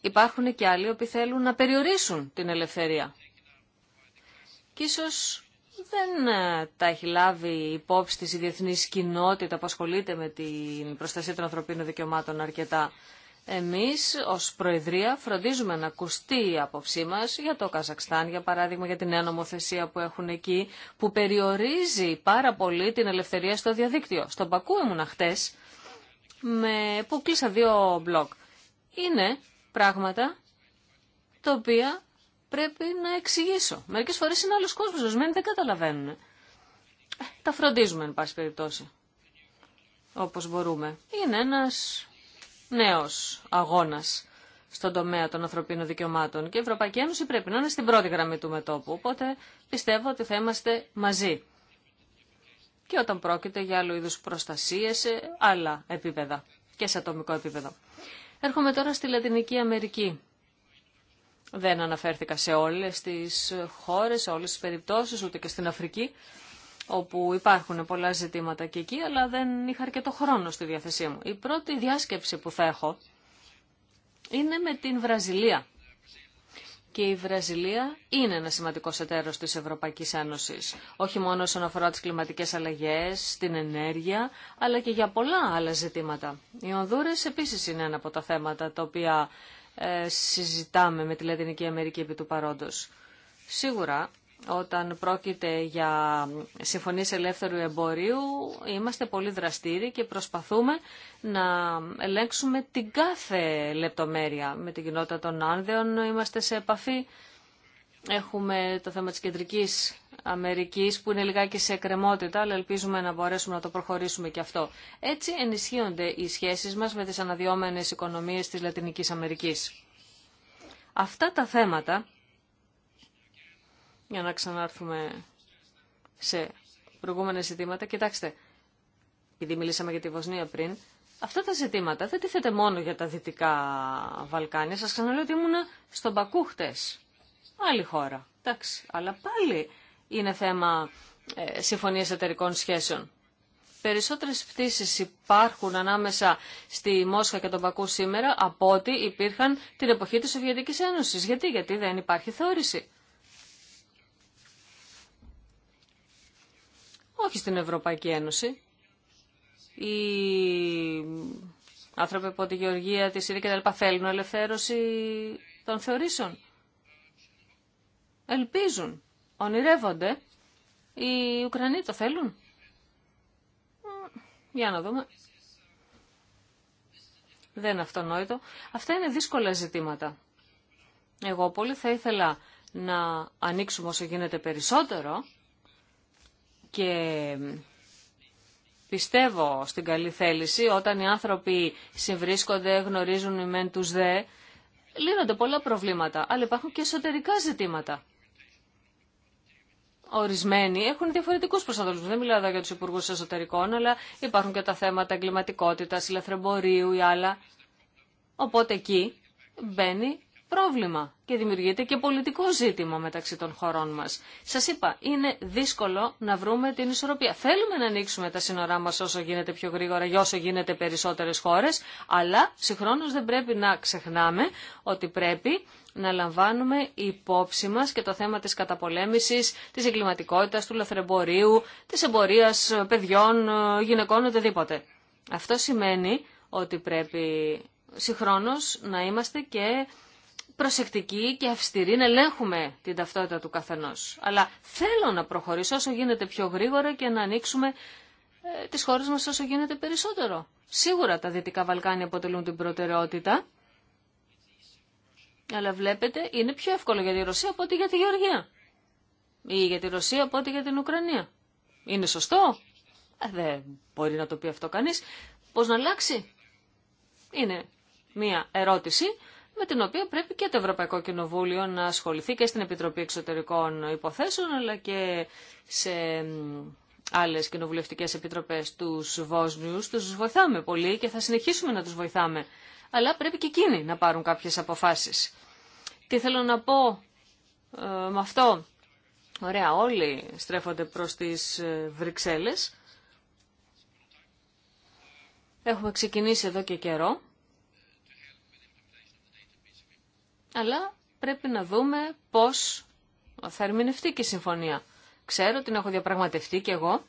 υπάρχουν και άλλοι που θέλουν να περιορίσουν την ελευθερία. Και ίσως δεν ε, τα έχει λάβει υπόψη της η διεθνή κοινότητα που ασχολείται με την προστασία των ανθρωπίνων δικαιωμάτων αρκετά. Εμείς ως Προεδρία φροντίζουμε να ακουστεί η άποψή μας για το Καζακστάν, για παράδειγμα για την νέα νομοθεσία που έχουν εκεί, που περιορίζει πάρα πολύ την ελευθερία στο διαδίκτυο. Στον Πακού ήμουν χτες, με... που κλείσα δύο μπλοκ. Είναι πράγματα τα οποία πρέπει να εξηγήσω. Μερικές φορές είναι άλλος κόσμος, ορισμένοι δεν καταλαβαίνουν. Ε, τα φροντίζουμε, εν πάση περιπτώσει, όπως μπορούμε. Είναι ένας νέος αγώνας στον τομέα των ανθρωπίνων δικαιωμάτων και η Ευρωπαϊκή Ένωση πρέπει να είναι στην πρώτη γραμμή του μετόπου, οπότε πιστεύω ότι θα είμαστε μαζί. Και όταν πρόκειται για άλλου είδους προστασίες σε άλλα επίπεδα και σε ατομικό επίπεδο. Έρχομαι τώρα στη Λατινική Αμερική. Δεν αναφέρθηκα σε όλες τις χώρες, σε όλες τις περιπτώσεις, ούτε και στην Αφρική, όπου υπάρχουν πολλά ζητήματα και εκεί, αλλά δεν είχα αρκετό χρόνο στη διάθεσή μου. Η πρώτη διάσκεψη που θα έχω είναι με την Βραζιλία και η Βραζιλία είναι ένα σημαντικό εταίρο τη Ευρωπαϊκή Ένωση, Όχι μόνο όσον αφορά τι κλιματικέ αλλαγέ, την ενέργεια, αλλά και για πολλά άλλα ζητήματα. Οι Ονδούρε επίση είναι ένα από τα θέματα τα οποία ε, συζητάμε με τη Λατινική Αμερική επί του παρόντος. Σίγουρα όταν πρόκειται για συμφωνίες ελεύθερου εμπορίου είμαστε πολύ δραστήριοι και προσπαθούμε να ελέγξουμε την κάθε λεπτομέρεια. Με την κοινότητα των Άνδεων είμαστε σε επαφή. Έχουμε το θέμα της Κεντρικής Αμερικής που είναι λιγάκι σε εκκρεμότητα, αλλά ελπίζουμε να μπορέσουμε να το προχωρήσουμε και αυτό. Έτσι ενισχύονται οι σχέσεις μας με τις αναδυόμενες οικονομίες της Λατινικής Αμερικής. Αυτά τα θέματα για να ξανάρθουμε σε προηγούμενα ζητήματα. Κοιτάξτε, επειδή μιλήσαμε για τη Βοσνία πριν, αυτά τα ζητήματα δεν τίθεται μόνο για τα Δυτικά Βαλκάνια. Σας ξαναλέω ότι ήμουν στον Πακού χτες. Άλλη χώρα. Εντάξει. Αλλά πάλι είναι θέμα ε, συμφωνίας εταιρικών σχέσεων. Περισσότερες πτήσεις υπάρχουν ανάμεσα στη Μόσχα και τον Πακού σήμερα από ό,τι υπήρχαν την εποχή της Σοβιετικής Ένωσης. Γιατί, γιατί δεν υπάρχει θεώρηση. όχι στην Ευρωπαϊκή Ένωση. Οι άνθρωποι από τη Γεωργία, τη Συρία λοιπά θέλουν ελευθέρωση των θεωρήσεων. Ελπίζουν, ονειρεύονται. Οι Ουκρανοί το θέλουν. Για να δούμε. Δεν είναι αυτονόητο. Αυτά είναι δύσκολα ζητήματα. Εγώ πολύ θα ήθελα να ανοίξουμε όσο γίνεται περισσότερο και πιστεύω στην καλή θέληση όταν οι άνθρωποι συμβρίσκονται, γνωρίζουν οι μεν τους δε, λύνονται πολλά προβλήματα, αλλά υπάρχουν και εσωτερικά ζητήματα. Ορισμένοι έχουν διαφορετικούς προσανατολισμούς, Δεν μιλάω εδώ για τους υπουργού εσωτερικών, αλλά υπάρχουν και τα θέματα εγκληματικότητα, ηλεθρεμπορίου ή άλλα. Οπότε εκεί μπαίνει πρόβλημα και δημιουργείται και πολιτικό ζήτημα μεταξύ των χωρών μας. Σας είπα, είναι δύσκολο να βρούμε την ισορροπία. Θέλουμε να ανοίξουμε τα σύνορά μας όσο γίνεται πιο γρήγορα για όσο γίνεται περισσότερες χώρες, αλλά συγχρόνως δεν πρέπει να ξεχνάμε ότι πρέπει να λαμβάνουμε υπόψη μας και το θέμα της καταπολέμησης, της εγκληματικότητας, του λαθρεμπορίου, της εμπορίας παιδιών, γυναικών, οτιδήποτε. Αυτό σημαίνει ότι πρέπει συγχρόνως να είμαστε και προσεκτικοί και αυστηροί να ελέγχουμε την ταυτότητα του καθενό. Αλλά θέλω να προχωρήσω όσο γίνεται πιο γρήγορα και να ανοίξουμε ε, τις χώρε μα όσο γίνεται περισσότερο. Σίγουρα τα Δυτικά Βαλκάνια αποτελούν την προτεραιότητα, αλλά βλέπετε είναι πιο εύκολο για τη Ρωσία από ότι για τη Γεωργία. Ή για τη Ρωσία από ότι για την Ουκρανία. Είναι σωστό. Ε, δεν μπορεί να το πει αυτό κανείς. Πώς να αλλάξει. Είναι μία ερώτηση με την οποία πρέπει και το Ευρωπαϊκό Κοινοβούλιο να ασχοληθεί και στην Επιτροπή Εξωτερικών Υποθέσεων, αλλά και σε άλλες κοινοβουλευτικές επιτροπές τους Βόσνιους. Τους βοηθάμε πολύ και θα συνεχίσουμε να τους βοηθάμε. Αλλά πρέπει και εκείνοι να πάρουν κάποιες αποφάσεις. Τι θέλω να πω ε, με αυτό. Ωραία, όλοι στρέφονται προς τις ε, Βρυξέλλες. Έχουμε ξεκινήσει εδώ και καιρό. αλλά πρέπει να δούμε πώς θα ερμηνευτεί και η συμφωνία. Ξέρω την έχω διαπραγματευτεί και εγώ,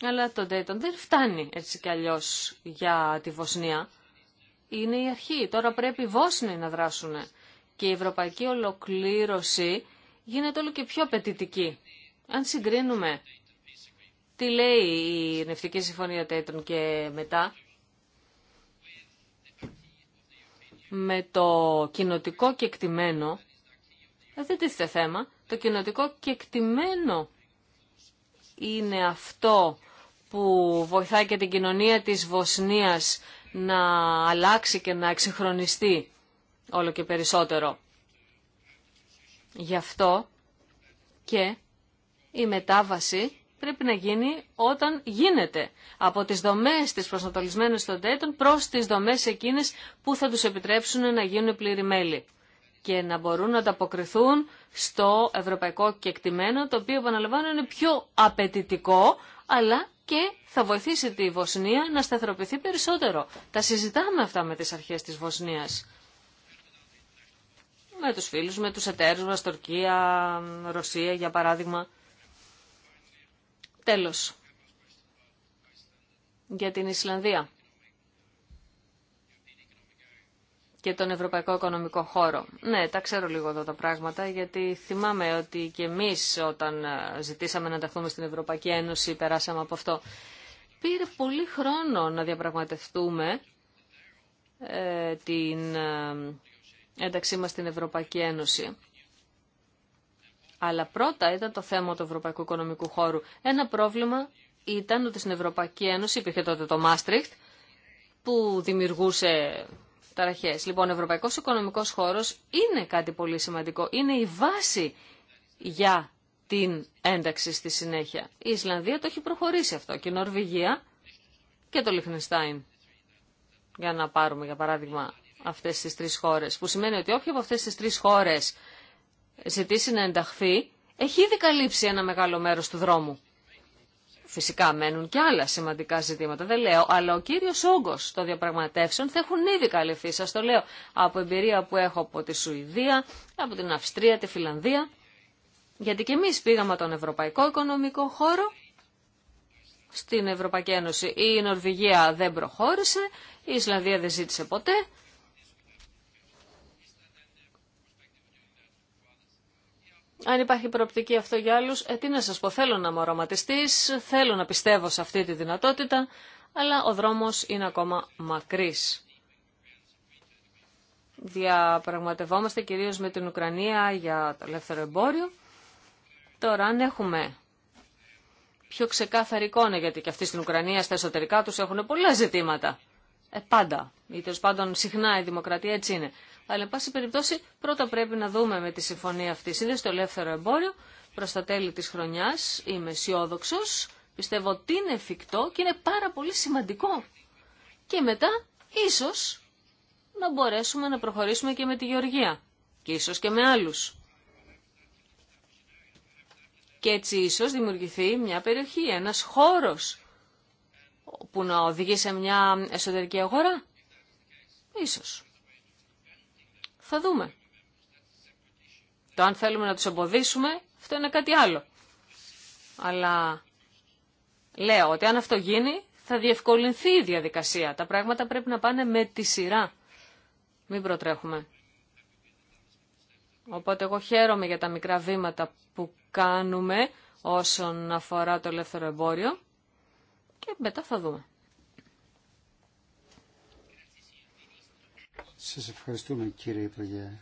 αλλά το Dayton δεν φτάνει έτσι κι αλλιώς για τη Βοσνία. Είναι η αρχή. Τώρα πρέπει οι Βόσνοι να δράσουν. Και η ευρωπαϊκή ολοκλήρωση γίνεται όλο και πιο απαιτητική. Αν συγκρίνουμε τι λέει η Νευτική Συμφωνία Dayton και μετά, με το κοινοτικό κεκτημένο, δεν τίθεται θέμα, το κοινοτικό κεκτημένο είναι αυτό που βοηθάει και την κοινωνία της Βοσνίας να αλλάξει και να εξυγχρονιστεί όλο και περισσότερο. Γι' αυτό και η μετάβαση πρέπει να γίνει όταν γίνεται από τις δομές της προσανατολισμένες των τέτων προς τις δομές εκείνες που θα τους επιτρέψουν να γίνουν πλήρη μέλη και να μπορούν να ανταποκριθούν στο ευρωπαϊκό κεκτημένο, το οποίο επαναλαμβάνω είναι πιο απαιτητικό, αλλά και θα βοηθήσει τη Βοσνία να σταθεροποιηθεί περισσότερο. Τα συζητάμε αυτά με τις αρχές της Βοσνίας. Με τους φίλους, με τους εταίρους μας, Τουρκία, Ρωσία για παράδειγμα. Τέλος, για την Ισλανδία και τον Ευρωπαϊκό Οικονομικό Χώρο. Ναι, τα ξέρω λίγο εδώ τα πράγματα, γιατί θυμάμαι ότι και εμείς όταν ε, ζητήσαμε να ενταχθούμε στην Ευρωπαϊκή Ένωση περάσαμε από αυτό. Πήρε πολύ χρόνο να διαπραγματευτούμε ε, την ε, ένταξή μας στην Ευρωπαϊκή Ένωση. Αλλά πρώτα ήταν το θέμα του Ευρωπαϊκού Οικονομικού Χώρου. Ένα πρόβλημα ήταν ότι στην Ευρωπαϊκή Ένωση υπήρχε τότε το Μάστριχτ που δημιουργούσε ταραχές. Λοιπόν, ο Ευρωπαϊκός Οικονομικός Χώρος είναι κάτι πολύ σημαντικό. Είναι η βάση για την ένταξη στη συνέχεια. Η Ισλανδία το έχει προχωρήσει αυτό και η Νορβηγία και το Λιχνιστάιν. Για να πάρουμε για παράδειγμα αυτές τις τρεις χώρες. Που σημαίνει ότι όποια από αυτές τις τρει χώρες ζητήσει να ενταχθεί, έχει ήδη καλύψει ένα μεγάλο μέρος του δρόμου. Φυσικά μένουν και άλλα σημαντικά ζητήματα, δεν λέω, αλλά ο κύριος όγκος των διαπραγματεύσεων θα έχουν ήδη καλυφθεί, σας το λέω, από εμπειρία που έχω από τη Σουηδία, από την Αυστρία, τη Φιλανδία, γιατί και εμείς πήγαμε τον Ευρωπαϊκό Οικονομικό Χώρο στην Ευρωπαϊκή Ένωση. Η Νορβηγία δεν προχώρησε, η Ισλανδία δεν ζήτησε ποτέ Αν υπάρχει προοπτική αυτό για άλλους, ε, τι να σας πω, θέλω να είμαι θέλω να πιστεύω σε αυτή τη δυνατότητα, αλλά ο δρόμος είναι ακόμα μακρύς. Διαπραγματευόμαστε κυρίως με την Ουκρανία για το ελεύθερο εμπόριο. Τώρα αν έχουμε πιο ξεκάθαρη εικόνα, γιατί και αυτοί στην Ουκρανία στα εσωτερικά τους έχουν πολλά ζητήματα. Ε, πάντα, ή τέλο πάντων συχνά η δημοκρατία έτσι είναι. Αλλά, εν πάση περιπτώσει, πρώτα πρέπει να δούμε με τη συμφωνία αυτή. είναι στο ελεύθερο εμπόριο προ τα τέλη τη χρονιά. Είμαι αισιόδοξο. Πιστεύω ότι είναι εφικτό και είναι πάρα πολύ σημαντικό. Και μετά, ίσω, να μπορέσουμε να προχωρήσουμε και με τη Γεωργία. Και ίσω και με άλλου. Και έτσι ίσως δημιουργηθεί μια περιοχή, ένας χώρος που να οδηγεί σε μια εσωτερική αγορά. Ίσως. Θα δούμε. Το αν θέλουμε να τους εμποδίσουμε, αυτό είναι κάτι άλλο. Αλλά λέω ότι αν αυτό γίνει, θα διευκολυνθεί η διαδικασία. Τα πράγματα πρέπει να πάνε με τη σειρά. Μην προτρέχουμε. Οπότε εγώ χαίρομαι για τα μικρά βήματα που κάνουμε όσον αφορά το ελεύθερο εμπόριο και μετά θα δούμε. Σας ευχαριστούμε κύριε Υπουργέ.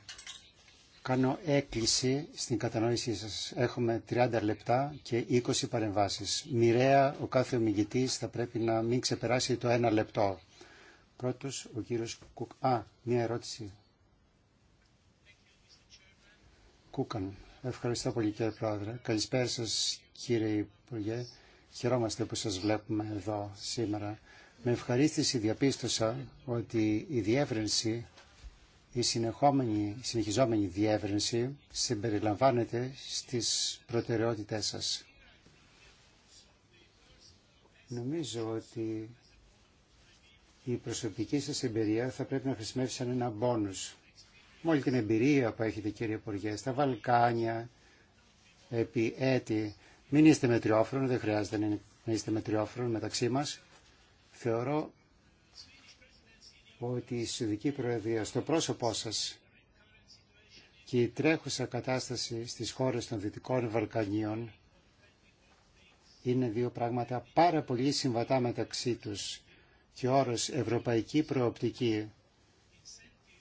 Κάνω έκκληση στην κατανόησή σας. Έχουμε 30 λεπτά και 20 παρεμβάσεις. Μοιραία ο κάθε ομιγητής θα πρέπει να μην ξεπεράσει το ένα λεπτό. Πρώτος ο κύριος Κουκ... Α, μια ερώτηση. Κούκαν. Ευχαριστώ πολύ κύριε Πρόεδρε. Καλησπέρα σας κύριε Υπουργέ. Χαιρόμαστε που σας βλέπουμε εδώ σήμερα. Με ευχαρίστηση διαπίστωσα ότι η διεύρυνση η συνεχόμενη, συνεχιζόμενη διεύρυνση συμπεριλαμβάνεται στις προτεραιότητές σας. Νομίζω ότι η προσωπική σας εμπειρία θα πρέπει να χρησιμεύσει σαν ένα μπόνους. Με όλη την εμπειρία που έχετε κύριε Υπουργέ, στα Βαλκάνια, επί έτη, μην είστε μετριόφρονο, δεν χρειάζεται να είστε μετριόφρονο μεταξύ μας. Θεωρώ ότι η Σουηδική Προεδρία στο πρόσωπό σας και η τρέχουσα κατάσταση στις χώρες των Δυτικών Βαλκανίων είναι δύο πράγματα πάρα πολύ συμβατά μεταξύ τους και όρος Ευρωπαϊκή Προοπτική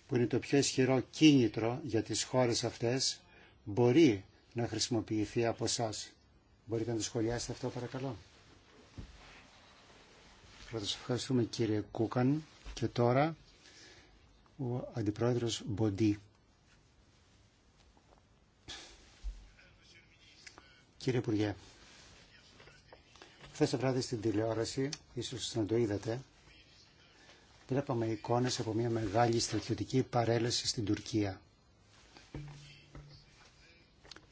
που είναι το πιο ισχυρό κίνητρο για τις χώρες αυτές μπορεί να χρησιμοποιηθεί από εσά. Μπορείτε να το σχολιάσετε αυτό παρακαλώ. Πρώτα σας ευχαριστούμε κύριε Κούκαν. Και τώρα ο Αντιπρόεδρος Μποντί. Κύριε Υπουργέ, χθες το βράδυ στην τηλεόραση, ίσως να το είδατε, βλέπαμε εικόνες από μια μεγάλη στρατιωτική παρέλαση στην Τουρκία.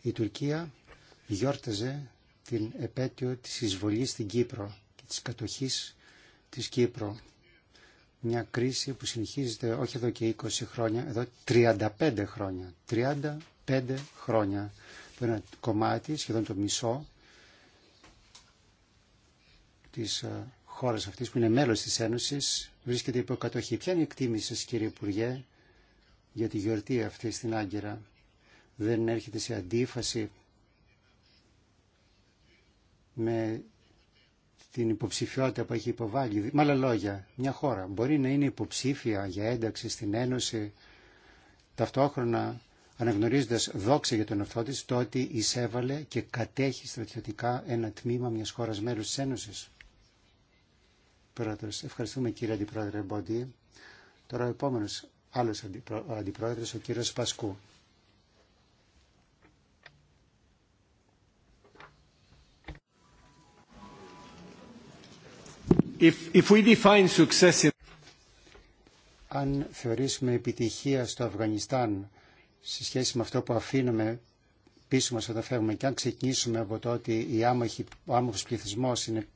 Η Τουρκία γιόρταζε την επέτειο της εισβολής στην Κύπρο και της κατοχής της Κύπρου μια κρίση που συνεχίζεται όχι εδώ και 20 χρόνια, εδώ 35 χρόνια. 35 χρόνια που ένα κομμάτι, σχεδόν το μισό, της ε, χώρας αυτής που είναι μέλος της Ένωσης βρίσκεται υπό κατοχή. Ποια είναι η εκτίμηση σας κύριε Υπουργέ για τη γιορτή αυτή στην Άγκυρα. Δεν έρχεται σε αντίφαση με την υποψηφιότητα που έχει υποβάλει. Με άλλα λόγια, μια χώρα μπορεί να είναι υποψήφια για ένταξη στην Ένωση ταυτόχρονα αναγνωρίζοντας δόξα για τον εαυτό της το ότι εισέβαλε και κατέχει στρατιωτικά ένα τμήμα μιας χώρας μέλους της Ένωσης. Πρόεδρος, ευχαριστούμε κύριε Αντιπρόεδρε Μποντή. Τώρα ο επόμενος άλλος αντιπρόεδρος, ο κύριος Πασκού. Αν θεωρήσουμε επιτυχία στο Αφγανιστάν σε σχέση με αυτό που αφήνουμε πίσω μας όταν φεύγουμε και αν ξεκινήσουμε από το ότι η άμαχη, ο άμαχος πληθυσμός είναι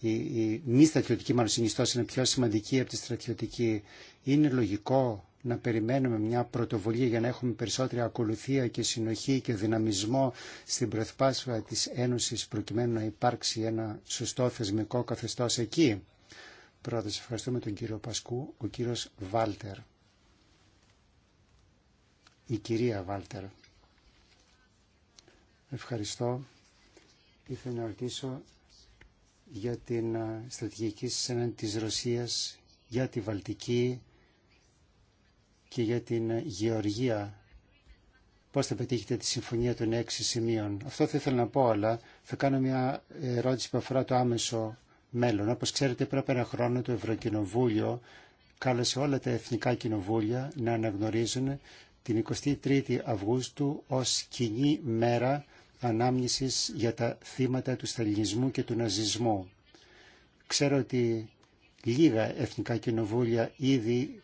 η, η μη στρατιωτική μάλλον συνιστός είναι πιο σημαντική από τη στρατιωτική είναι λογικό να περιμένουμε μια πρωτοβουλία για να έχουμε περισσότερη ακολουθία και συνοχή και δυναμισμό στην προσπάθεια της Ένωσης προκειμένου να υπάρξει ένα σωστό θεσμικό καθεστώς εκεί. Πρώτα, σας ευχαριστούμε τον κύριο Πασκού, ο κύριος Βάλτερ. Η κυρία Βάλτερ. Ευχαριστώ. Ήθελα να ρωτήσω για την ε, στρατηγική σένα της Ρωσίας, για τη Βαλτική, και για την γεωργία. Πώς θα πετύχετε τη συμφωνία των έξι σημείων. Αυτό θα ήθελα να πω, αλλά θα κάνω μια ερώτηση που αφορά το άμεσο μέλλον. Όπως ξέρετε, πρέπει ένα χρόνο το Ευρωκοινοβούλιο κάλεσε όλα τα εθνικά κοινοβούλια να αναγνωρίζουν την 23η Αυγούστου ως κοινή μέρα ανάμνησης για τα θύματα του σταλινισμού και του ναζισμού. Ξέρω ότι λίγα εθνικά κοινοβούλια ήδη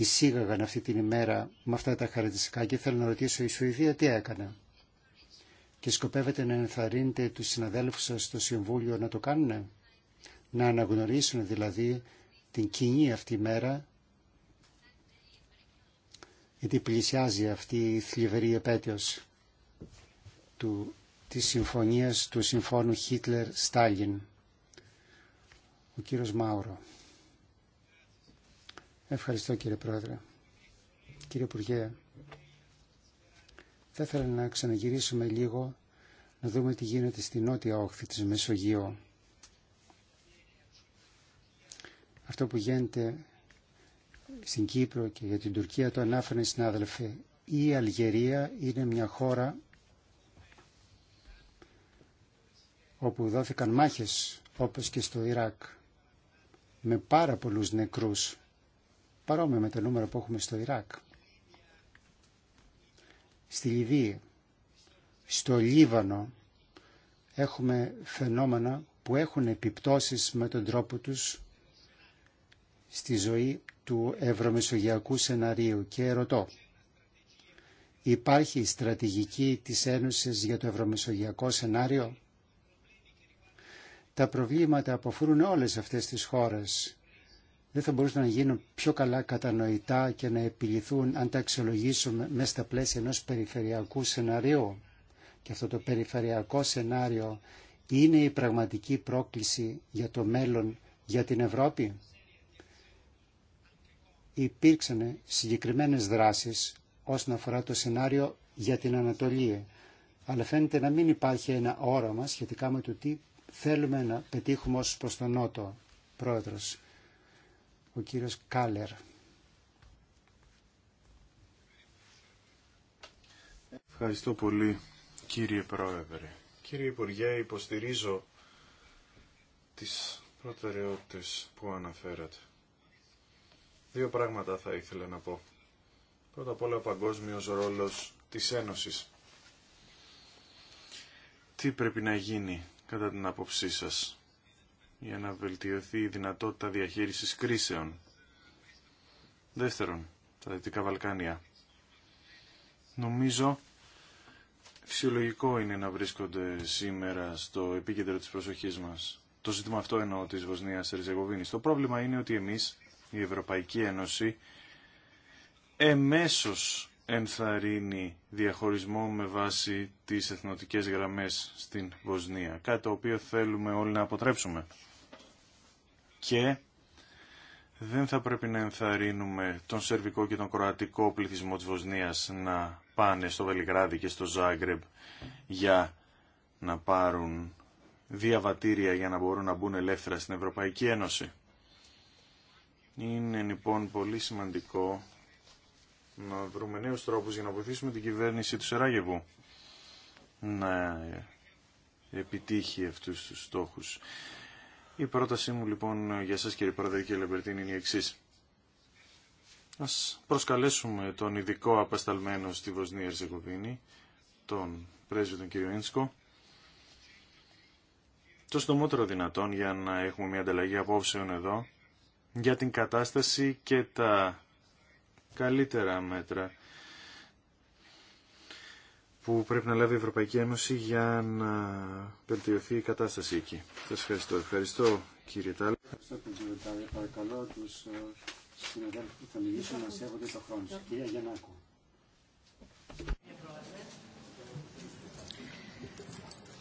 εισήγαγαν αυτή την ημέρα με αυτά τα χαρακτηριστικά και θέλω να ρωτήσω η Σουηδία τι έκανε. Και σκοπεύετε να ενθαρρύνετε τους συναδέλφους σας στο Συμβούλιο να το κάνουν, να αναγνωρίσουν δηλαδή την κοινή αυτή ημέρα γιατί πλησιάζει αυτή η θλιβερή επέτειος του, της συμφωνίας του συμφώνου Χίτλερ-Στάλιν. Ο κύριος Μάουρο. Ευχαριστώ κύριε Πρόεδρε. Κύριε Υπουργέ, θα ήθελα να ξαναγυρίσουμε λίγο να δούμε τι γίνεται στη νότια όχθη της Μεσογείου. Αυτό που γίνεται στην Κύπρο και για την Τουρκία το ανάφερε οι συνάδελφοι. Η Αλγερία είναι μια χώρα όπου δόθηκαν μάχες όπως και στο Ιράκ με πάρα πολλούς νεκρούς παρόμοια με το νούμερο που έχουμε στο Ιράκ. Στη Λιβύη, στο Λίβανο, έχουμε φαινόμενα που έχουν επιπτώσεις με τον τρόπο τους στη ζωή του ευρωμεσογειακού σεναρίου και ρωτώ. Υπάρχει στρατηγική της Ένωσης για το ευρωμεσογειακό σενάριο. Τα προβλήματα που όλες αυτές τις χώρες δεν θα μπορούσαν να γίνουν πιο καλά κατανοητά και να επιληθούν αν τα αξιολογήσουμε μέσα στα πλαίσια ενός περιφερειακού σενάριου. Και αυτό το περιφερειακό σενάριο είναι η πραγματική πρόκληση για το μέλλον για την Ευρώπη. Υπήρξαν συγκεκριμένες δράσεις όσον αφορά το σενάριο για την Ανατολή, αλλά φαίνεται να μην υπάρχει ένα όραμα σχετικά με το τι θέλουμε να πετύχουμε ως προς τον Νότο, Πρόεδρος ο κύριος Κάλερ. Ευχαριστώ πολύ κύριε Πρόεδρε. Κύριε Υπουργέ, υποστηρίζω τις προτεραιότητες που αναφέρατε. Δύο πράγματα θα ήθελα να πω. Πρώτα απ' όλα ο παγκόσμιος ρόλος της Ένωσης. Τι πρέπει να γίνει κατά την άποψή σας για να βελτιωθεί η δυνατότητα διαχείρισης κρίσεων. Δεύτερον, τα Δυτικά Βαλκάνια. Νομίζω φυσιολογικό είναι να βρίσκονται σήμερα στο επίκεντρο της προσοχής μας. Το ζήτημα αυτό εννοώ της Βοσνίας Ερζεγοβίνης. Το πρόβλημα είναι ότι εμείς, η Ευρωπαϊκή Ένωση, εμέσως ενθαρρύνει διαχωρισμό με βάση τις εθνοτικές γραμμές στην Βοσνία, κάτι το οποίο θέλουμε όλοι να αποτρέψουμε. Και δεν θα πρέπει να ενθαρρύνουμε τον σερβικό και τον κροατικό πληθυσμό της Βοσνίας να πάνε στο Βελιγράδι και στο Ζάγκρεμπ για να πάρουν διαβατήρια για να μπορούν να μπουν ελεύθερα στην Ευρωπαϊκή Ένωση. Είναι λοιπόν πολύ σημαντικό να βρούμε νέους τρόπους για να βοηθήσουμε την κυβέρνηση του Σεράγεβου να επιτύχει αυτούς τους στόχους. Η πρότασή μου λοιπόν για σας κύριε Πρόεδρε και Λεμπερτίν είναι η εξή. Ας προσκαλέσουμε τον ειδικό απασταλμένο στη Βοσνία Ερζεγοβίνη, τον πρέσβη τον κύριο Ίνσκο, το στομότερο δυνατόν για να έχουμε μια ανταλλαγή απόψεων εδώ για την κατάσταση και τα καλύτερα μέτρα που πρέπει να λάβει η Ευρωπαϊκή Ένωση για να βελτιωθεί η κατάσταση εκεί. Σα ευχαριστώ. Ευχαριστώ κύριε Τάλε. Ευχαριστώ κύριε Τάλε. Παρακαλώ του ε, συναδέλφους που θα μιλήσουν να σέβονται το χρόνο. Κυρία Γιαννάκου.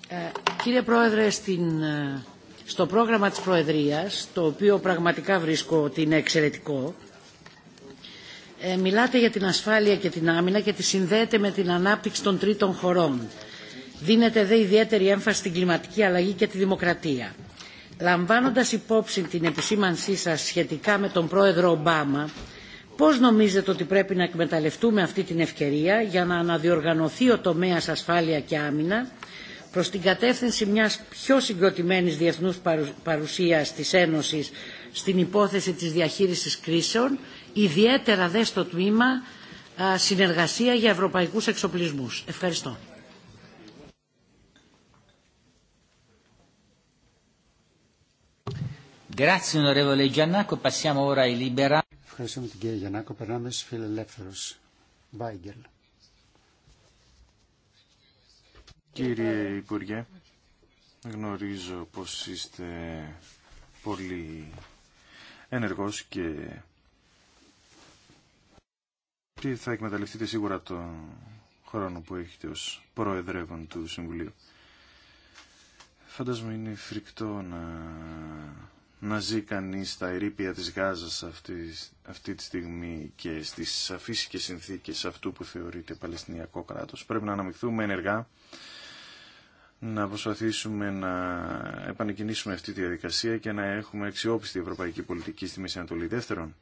Ε, κύριε Πρόεδρε, στην, ε, στο πρόγραμμα της Προεδρίας, το οποίο πραγματικά βρίσκω ότι είναι εξαιρετικό, ε, μιλάτε για την ασφάλεια και την άμυνα και τη συνδέεται με την ανάπτυξη των τρίτων χωρών. Δίνεται δε ιδιαίτερη έμφαση στην κλιματική αλλαγή και τη δημοκρατία. Λαμβάνοντας υπόψη την επισήμανσή σας σχετικά με τον πρόεδρο Ομπάμα, πώς νομίζετε ότι πρέπει να εκμεταλλευτούμε αυτή την ευκαιρία για να αναδιοργανωθεί ο τομέας ασφάλεια και άμυνα προς την κατεύθυνση μιας πιο συγκροτημένης διεθνούς παρουσίας της Ένωσης στην υπόθεση της διαχείρισης κρίσεων ιδιαίτερα δε στο τμήμα συνεργασία για ευρωπαϊκούς εξοπλισμούς. Ευχαριστώ. Ευχαριστούμε την κυρία Γιαννάκο. Περνάμε στους φιλελεύθερους. Βάγκελ. Κύριε Υπουργέ, γνωρίζω πως είστε πολύ ενεργός και και θα εκμεταλλευτείτε σίγουρα το χρόνο που έχετε ως προεδρεύον του Συμβουλίου. Φαντάζομαι είναι φρικτό να, να ζει κανεί στα ερήπια της Γάζας αυτή, αυτή τη στιγμή και στις αφύσικες συνθήκες αυτού που θεωρείται Παλαιστινιακό κράτος. Πρέπει να αναμειχθούμε ενεργά, να προσπαθήσουμε να επανεκκινήσουμε αυτή τη διαδικασία και να έχουμε αξιόπιστη ευρωπαϊκή πολιτική στη Μέση Ανατολή. Δεύτερον,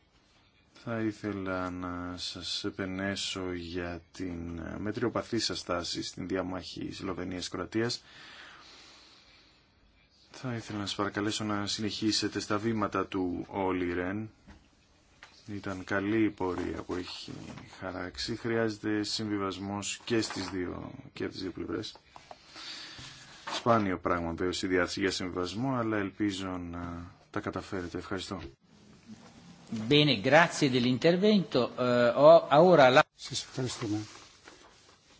θα ήθελα να σας επενέσω για την μετριοπαθή σας στάση στην διαμάχη Σλοβενίας-Κροατίας. Θα ήθελα να σας παρακαλέσω να συνεχίσετε στα βήματα του Όλη Ρεν. Ήταν καλή η πορεία που έχει χαράξει. Χρειάζεται συμβιβασμός και, στις δύο, και από τις δύο πλευρές. Σπάνιο πράγμα βέβαια η διάθεση για συμβιβασμό, αλλά ελπίζω να τα καταφέρετε. Ευχαριστώ. Bene, eh, ευχαριστούμε.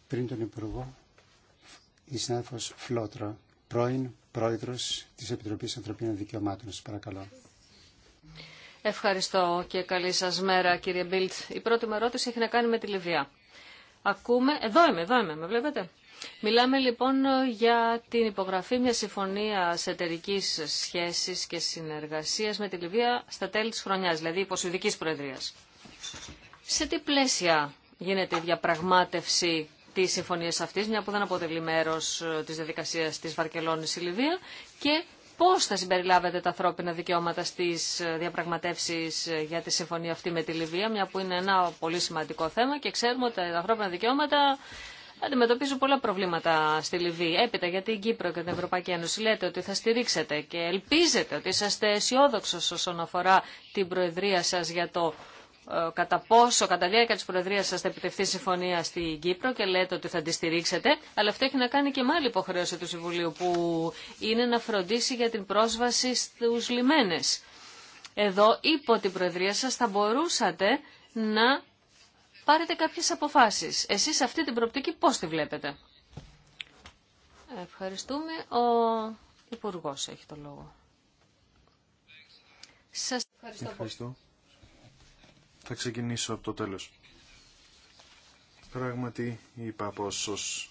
Πριν τον Υπουργό, η συνάδελφος Φλότρα, πρώην πρόεδρο τη Επιτροπή Ανθρωπίνων Δικαιωμάτων. σα παρακαλώ. Ευχαριστώ και καλή σα μέρα κύριε Μπίλτ. Η πρώτη μου ερώτηση έχει να κάνει με τη Λιβύα. Ακούμε, εδώ είμαι, εδώ είμαι, με βλέπετε. Μιλάμε λοιπόν ε, για την υπογραφή μιας συμφωνίας εταιρικής σχέσης και συνεργασίας με τη Λιβύα στα τέλη της χρονιάς, δηλαδή υποσυνδική προεδρία. Προεδρίας. Σε τι πλαίσια γίνεται η διαπραγμάτευση τη συμφωνία αυτή, μια που δεν αποτελεί μέρο ε, τη διαδικασία τη Βαρκελόνη η Λιβύα, και πώ θα συμπεριλάβετε τα ανθρώπινα δικαιώματα στι ε, διαπραγματεύσει για τη συμφωνία αυτή με τη Λιβύα, μια που είναι ένα πολύ σημαντικό θέμα και ξέρουμε ότι τα ανθρώπινα δικαιώματα αντιμετωπίζουν πολλά προβλήματα στη Λιβύη. Έπειτα γιατί η Κύπρο και την Ευρωπαϊκή Ένωση λέτε ότι θα στηρίξετε και ελπίζετε ότι είσαστε αισιόδοξο όσον αφορά την Προεδρία σα για το ε, κατά πόσο, κατά διάρκεια τη Προεδρία σα θα επιτευχθεί συμφωνία στην Κύπρο και λέτε ότι θα τη στηρίξετε, αλλά αυτό έχει να κάνει και με άλλη υποχρέωση του Συμβουλίου που είναι να φροντίσει για την πρόσβαση στου λιμένες. Εδώ υπό την Προεδρία σα θα μπορούσατε να πάρετε κάποιες αποφάσεις. Εσείς αυτή την προοπτική πώς τη βλέπετε. Ευχαριστούμε. Ο υπουργό έχει το λόγο. Σας ευχαριστώ. ευχαριστώ. Θα ξεκινήσω από το τέλος. Πράγματι είπα πως ως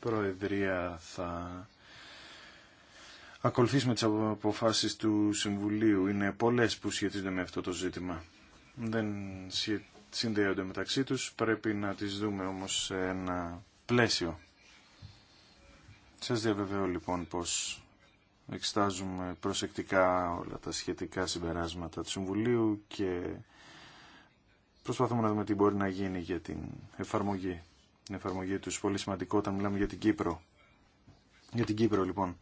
Προεδρία θα ακολουθήσουμε τις αποφάσεις του Συμβουλίου. Είναι πολλές που σχετίζονται με αυτό το ζήτημα. Δεν σχετίζονται συνδέονται μεταξύ τους, πρέπει να τις δούμε όμως σε ένα πλαίσιο. Σας διαβεβαιώ λοιπόν πως εξτάζουμε προσεκτικά όλα τα σχετικά συμπεράσματα του Συμβουλίου και προσπαθούμε να δούμε τι μπορεί να γίνει για την εφαρμογή. Την εφαρμογή τους πολύ σημαντικό όταν μιλάμε για την Κύπρο. Για την Κύπρο λοιπόν.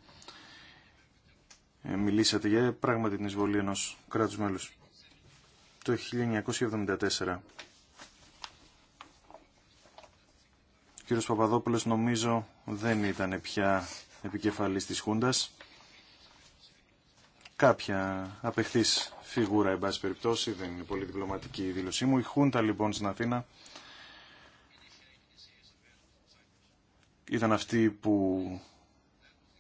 Ε, μιλήσατε για πράγματι την εισβολή ενός κράτους μέλους το 1974. Ο κύριος Παπαδόπουλος νομίζω δεν ήταν πια επικεφαλής της Χούντας. Κάποια απεχθής φιγούρα, εν πάση περιπτώσει, δεν είναι πολύ διπλωματική η δήλωσή μου. Η Χούντα λοιπόν στην Αθήνα ήταν αυτή που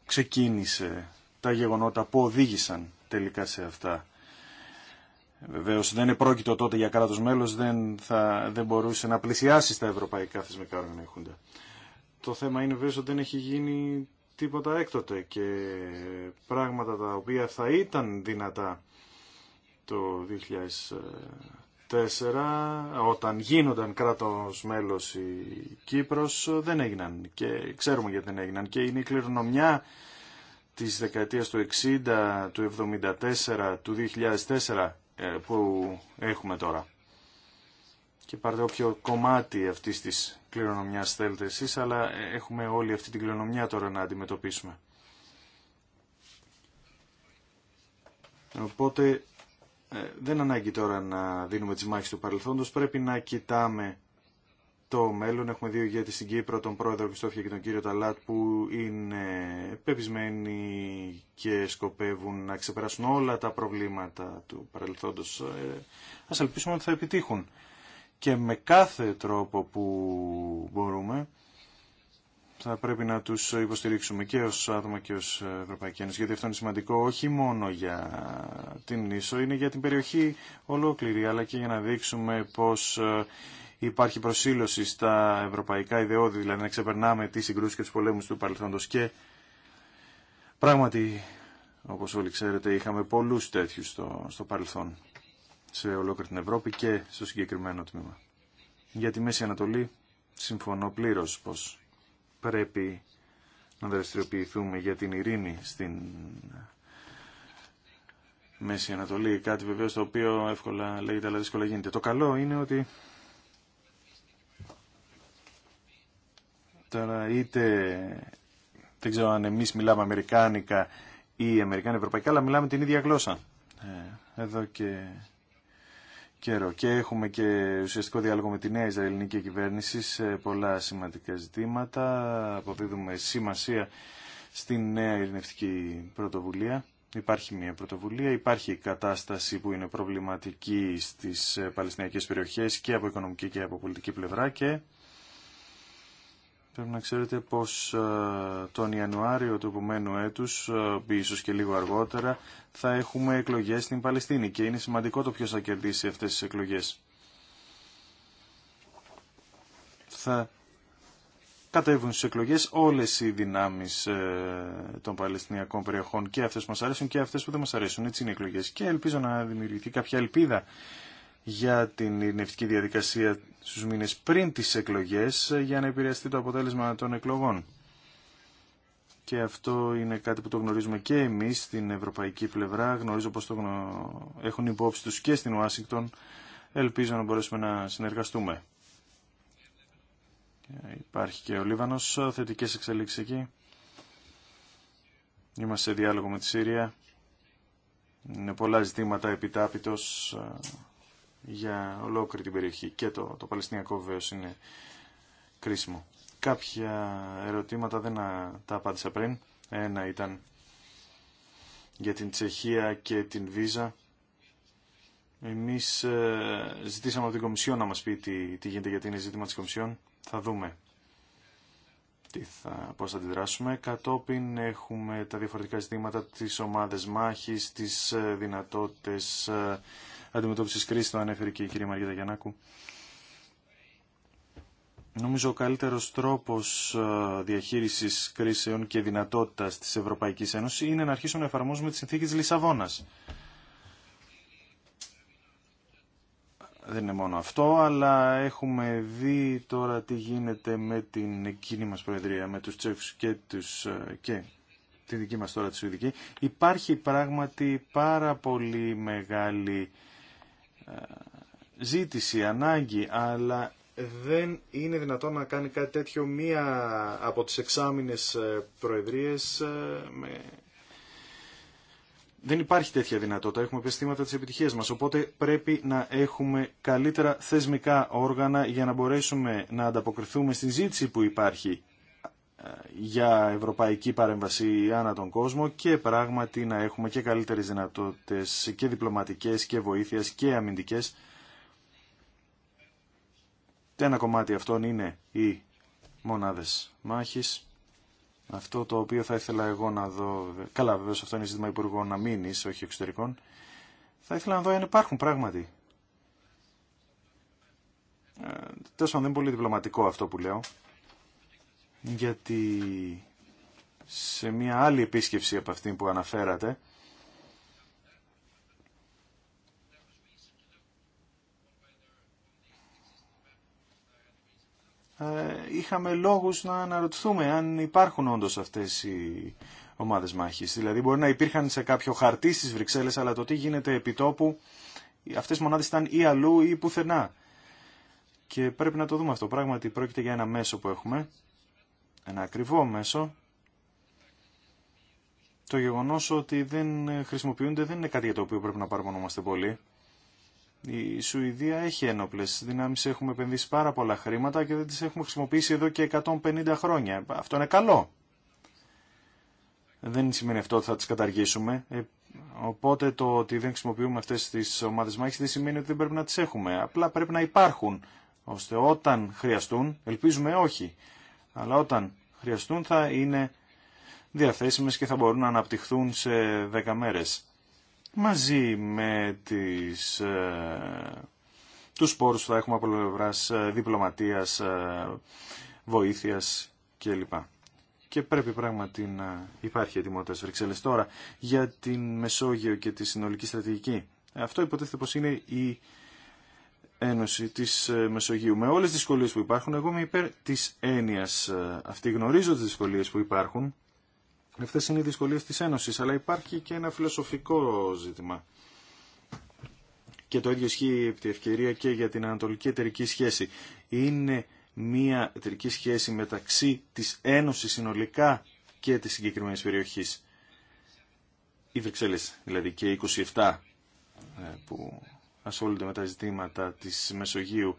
ξεκίνησε τα γεγονότα που οδήγησαν τελικά σε αυτά Βεβαίω δεν επρόκειτο τότε για κράτο μέλο, δεν, δεν μπορούσε να πλησιάσει στα ευρωπαϊκά θεσμικά όργανα έχοντα. Το θέμα είναι βέβαια ότι δεν έχει γίνει τίποτα έκτοτε και πράγματα τα οποία θα ήταν δυνατά το 2004 όταν γίνονταν κράτος μέλος η Κύπρος δεν έγιναν και ξέρουμε γιατί δεν έγιναν και είναι η κληρονομιά της δεκαετίας του 60, του 74, του 2004 ε, που έχουμε τώρα. Και πάρτε όποιο κομμάτι αυτής της κληρονομία θέλετε εσεί, αλλά ε, έχουμε όλη αυτή την κληρονομιά τώρα να αντιμετωπίσουμε. Οπότε ε, δεν ανάγκη τώρα να δίνουμε τις μάχες του παρελθόντος, πρέπει να κοιτάμε το μέλλον. Έχουμε δύο ηγέτε στην Κύπρο, τον πρόεδρο Πιστόφια και τον κύριο Ταλάτ, που είναι πεπισμένοι και σκοπεύουν να ξεπεράσουν όλα τα προβλήματα του παρελθόντος. Ε, ας ελπίσουμε ότι θα επιτύχουν. Και με κάθε τρόπο που μπορούμε θα πρέπει να τους υποστηρίξουμε και ως άτομα και ως Ευρωπαϊκή Ένωση, γιατί αυτό είναι σημαντικό όχι μόνο για την Νήσο, είναι για την περιοχή ολόκληρη, αλλά και για να δείξουμε πως ε, υπάρχει προσήλωση στα ευρωπαϊκά ιδεώδη, δηλαδή να ξεπερνάμε τις συγκρούσεις και τους πολέμους του παρελθόντος και πράγματι, όπως όλοι ξέρετε, είχαμε πολλούς τέτοιους στο, στο παρελθόν σε ολόκληρη την Ευρώπη και στο συγκεκριμένο τμήμα. Για τη Μέση Ανατολή συμφωνώ πλήρως πως πρέπει να δραστηριοποιηθούμε για την ειρήνη στην Μέση Ανατολή, κάτι βεβαίως το οποίο εύκολα λέγεται αλλά δύσκολα γίνεται. Το καλό είναι ότι Τώρα είτε δεν ξέρω αν εμείς μιλάμε αμερικάνικα ή ή ευρωπαϊκά, αλλά μιλάμε την ίδια γλώσσα. Ε, εδώ και καιρό. Και έχουμε και ουσιαστικό διάλογο με τη νέα Ισραηλινική κυβέρνηση σε πολλά σημαντικά ζητήματα. Αποδίδουμε σημασία στην νέα ειρηνευτική πρωτοβουλία. Υπάρχει μια πρωτοβουλία, υπάρχει κατάσταση που είναι προβληματική στις ε, παλαιστινιακές περιοχές και από οικονομική και από πολιτική πλευρά και Πρέπει να ξέρετε πως ε, τον Ιανουάριο του επομένου έτους, ε, ίσως και λίγο αργότερα, θα έχουμε εκλογές στην Παλαιστίνη και είναι σημαντικό το ποιος θα κερδίσει αυτές τις εκλογές. Θα κατέβουν στις εκλογές όλες οι δυνάμεις ε, των Παλαιστινιακών περιοχών και αυτές που μας αρέσουν και αυτές που δεν μας αρέσουν. Έτσι είναι οι εκλογές και ελπίζω να δημιουργηθεί κάποια ελπίδα για την ειρηνευτική διαδικασία στους μήνες πριν τις εκλογές ε, για να επηρεαστεί το αποτέλεσμα των εκλογών. Και αυτό είναι κάτι που το γνωρίζουμε και εμείς στην ευρωπαϊκή πλευρά. Γνωρίζω πως το έχουν υπόψη τους και στην Ουάσιγκτον. Ελπίζω να μπορέσουμε να συνεργαστούμε. Ε, υπάρχει και ο Λίβανος, θετικές εξελίξεις εκεί. Είμαστε σε διάλογο με τη Σύρια. Είναι πολλά ζητήματα επιτάπητος ε, για ολόκληρη την περιοχή και το, το Παλαιστινιακό βεβαίω είναι κρίσιμο. Κάποια ερωτήματα δεν τα απάντησα πριν. Ένα ήταν για την Τσεχία και την Βίζα. Εμείς ε, ζητήσαμε από την Κομισιό να μας πει τι, γίνεται γιατί είναι ζήτημα της Κομισιόν. Θα δούμε τι θα, πώς θα αντιδράσουμε. Κατόπιν έχουμε τα διαφορετικά ζητήματα της ομάδες μάχης, τις ε, δυνατότητες ε, αντιμετώπισης κρίσης, το ανέφερε και η κυρία Μαργίδα Γιαννάκου. Νομίζω ο καλύτερος τρόπος ε, διαχείρισης κρίσεων και δυνατότητας της Ευρωπαϊκής Ένωσης είναι να αρχίσουμε να εφαρμόζουμε τη συνθήκη της Λισαβόνας. Δεν είναι μόνο αυτό, αλλά έχουμε δει τώρα τι γίνεται με την εκείνη μας Προεδρία, με τους Τσέχους και, τους, ε, και τη δική μας τώρα τη Σουηδική. Υπάρχει πράγματι πάρα πολύ μεγάλη ζήτηση, ανάγκη, αλλά δεν είναι δυνατόν να κάνει κάτι τέτοιο μία από τις εξαμήνες ε, προεδρίες ε, με... Δεν υπάρχει τέτοια δυνατότητα. Έχουμε επιστήματα τη επιτυχία μας. Οπότε πρέπει να έχουμε καλύτερα θεσμικά όργανα για να μπορέσουμε να ανταποκριθούμε στη ζήτηση που υπάρχει για ευρωπαϊκή παρέμβαση ανά τον κόσμο και πράγματι να έχουμε και καλύτερες δυνατότητες και διπλωματικές και βοήθειας και αμυντικές. Ένα κομμάτι αυτών είναι οι μονάδες μάχης. Αυτό το οποίο θα ήθελα εγώ να δω, καλά βεβαίω αυτό είναι ζήτημα υπουργών μείνεις όχι εξωτερικών, θα ήθελα να δω αν υπάρχουν πράγματι. Ε, Τέλο δεν είναι πολύ διπλωματικό αυτό που λέω γιατί σε μια άλλη επίσκεψη από αυτήν που αναφέρατε ε, είχαμε λόγους να αναρωτηθούμε αν υπάρχουν όντως αυτές οι ομάδες μάχης. Δηλαδή μπορεί να υπήρχαν σε κάποιο χαρτί στις Βρυξέλλες, αλλά το τι γίνεται επί τόπου, αυτές οι μονάδες ήταν ή αλλού ή πουθενά. Και πρέπει να το δούμε αυτό. Πράγματι πρόκειται για ένα μέσο που έχουμε ένα ακριβό μέσο, το γεγονός ότι δεν χρησιμοποιούνται δεν είναι κάτι για το οποίο πρέπει να παραπονόμαστε πολύ. Η Σουηδία έχει ένοπλες δυνάμεις, έχουμε επενδύσει πάρα πολλά χρήματα και δεν τις έχουμε χρησιμοποιήσει εδώ και 150 χρόνια. Αυτό είναι καλό. Δεν σημαίνει αυτό ότι θα τις καταργήσουμε. Ε, οπότε το ότι δεν χρησιμοποιούμε αυτές τις ομάδες μάχης δεν σημαίνει ότι δεν πρέπει να τις έχουμε. Απλά πρέπει να υπάρχουν, ώστε όταν χρειαστούν, ελπίζουμε όχι, αλλά όταν χρειαστούν θα είναι διαθέσιμες και θα μπορούν να αναπτυχθούν σε 10 μέρες. Μαζί με τις, ε, τους πόρους που θα έχουμε από πλευράς ε, διπλωματίας, ε, βοήθειας κλπ. Και πρέπει πράγματι να υπάρχει ετοιμότητα στις Βρυξέλλες. Τώρα για την Μεσόγειο και τη συνολική στρατηγική. Αυτό υποτίθεται πως είναι η Ένωση της ε, Μεσογείου. Με όλες τις δυσκολίες που υπάρχουν, εγώ είμαι υπέρ της έννοιας ε, αυτή. Γνωρίζω τις δυσκολίες που υπάρχουν. Αυτές είναι οι δυσκολίες της Ένωσης, αλλά υπάρχει και ένα φιλοσοφικό ζήτημα. Και το ίδιο ισχύει επί τη ευκαιρία και για την ανατολική εταιρική σχέση. Είναι μία εταιρική σχέση μεταξύ της Ένωσης συνολικά και της συγκεκριμένης περιοχής. Οι Βρυξέλλες, δηλαδή και 27 ε, που ασχολούνται με τα ζητήματα της Μεσογείου.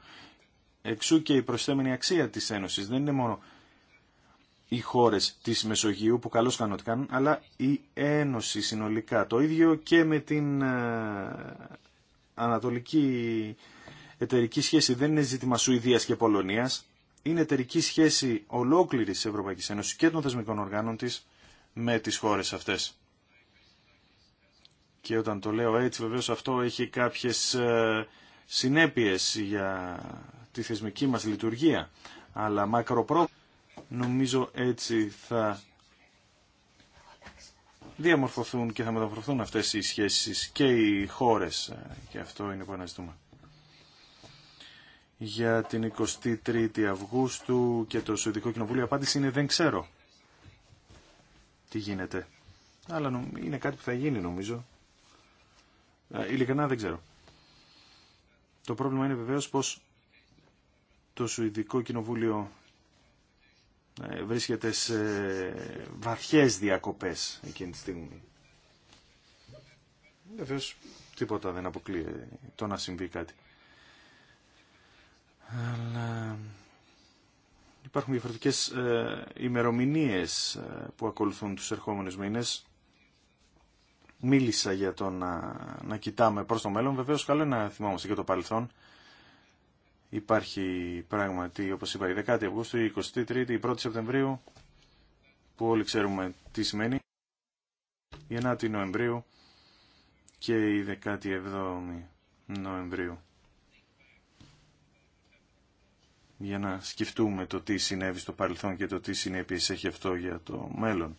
Εξού και η προσθέμενη αξία της Ένωσης δεν είναι μόνο οι χώρες της Μεσογείου που καλώ κάνουν ό,τι κάνουν, αλλά η Ένωση συνολικά. Το ίδιο και με την ε, ανατολική εταιρική σχέση. Δεν είναι ζήτημα Σουηδία και Πολωνίας. Είναι εταιρική σχέση ολόκληρης τη Ευρωπαϊκή Ένωση και των θεσμικών οργάνων τη με τι χώρε αυτές. Και όταν το λέω έτσι βεβαίως αυτό έχει κάποιες ε, συνέπειες για τη θεσμική μας λειτουργία. Αλλά μακροπρό νομίζω έτσι θα διαμορφωθούν και θα μεταμορφωθούν αυτές οι σχέσεις και οι χώρες ε, και αυτό είναι που αναζητούμε. Για την 23η Αυγούστου και το Σουηδικό Κοινοβούλιο η απάντηση είναι δεν ξέρω τι γίνεται. Αλλά είναι κάτι που θα γίνει νομίζω Ειλικρινά δεν ξέρω. Το πρόβλημα είναι βεβαίως πως το Σουηδικό Κοινοβούλιο ε, βρίσκεται σε βαθιές διακοπές εκείνη τη στιγμή. Βεβαίως τίποτα δεν αποκλείει το να συμβεί κάτι. Αλλά υπάρχουν διαφορετικές ε, ημερομηνίες ε, που ακολουθούν τους ερχόμενους μήνες μίλησα για το να, να κοιτάμε προς το μέλλον. Βεβαίως καλό είναι να θυμόμαστε και το παρελθόν. Υπάρχει πράγματι, όπως είπα, η 10η Αυγούστου, η 23η, η 1η Σεπτεμβρίου, που όλοι ξέρουμε τι σημαίνει, η 9η Νοεμβρίου και η 17η Νοεμβρίου. Για να σκεφτούμε το τι συνέβη στο παρελθόν και το τι συνέπειες έχει αυτό για το μέλλον.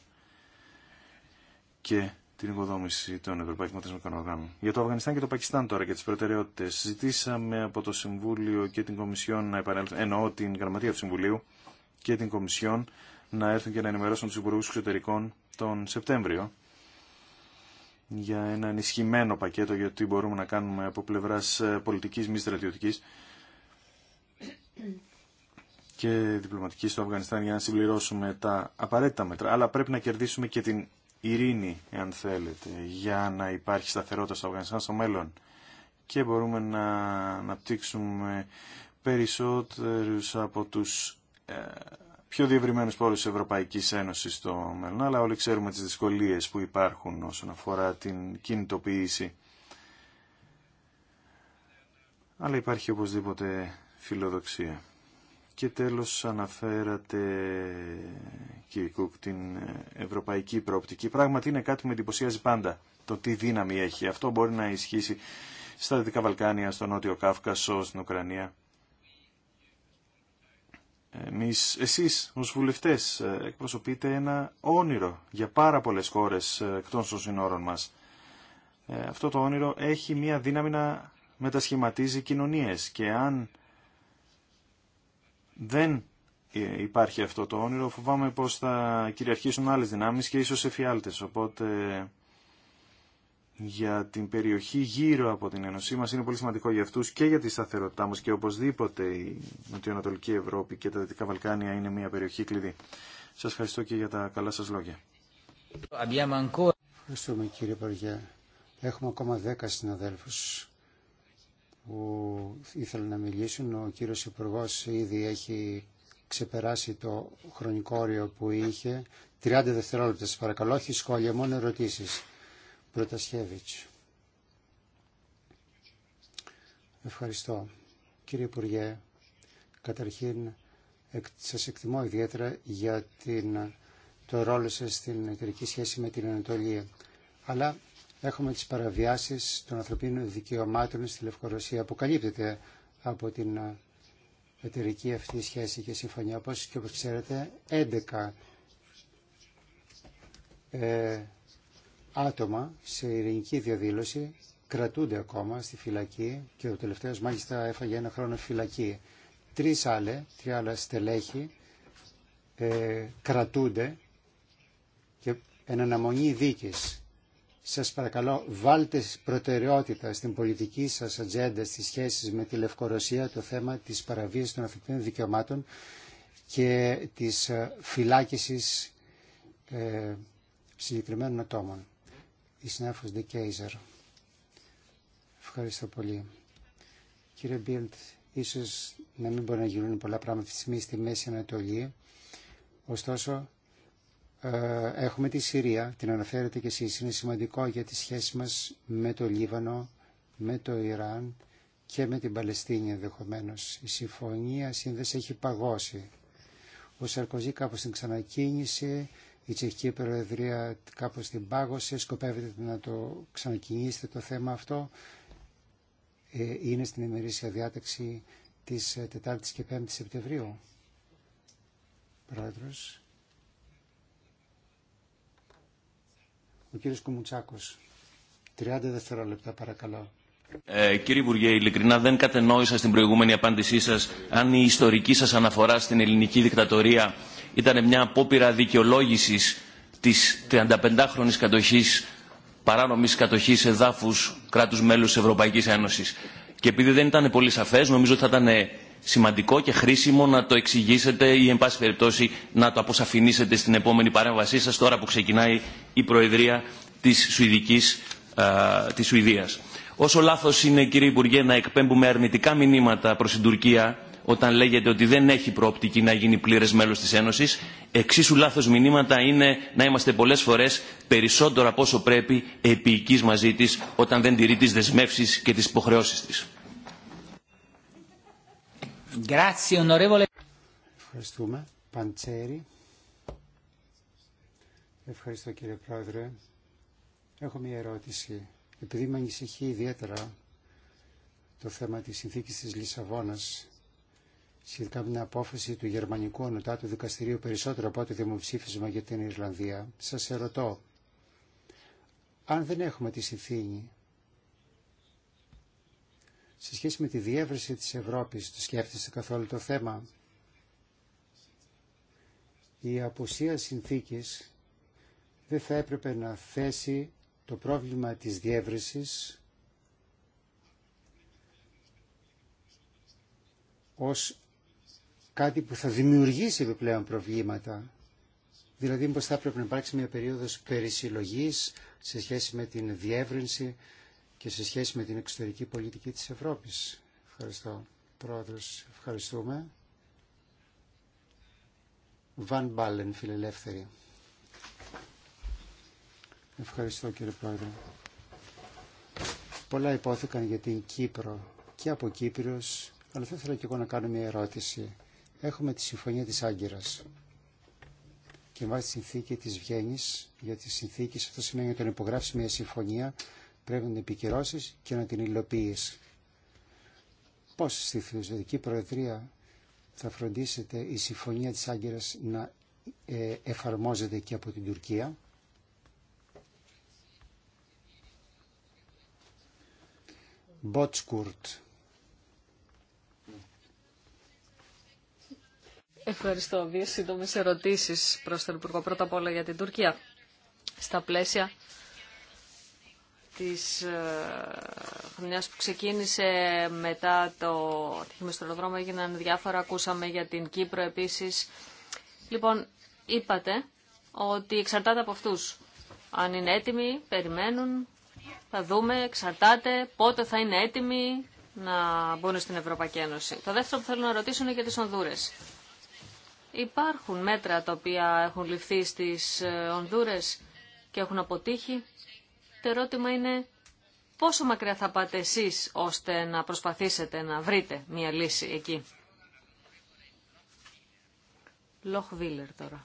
Και την οικοδόμηση των Ευρωπαϊκών Θεσμικών Οργάνων. Για το Αφγανιστάν και το Πακιστάν τώρα και τι προτεραιότητε. Ζητήσαμε από το Συμβούλιο και την Κομισιόν να επανέλθουν, εννοώ την Γραμματεία του Συμβουλίου και την Κομισιόν να έρθουν και να ενημερώσουν του Υπουργού Εξωτερικών τον Σεπτέμβριο για ένα ενισχυμένο πακέτο για το τι μπορούμε να κάνουμε από πλευρά ε, πολιτική μη στρατιωτική και διπλωματική στο Αφγανιστάν για να συμπληρώσουμε τα απαραίτητα μέτρα. Αλλά πρέπει να κερδίσουμε και την ειρήνη, αν θέλετε, για να υπάρχει σταθερότητα στο Αφγανιστάν στο μέλλον και μπορούμε να αναπτύξουμε περισσότερους από τους ε, πιο διευρυμένους πόρου της Ευρωπαϊκής Ένωσης στο μέλλον, αλλά όλοι ξέρουμε τις δυσκολίες που υπάρχουν όσον αφορά την κινητοποίηση. Αλλά υπάρχει οπωσδήποτε φιλοδοξία. Και τέλος αναφέρατε κύριε Κουκ την ευρωπαϊκή προοπτική. Πράγματι είναι κάτι που με εντυπωσιάζει πάντα το τι δύναμη έχει. Αυτό μπορεί να ισχύσει στα Δυτικά Βαλκάνια, στο Νότιο Κάφκασο, στην Ουκρανία. Εμείς, εσείς ως βουλευτές εκπροσωπείτε ένα όνειρο για πάρα πολλές χώρες εκτός των συνόρων μας. Ε, αυτό το όνειρο έχει μία δύναμη να μετασχηματίζει κοινωνίες και αν δεν ε, υπάρχει αυτό το όνειρο, φοβάμαι πως θα κυριαρχήσουν άλλες δυνάμεις και ίσως εφιάλτες. Οπότε για την περιοχή γύρω από την Ένωσή μας είναι πολύ σημαντικό για αυτούς και για τη σταθερότητά μας και οπωσδήποτε η Νοτιοανατολική Ευρώπη και τα Δυτικά Βαλκάνια είναι μια περιοχή κλειδί. Σας ευχαριστώ και για τα καλά σας λόγια. Ευχαριστούμε κύριε Παργιά. Έχουμε ακόμα 10 συναδέλφους που ήθελαν να μιλήσουν. Ο κύριος υπουργό ήδη έχει ξεπεράσει το χρονικό όριο που είχε. 30 δευτερόλεπτα, σας παρακαλώ, Έχει σχόλια, μόνο ερωτήσεις. Προτασχέβιτς. Ευχαριστώ. Κύριε Υπουργέ, καταρχήν σας εκτιμώ ιδιαίτερα για την, το ρόλο σας στην εταιρική σχέση με την Ανατολία. Αλλά έχουμε τις παραβιάσεις των ανθρωπίνων δικαιωμάτων στη Λευκορωσία που καλύπτεται από την ε, εταιρική αυτή σχέση και συμφωνία. Όπως και όπως ξέρετε, 11 ε, άτομα σε ειρηνική διαδήλωση κρατούνται ακόμα στη φυλακή και ο τελευταίος μάλιστα έφαγε ένα χρόνο φυλακή. Τρεις άλλε, τρία άλλα στελέχη ε, κρατούνται και εν αναμονή δίκης σας παρακαλώ βάλτε προτεραιότητα στην πολιτική σας ατζέντα στις σχέσεις με τη Λευκορωσία το θέμα της παραβίασης των ανθρωπίνων δικαιωμάτων και της ε, φυλάκισης ε, συγκεκριμένων ατόμων. Η συνάδελφος Κέιζερ. Ευχαριστώ πολύ. Κύριε Μπίλτ, ίσως να μην μπορεί να γίνουν πολλά πράγματα στη μέση Ανατολή, ωστόσο ε, έχουμε τη Συρία, την αναφέρετε και εσείς, είναι σημαντικό για τη σχέση μας με το Λίβανο, με το Ιράν και με την Παλαιστίνη ενδεχομένω. Η συμφωνία σύνδεση έχει παγώσει. Ο Σαρκοζή κάπως την ξανακίνησε, η Τσεχική Προεδρία κάπως την πάγωσε, σκοπεύετε να το ξανακινήσετε το θέμα αυτό. Ε, είναι στην ημερήσια διάταξη της 4 ε, η και 5 Σεπτεμβρίου. Πρόεδρος. Ο κύριο Κουμουτσάκος. 30 δευτερόλεπτα παρακαλώ. Ε, κύριε Υπουργέ, ειλικρινά δεν κατενόησα στην προηγούμενη απάντησή σας αν η ιστορική σας αναφορά στην ελληνική δικτατορία ήταν μια απόπειρα δικαιολόγηση της 35 χρονη κατοχής, παράνομης κατοχής εδάφους κράτους μέλους της Ευρωπαϊκής Ένωσης. Και επειδή δεν ήταν πολύ σαφέ, νομίζω ότι θα ήταν σημαντικό και χρήσιμο να το εξηγήσετε ή, εν πάση περιπτώσει, να το αποσαφηνίσετε στην επόμενη παρέμβασή σας, τώρα που ξεκινάει η Προεδρία της, Σουηδικής, της Σουηδίας. Όσο λάθος είναι, κύριε Υπουργέ, να εκπέμπουμε αρνητικά μηνύματα προς την Τουρκία όταν λέγεται ότι δεν έχει προοπτική να γίνει πλήρε μέλο τη Ένωση, εξίσου λάθο μηνύματα είναι να είμαστε πολλέ φορέ περισσότερο από όσο πρέπει επίοικοι μαζί τη όταν δεν τηρεί τι δεσμεύσει και τι υποχρεώσει τη. Ευχαριστούμε. Παντσέρι. Ευχαριστώ κύριε Πρόεδρε. Έχω μία ερώτηση. Επειδή με ανησυχεί ιδιαίτερα το θέμα της συνθήκης της Λισαβόνας σχετικά με την απόφαση του Γερμανικού Ανωτάτου Δικαστηρίου περισσότερο από το δημοψήφισμα για την Ιρλανδία, σας ερωτώ, αν δεν έχουμε τη συνθήκη σε σχέση με τη διεύρυνση της Ευρώπης. Το σκέφτεστε καθόλου το θέμα. Η απουσία συνθήκης δεν θα έπρεπε να θέσει το πρόβλημα της διεύρυνσης ως κάτι που θα δημιουργήσει επιπλέον προβλήματα. Δηλαδή, μήπως θα έπρεπε να υπάρξει μια περίοδος περισυλλογής σε σχέση με την διεύρυνση και σε σχέση με την εξωτερική πολιτική της Ευρώπης. Ευχαριστώ. Πρόεδρος, ευχαριστούμε. Βαν Μπάλεν, φιλελεύθερη. Ευχαριστώ κύριε Πρόεδρε. Πολλά υπόθηκαν για την Κύπρο και από Κύπριος, αλλά θα ήθελα και εγώ να κάνω μια ερώτηση. Έχουμε τη Συμφωνία της Άγκυρας και βάσει τη συνθήκη της Βιέννης για τις συνθήκες αυτό σημαίνει ότι τον υπογράψει μια συμφωνία πρέπει να την επικυρώσει και να την υλοποιεί. Πώς στη Φιλοσοφική Προεδρία θα φροντίσετε η Συμφωνία τη Άγκυρας να ε, εφαρμόζεται και από την Τουρκία. Μπότσκουρτ. Ευχαριστώ. Δύο σύντομε ερωτήσει προ τον Υπουργό. Πρώτα απ' όλα για την Τουρκία. Στα πλαίσια της ε, χρονιάς που ξεκίνησε μετά το ατύχημα στο αεροδρόμιο έγιναν διάφορα, ακούσαμε για την Κύπρο επίσης. Λοιπόν, είπατε ότι εξαρτάται από αυτούς. Αν είναι έτοιμοι, περιμένουν, θα δούμε, εξαρτάται πότε θα είναι έτοιμοι να μπουν στην Ευρωπαϊκή Ένωση. Το δεύτερο που θέλω να ρωτήσω είναι για τις Ονδούρες. Υπάρχουν μέτρα τα οποία έχουν ληφθεί στις ε, Ονδούρες και έχουν αποτύχει το ερώτημα είναι πόσο μακριά θα πάτε εσείς ώστε να προσπαθήσετε να βρείτε μια λύση εκεί. Λοχ τώρα.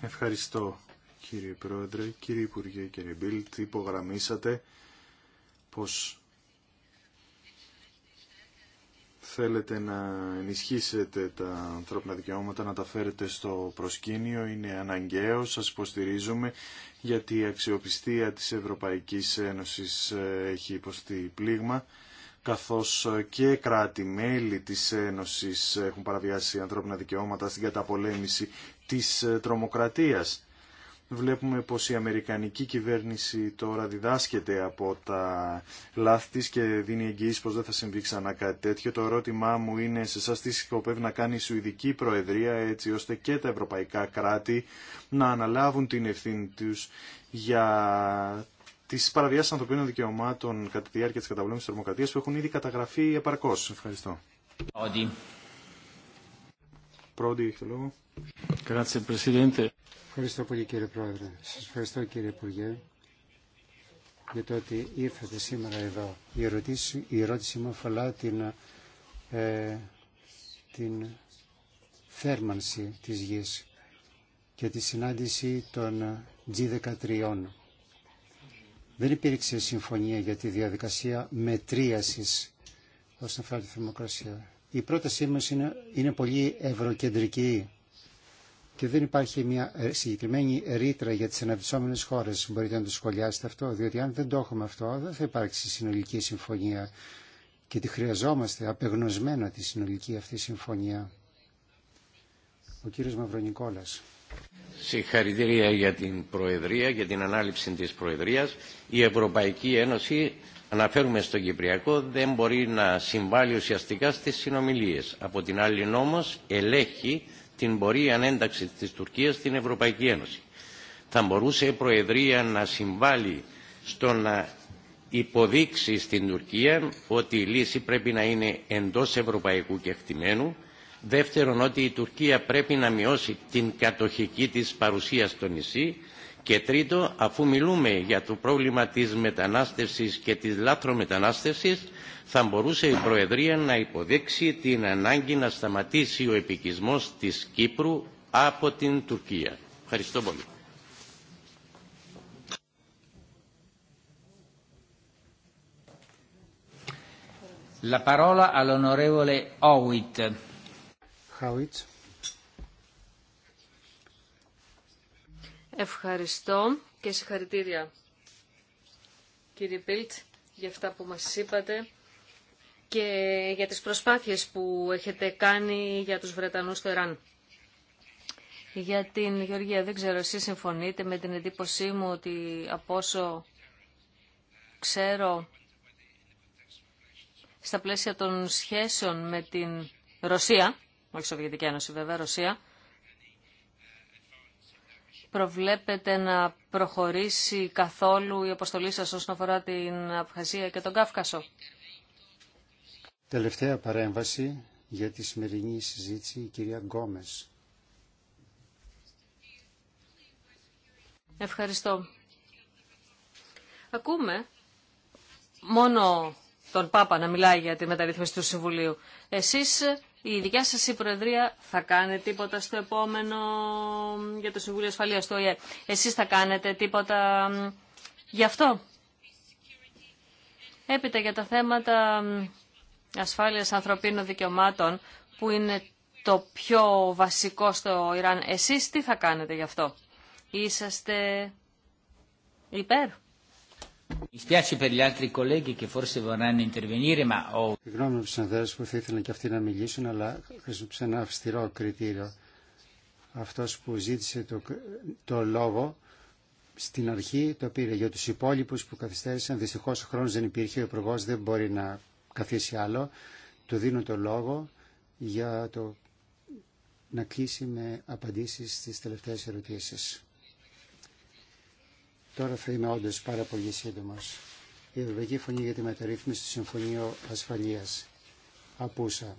Ευχαριστώ κύριε Πρόεδρε, κύριε Υπουργέ, κύριε Μπίλτ. Υπογραμμίσατε πως θέλετε να ενισχύσετε τα ανθρώπινα δικαιώματα, να τα φέρετε στο προσκήνιο, είναι αναγκαίο, σας υποστηρίζουμε, γιατί η αξιοπιστία της Ευρωπαϊκής Ένωσης ε, έχει υποστεί πλήγμα, καθώς ε, και κράτη-μέλη της Ένωσης έχουν παραβιάσει ανθρώπινα δικαιώματα στην καταπολέμηση της ε, τρομοκρατίας. Βλέπουμε πως η Αμερικανική κυβέρνηση τώρα διδάσκεται από τα λάθη της και δίνει εγγύηση πως δεν θα συμβεί ξανά κάτι τέτοιο. Το ερώτημά μου είναι σε εσάς τι σκοπεύει να κάνει η Σουηδική Προεδρία έτσι ώστε και τα ευρωπαϊκά κράτη να αναλάβουν την ευθύνη τους για τις παραβιάσεις ανθρωπίνων δικαιωμάτων κατά τη διάρκεια της της τρομοκρατίας που έχουν ήδη καταγραφεί επαρκώς. Ευχαριστώ. Ευχαριστώ πολύ κύριε Πρόεδρε. Σα ευχαριστώ κύριε Υπουργέ για το ότι ήρθατε σήμερα εδώ. Η ερώτηση, η ερώτηση μου αφορά την, ε, την θέρμανση της γης και τη συνάντηση των G13. Δεν υπήρξε συμφωνία για τη διαδικασία μετρίασης όσον αφορά τη θερμοκρασία η πρότασή μας είναι, είναι πολύ ευρωκεντρική και δεν υπάρχει μια ε, συγκεκριμένη ρήτρα για τις αναπτυσσόμενες χώρες. Μπορείτε να το σχολιάσετε αυτό, διότι αν δεν το έχουμε αυτό δεν θα υπάρξει συνολική συμφωνία και τη χρειαζόμαστε απεγνωσμένα τη συνολική αυτή συμφωνία. Ο κύριος Μαυρονικόλας. Συγχαρητήρια για την Προεδρία, για την ανάληψη της Προεδρίας. Η Ευρωπαϊκή Ένωση αναφέρουμε στο Κυπριακό δεν μπορεί να συμβάλλει ουσιαστικά στις συνομιλίες. Από την άλλη όμω ελέγχει την πορεία ανένταξη της Τουρκίας στην Ευρωπαϊκή Ένωση. Θα μπορούσε η Προεδρία να συμβάλλει στο να υποδείξει στην Τουρκία ότι η λύση πρέπει να είναι εντός ευρωπαϊκού κεκτημένου Δεύτερον, ότι η Τουρκία πρέπει να μειώσει την κατοχική της παρουσία στο νησί και τρίτο, αφού μιλούμε για το πρόβλημα της μετανάστευσης και της λάθρομετανάστευσης, θα μπορούσε η Προεδρία να υποδείξει την ανάγκη να σταματήσει ο επικισμός της Κύπρου από την Τουρκία. Ευχαριστώ πολύ. La parola all'onorevole Howitt. Ευχαριστώ και συγχαρητήρια κύριε Πίλτ για αυτά που μας είπατε και για τις προσπάθειες που έχετε κάνει για τους Βρετανούς στο Ιράν. Για την Γεωργία, δεν ξέρω εσείς συμφωνείτε με την εντύπωσή μου ότι από όσο ξέρω στα πλαίσια των σχέσεων με την Ρωσία, όχι Σοβιετική Ένωση βέβαια, Ρωσία, προβλέπετε να προχωρήσει καθόλου η αποστολή σας όσον αφορά την Αφχασία και τον Κάφκασο. Τελευταία παρέμβαση για τη σημερινή συζήτηση η κυρία Γκόμες. Ευχαριστώ. Ακούμε μόνο τον Πάπα να μιλάει για τη μεταρρύθμιση του Συμβουλίου. Εσείς η δικιά σας η Προεδρία θα κάνει τίποτα στο επόμενο για το Συμβούλιο ασφαλεία του ΟΗΕ. Εσείς θα κάνετε τίποτα γι' αυτό. Έπειτα για τα θέματα ασφάλειας ανθρωπίνων δικαιωμάτων που είναι το πιο βασικό στο Ιράν. Εσείς τι θα κάνετε γι' αυτό. Είσαστε υπέρ. Συγγνώμη από του που θα ήθελαν και αυτοί να μιλήσουν, αλλά χρησιμοποιήσα ένα αυστηρό κριτήριο. αυτός που ζήτησε το, λόγο στην αρχή το πήρε. Για τους υπόλοιπους που καθυστέρησαν, δυστυχώ ο χρόνο δεν υπήρχε, ο υπουργό δεν μπορεί να καθίσει άλλο. Του δίνω το λόγο για το να κλείσει με απαντήσεις στις τελευταίες ερωτήσεις. Τώρα θα είμαι όντω πάρα πολύ σύντομο. Η Ευρωπαϊκή Φωνή για τη Μεταρρύθμιση του Συμφωνίου Ασφαλεία. Απούσα.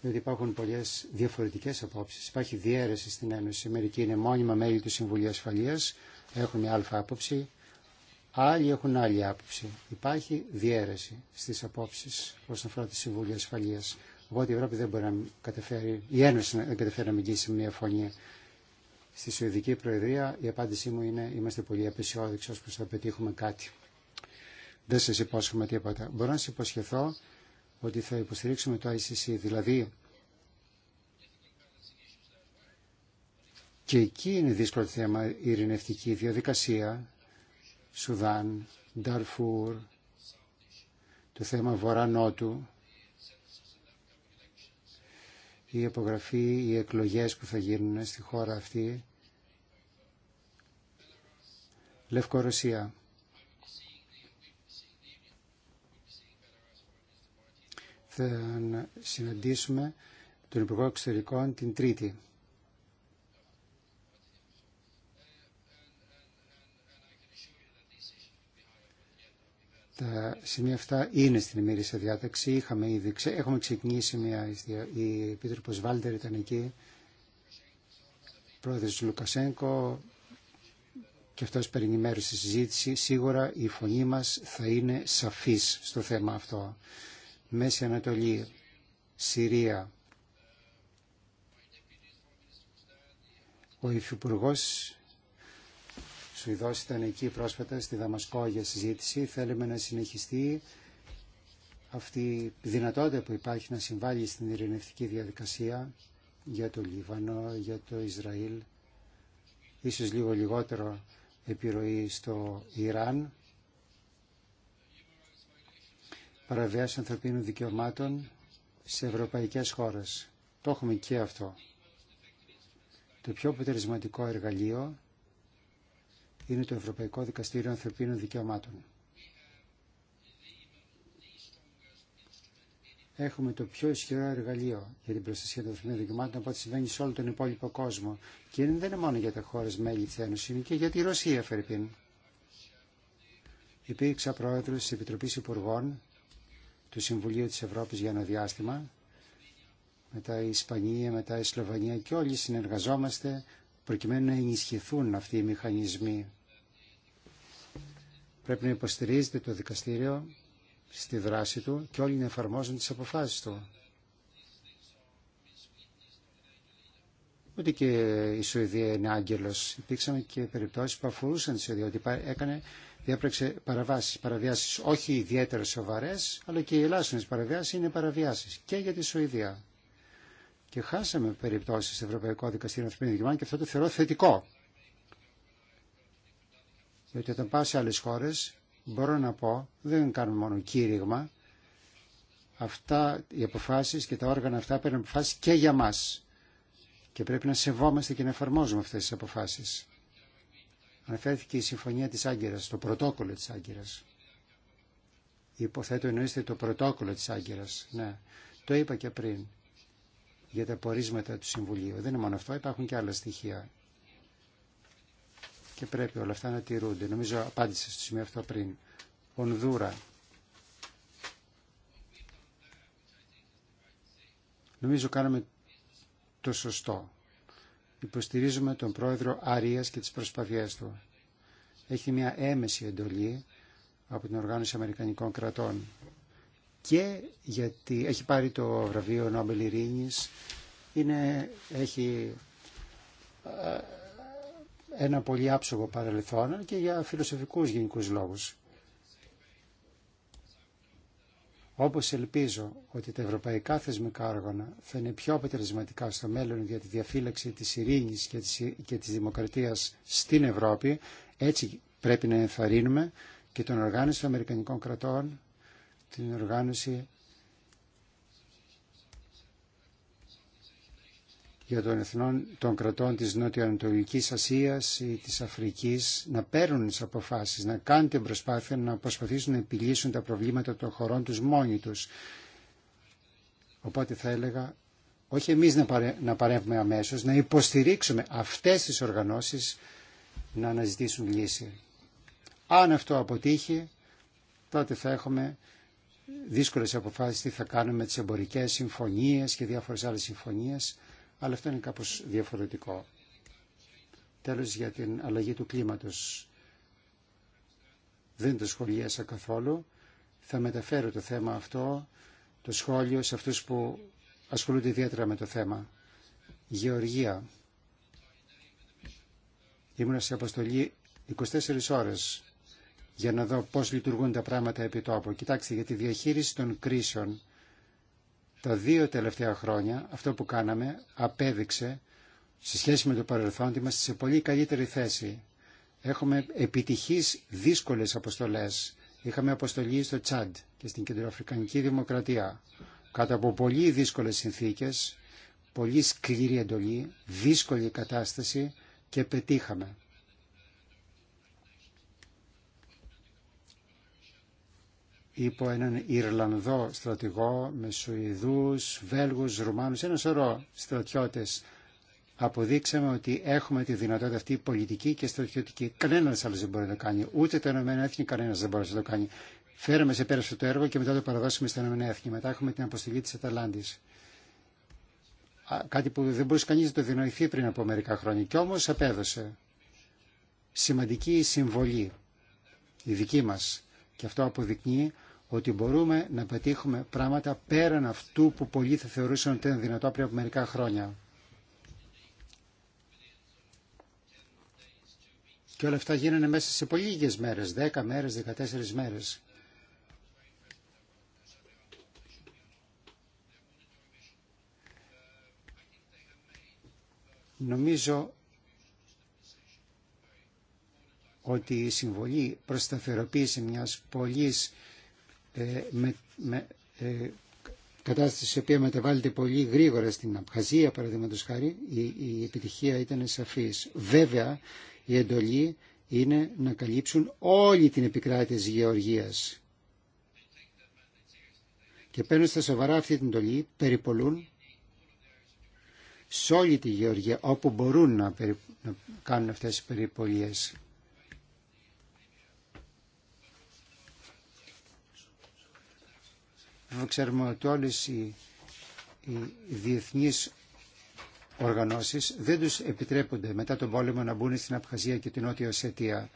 Διότι υπάρχουν πολλέ διαφορετικέ απόψει. Υπάρχει διαίρεση στην Ένωση. Μερικοί είναι μόνιμα μέλη του Συμβουλίου Ασφαλεία, έχουν μια αλφα άποψη. Άλλοι έχουν άλλη άποψη. Υπάρχει διαίρεση στι απόψει όσον αφορά τη Συμβουλία Ασφαλεία. Οπότε η Ευρώπη δεν μπορεί να καταφέρει, η Ένωση δεν καταφέρει να μιλήσει μια φωνή στη Σουηδική Προεδρία η απάντησή μου είναι είμαστε πολύ απεσιόδοξοι ώστε θα πετύχουμε κάτι. Δεν σας υπόσχομαι τίποτα. Μπορώ να σας υποσχεθώ ότι θα υποστηρίξουμε το ICC, δηλαδή και εκεί είναι δύσκολο θέμα η ειρηνευτική διαδικασία, Σουδάν, Νταρφούρ, το θέμα Βορρά-Νότου, η απογραφή, οι εκλογές που θα γίνουν στη χώρα αυτή Λευκορωσία. Θα συναντήσουμε τον Υπουργό Εξωτερικών την Τρίτη. Τα σημεία αυτά είναι στην ημερήσια διάταξη. Είχαμε ήδη, έχουμε ξεκινήσει μια, η Επίτροπος Βάλτερ ήταν εκεί, πρόεδρος Λουκασέγκο, και αυτός παίρνει μέρος στη συζήτηση, σίγουρα η φωνή μας θα είναι σαφής στο θέμα αυτό. Μέση Ανατολή, Συρία, ο Υφυπουργό Σουηδό ήταν εκεί πρόσφατα στη Δαμασκό για συζήτηση. Θέλουμε να συνεχιστεί αυτή η δυνατότητα που υπάρχει να συμβάλλει στην ειρηνευτική διαδικασία για το Λίβανο, για το Ισραήλ, ίσως λίγο λιγότερο επιρροή στο Ιράν, παραβιάση ανθρωπίνων δικαιωμάτων σε ευρωπαϊκές χώρες. Το έχουμε και αυτό. Το πιο αποτελεσματικό εργαλείο είναι το Ευρωπαϊκό Δικαστήριο Ανθρωπίνων Δικαιωμάτων. έχουμε το πιο ισχυρό εργαλείο για την προστασία των ανθρωπίνων δικαιωμάτων από ό,τι συμβαίνει σε όλο τον υπόλοιπο κόσμο. Και δεν είναι μόνο για τα χώρε μέλη τη Ένωση, είναι και για τη Ρωσία, Φερρυπίν. Υπήρξα πρόεδρο τη Επιτροπή Υπουργών του Συμβουλίου τη Ευρώπη για ένα διάστημα. Μετά η Ισπανία, μετά η Σλοβανία και όλοι συνεργαζόμαστε προκειμένου να ενισχυθούν αυτοί οι μηχανισμοί. Πρέπει να υποστηρίζετε το δικαστήριο στη δράση του και όλοι να εφαρμόζουν τις αποφάσεις του. Ούτε και η Σουηδία είναι άγγελος. Υπήρξαν και περιπτώσεις που αφορούσαν τη Σουηδία, ότι έκανε, διέπρεξε παραβάσεις, παραβιάσεις όχι ιδιαίτερα σοβαρές, αλλά και οι ελάσσονες παραβιάσεις είναι παραβιάσεις και για τη Σουηδία. Και χάσαμε περιπτώσεις στο Ευρωπαϊκό Δικαστήριο Ανθρωπίνων Δικαιωμάτων και αυτό το θεωρώ θετικό. Διότι όταν πάω σε άλλες χώρες μπορώ να πω, δεν κάνουμε μόνο κήρυγμα. Αυτά οι αποφάσεις και τα όργανα αυτά παίρνουν αποφάσεις και για μας. Και πρέπει να σεβόμαστε και να εφαρμόζουμε αυτές τις αποφάσεις. Αναφέρθηκε η Συμφωνία της Άγκυρας, το πρωτόκολλο της Άγκυρας. Υποθέτω εννοείστε το πρωτόκολλο της Άγκυρας. Ναι, το είπα και πριν για τα πορίσματα του Συμβουλίου. Δεν είναι μόνο αυτό, υπάρχουν και άλλα στοιχεία και πρέπει όλα αυτά να τηρούνται. Νομίζω απάντησε στο σημείο αυτό πριν. Ονδούρα. Νομίζω κάναμε το σωστό. Υποστηρίζουμε τον πρόεδρο Αρίας και τις προσπαθίες του. Έχει μια έμεση εντολή από την Οργάνωση Αμερικανικών Κρατών και γιατί έχει πάρει το βραβείο Νόμπελ Ειρήνης, είναι, έχει ένα πολύ άψογο παρελθόν και για φιλοσοφικούς γενικούς λόγους. Όπως ελπίζω ότι τα ευρωπαϊκά θεσμικά όργανα θα είναι πιο αποτελεσματικά στο μέλλον για τη διαφύλαξη της ειρήνης και της, και της δημοκρατίας στην Ευρώπη, έτσι πρέπει να ενθαρρύνουμε και τον οργάνωση των Αμερικανικών κρατών, την οργάνωση για των εθνών των κρατών της Νότιο-Ανατολικής Ασίας ή της Αφρικής να παίρνουν τις αποφάσεις, να κάνουν την προσπάθεια να προσπαθήσουν να επιλύσουν τα προβλήματα των χωρών τους μόνοι τους. Οπότε θα έλεγα όχι εμείς να, παρέ, να παρέμβουμε αμέσως, να υποστηρίξουμε αυτές τις οργανώσεις να αναζητήσουν λύση. Αν αυτό αποτύχει, τότε θα έχουμε δύσκολες αποφάσεις τι θα κάνουμε με τις εμπορικές συμφωνίες και διάφορες άλλες συμφωνίες αλλά αυτό είναι κάπως διαφορετικό. Τέλος για την αλλαγή του κλίματος. Δεν το σχολίασα καθόλου. Θα μεταφέρω το θέμα αυτό, το σχόλιο, σε αυτούς που ασχολούνται ιδιαίτερα με το θέμα. Γεωργία. Ήμουν σε αποστολή 24 ώρες για να δω πώς λειτουργούν τα πράγματα επί τόπου. Κοιτάξτε, για τη διαχείριση των κρίσεων τα δύο τελευταία χρόνια αυτό που κάναμε απέδειξε σε σχέση με το παρελθόν ότι είμαστε σε πολύ καλύτερη θέση. Έχουμε επιτυχής δύσκολες αποστολές. Είχαμε αποστολή στο Τσάντ και στην Κεντροαφρικανική Δημοκρατία. Κάτω από πολύ δύσκολες συνθήκες, πολύ σκληρή εντολή, δύσκολη κατάσταση και πετύχαμε. υπό έναν Ιρλανδό στρατηγό με Σουηδούς, Βέλγους, Ρουμάνους, ένα σωρό στρατιώτες. Αποδείξαμε ότι έχουμε τη δυνατότητα αυτή πολιτική και στρατιωτική. Κανένα άλλο δεν μπορεί να το κάνει. Ούτε τα Ηνωμένα Έθνη κανένα δεν μπορεί να το κάνει. Φέραμε σε πέρα το έργο και μετά το παραδώσαμε στα Ηνωμένα Έθνη. Μετά έχουμε την αποστολή τη Αταλάντη. Κάτι που δεν μπορούσε κανεί να το δινοηθεί πριν από μερικά χρόνια. Κι όμω απέδωσε. Σημαντική συμβολή η δική μα και αυτό αποδεικνύει ότι μπορούμε να πετύχουμε πράγματα πέραν αυτού που πολλοί θα θεωρούσαν ότι ήταν δυνατό πριν από μερικά χρόνια. Και όλα αυτά γίνανε μέσα σε πολύ λίγες μέρες, 10 μέρες, 14 μέρες. Νομίζω ότι η συμβολή προς σταθεροποίηση μιας πολλής ε, με, με, ε, κατάσταση η οποία μεταβάλλεται πολύ γρήγορα στην Απχαζία, παραδείγματο χάρη, η, επιτυχία ήταν σαφής. Βέβαια, η εντολή είναι να καλύψουν όλη την επικράτεια της Γεωργίας. Και παίρνουν στα σοβαρά αυτή την εντολή, περιπολούν σε όλη τη Γεωργία, όπου μπορούν να, να κάνουν αυτές τις περιπολίες. Ξέρουμε ότι όλες οι, οι διεθνείς οργανώσεις δεν τους επιτρέπονται μετά τον πόλεμο να μπουν στην Απχαζία και την Νότια Οσετία.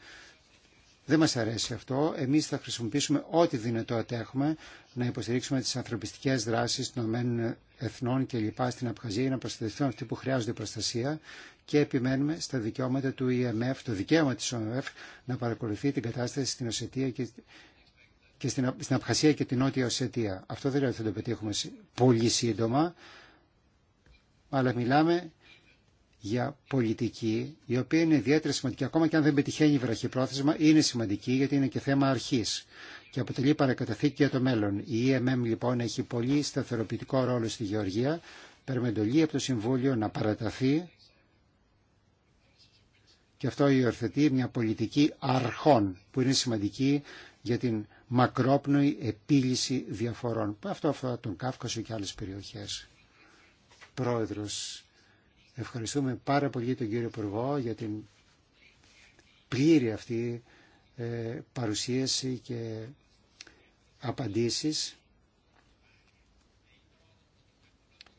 Δεν μας αρέσει αυτό. Εμείς θα χρησιμοποιήσουμε ό,τι δυνατότητα έχουμε να υποστηρίξουμε τις ανθρωπιστικές δράσεις των ΟΕΕ Εθνών και λοιπά στην Απχαζία για να προστατευτούν αυτοί που χρειάζονται προστασία και επιμένουμε στα δικαιώματα του ΕΜΕΦ, το δικαίωμα της ΟΕΕΦ να παρακολουθεί την κατάσταση στην Οσετία και και στην, στην Απχασία και την Νότια Οσετία. Αυτό δεν λέω ότι θα το πετύχουμε πολύ σύντομα, αλλά μιλάμε για πολιτική, η οποία είναι ιδιαίτερα σημαντική, ακόμα και αν δεν πετυχαίνει βραχυπρόθεσμα, είναι σημαντική γιατί είναι και θέμα αρχή και αποτελεί παρακαταθήκη για το μέλλον. Η EMM λοιπόν έχει πολύ σταθεροποιητικό ρόλο στη Γεωργία, παίρνουμε εντολή από το Συμβούλιο να παραταθεί και αυτό υιοθετεί μια πολιτική αρχών που είναι σημαντική για την μακρόπνοη επίλυση διαφορών. Αυτό αφορά τον Κάφκασο και άλλες περιοχές. Πρόεδρος, ευχαριστούμε πάρα πολύ τον κύριο Υπουργό για την πλήρη αυτή ε, παρουσίαση και απαντήσεις.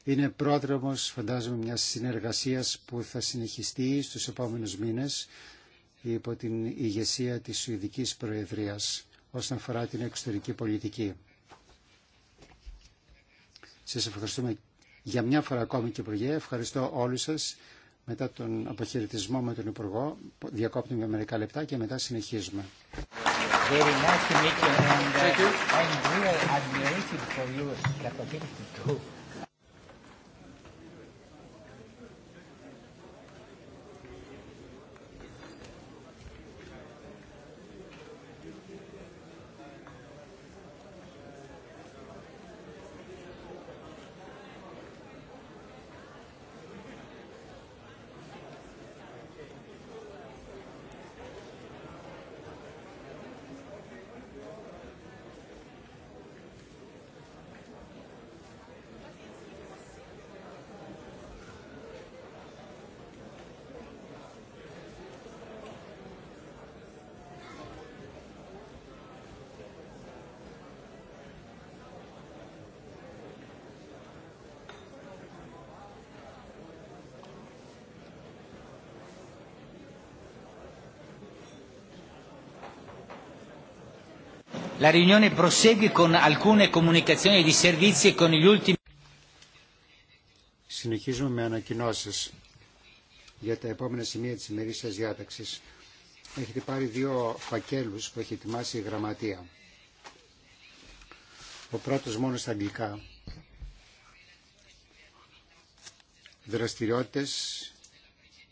Είναι πρόδρομος, φαντάζομαι, μιας συνεργασίας που θα συνεχιστεί στους επόμενους μήνες υπό την ηγεσία της Σουηδικής Προεδρίας όσον αφορά την εξωτερική πολιτική. Σας ευχαριστούμε για μια φορά ακόμη και Υπουργέ. Ευχαριστώ όλους σας. Μετά τον αποχαιρετισμό με τον Υπουργό διακόπτουμε για μερικά λεπτά και μετά συνεχίζουμε. Uh, Συνεχίζουμε με ανακοινώσει για τα επόμενα σημεία τη ημερήσιας διάταξη. Έχετε πάρει δύο φακέλου που έχει ετοιμάσει η γραμματεία. Ο πρώτο μόνο στα αγγλικά. δραστηριότητε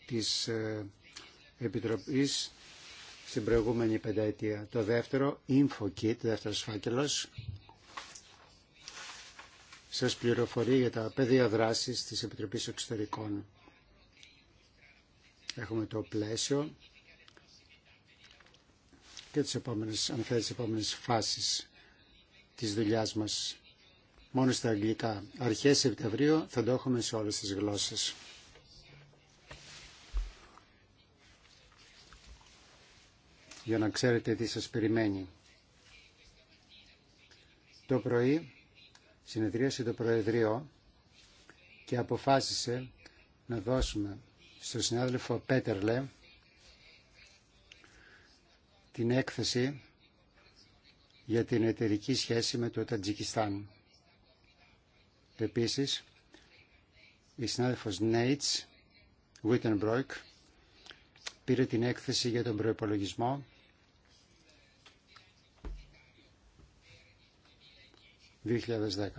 τη ε, επιτροπή στην προηγούμενη πενταετία. Το δεύτερο, InfoKit, δεύτερος φάκελος, σας πληροφορεί για τα πεδία δράσης της Επιτροπής Εξωτερικών. Έχουμε το πλαίσιο και τις επόμενες, αν θέλετε, τις επόμενες φάσεις της δουλειάς μας. Μόνο στα αγγλικά. Αρχές Σεπτεμβρίου θα το έχουμε σε όλες τις γλώσσες. για να ξέρετε τι σας περιμένει. Το πρωί συνεδρίασε το Προεδρείο και αποφάσισε να δώσουμε στον συνάδελφο Πέτερλε την έκθεση για την εταιρική σχέση με το Τατζικιστάν. Επίσης, η συνάδελφος Νέιτς Βίτενμπροικ πήρε την έκθεση για τον προϋπολογισμό 2010.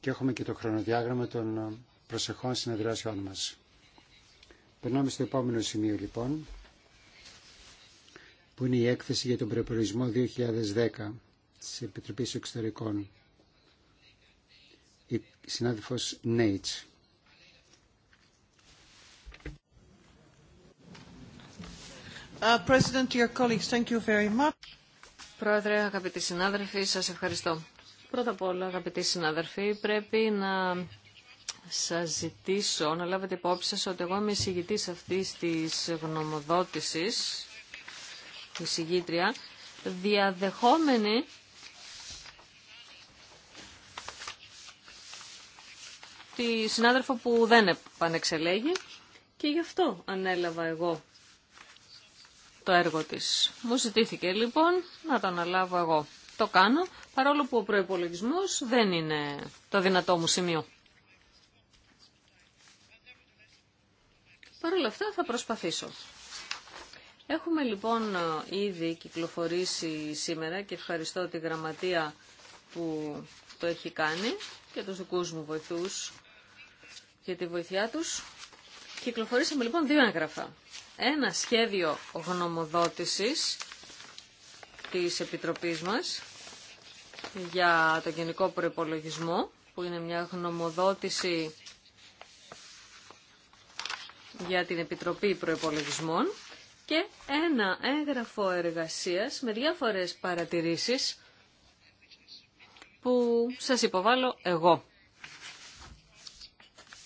Και έχουμε και το χρονοδιάγραμμα των ε, προσεχών συνεδριάσεών μας. Περνάμε στο επόμενο σημείο λοιπόν, που είναι η έκθεση για τον προπολογισμό 2010 της Επιτροπής Εξωτερικών. Η συνάδελφος Νέιτς. Uh, Πρόεδρε, αγαπητοί συνάδελφοι, σας ευχαριστώ. Πρώτα απ' όλα, αγαπητοί συνάδελφοι, πρέπει να σας ζητήσω να λάβετε υπόψη σας ότι εγώ είμαι εισηγητής αυτής της γνωμοδότησης, εισηγήτρια, διαδεχόμενη τη συνάδελφο που δεν επανεξελέγει και γι' αυτό ανέλαβα εγώ το έργο της. Μου ζητήθηκε λοιπόν να το αναλάβω εγώ. Το κάνω, παρόλο που ο προπολογισμό δεν είναι το δυνατό μου σημείο. Παρ' όλα αυτά θα προσπαθήσω. Έχουμε λοιπόν ήδη κυκλοφορήσει σήμερα και ευχαριστώ τη γραμματεία που το έχει κάνει και τους δικούς μου βοηθούς για τη βοηθειά τους. Κυκλοφορήσαμε λοιπόν δύο έγγραφα ένα σχέδιο γνωμοδότησης της Επιτροπής μας για τον Γενικό Προϋπολογισμό, που είναι μια γνωμοδότηση για την Επιτροπή Προϋπολογισμών και ένα έγγραφο εργασίας με διάφορες παρατηρήσεις που σας υποβάλλω εγώ.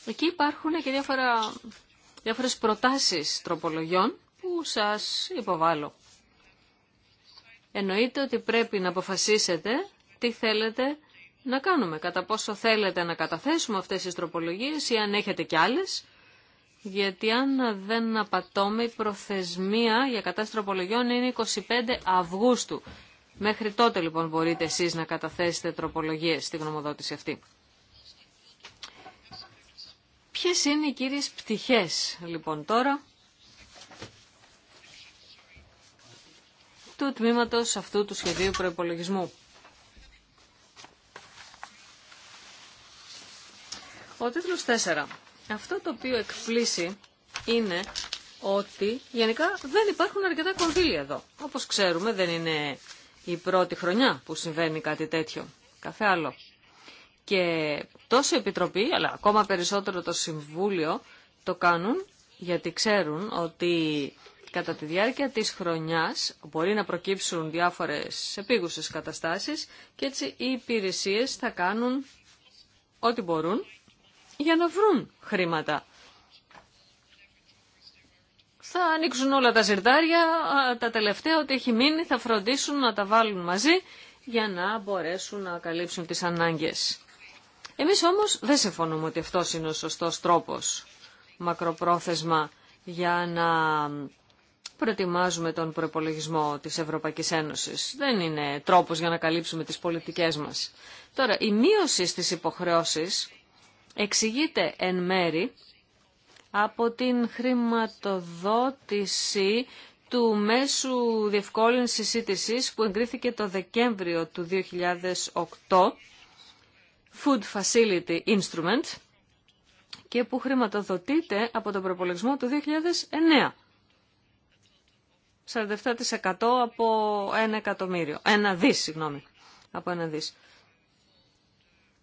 Εκεί υπάρχουν και διάφορα διάφορες προτάσεις τροπολογιών που σας υποβάλλω. Εννοείται ότι πρέπει να αποφασίσετε τι θέλετε να κάνουμε, κατά πόσο θέλετε να καταθέσουμε αυτές τις τροπολογίες ή αν έχετε κι άλλες, γιατί αν δεν απατώμε η προθεσμία για κατάσταση τροπολογιών είναι 25 Αυγούστου. Μέχρι τότε λοιπόν μπορείτε εσείς να καταθέσετε τροπολογίες στη γνωμοδότηση αυτή. Ποιες είναι οι κύριες πτυχές λοιπόν τώρα του τμήματος αυτού του σχεδίου προϋπολογισμού. Ο τίτλος 4. Αυτό το οποίο εκπλήσει είναι ότι γενικά δεν υπάρχουν αρκετά κονδύλια εδώ. Όπως ξέρουμε δεν είναι η πρώτη χρονιά που συμβαίνει κάτι τέτοιο. Καφέ άλλο. Και τόσο η Επιτροπή, αλλά ακόμα περισσότερο το Συμβούλιο, το κάνουν γιατί ξέρουν ότι κατά τη διάρκεια της χρονιάς μπορεί να προκύψουν διάφορες επίγουσες καταστάσεις και έτσι οι υπηρεσίες θα κάνουν ό,τι μπορούν για να βρουν χρήματα. Θα ανοίξουν όλα τα ζυρτάρια, τα τελευταία ό,τι έχει μείνει θα φροντίσουν να τα βάλουν μαζί για να μπορέσουν να καλύψουν τις ανάγκες. Εμείς όμως δεν συμφωνούμε ότι αυτός είναι ο σωστός τρόπος μακροπρόθεσμα για να προετοιμάζουμε τον προπολογισμό της Ευρωπαϊκής Ένωσης. Δεν είναι τρόπος για να καλύψουμε τις πολιτικές μας. Τώρα, η μείωση στις υποχρεώσεις εξηγείται εν μέρη από την χρηματοδότηση του μέσου διευκόλυνσης σύντησης που εγκρίθηκε το Δεκέμβριο του 2008 Food Facility Instrument και που χρηματοδοτείται από τον προπολογισμό του 2009. 47% από ένα εκατομμύριο. Ένα δις, συγγνώμη. Από ένα δις.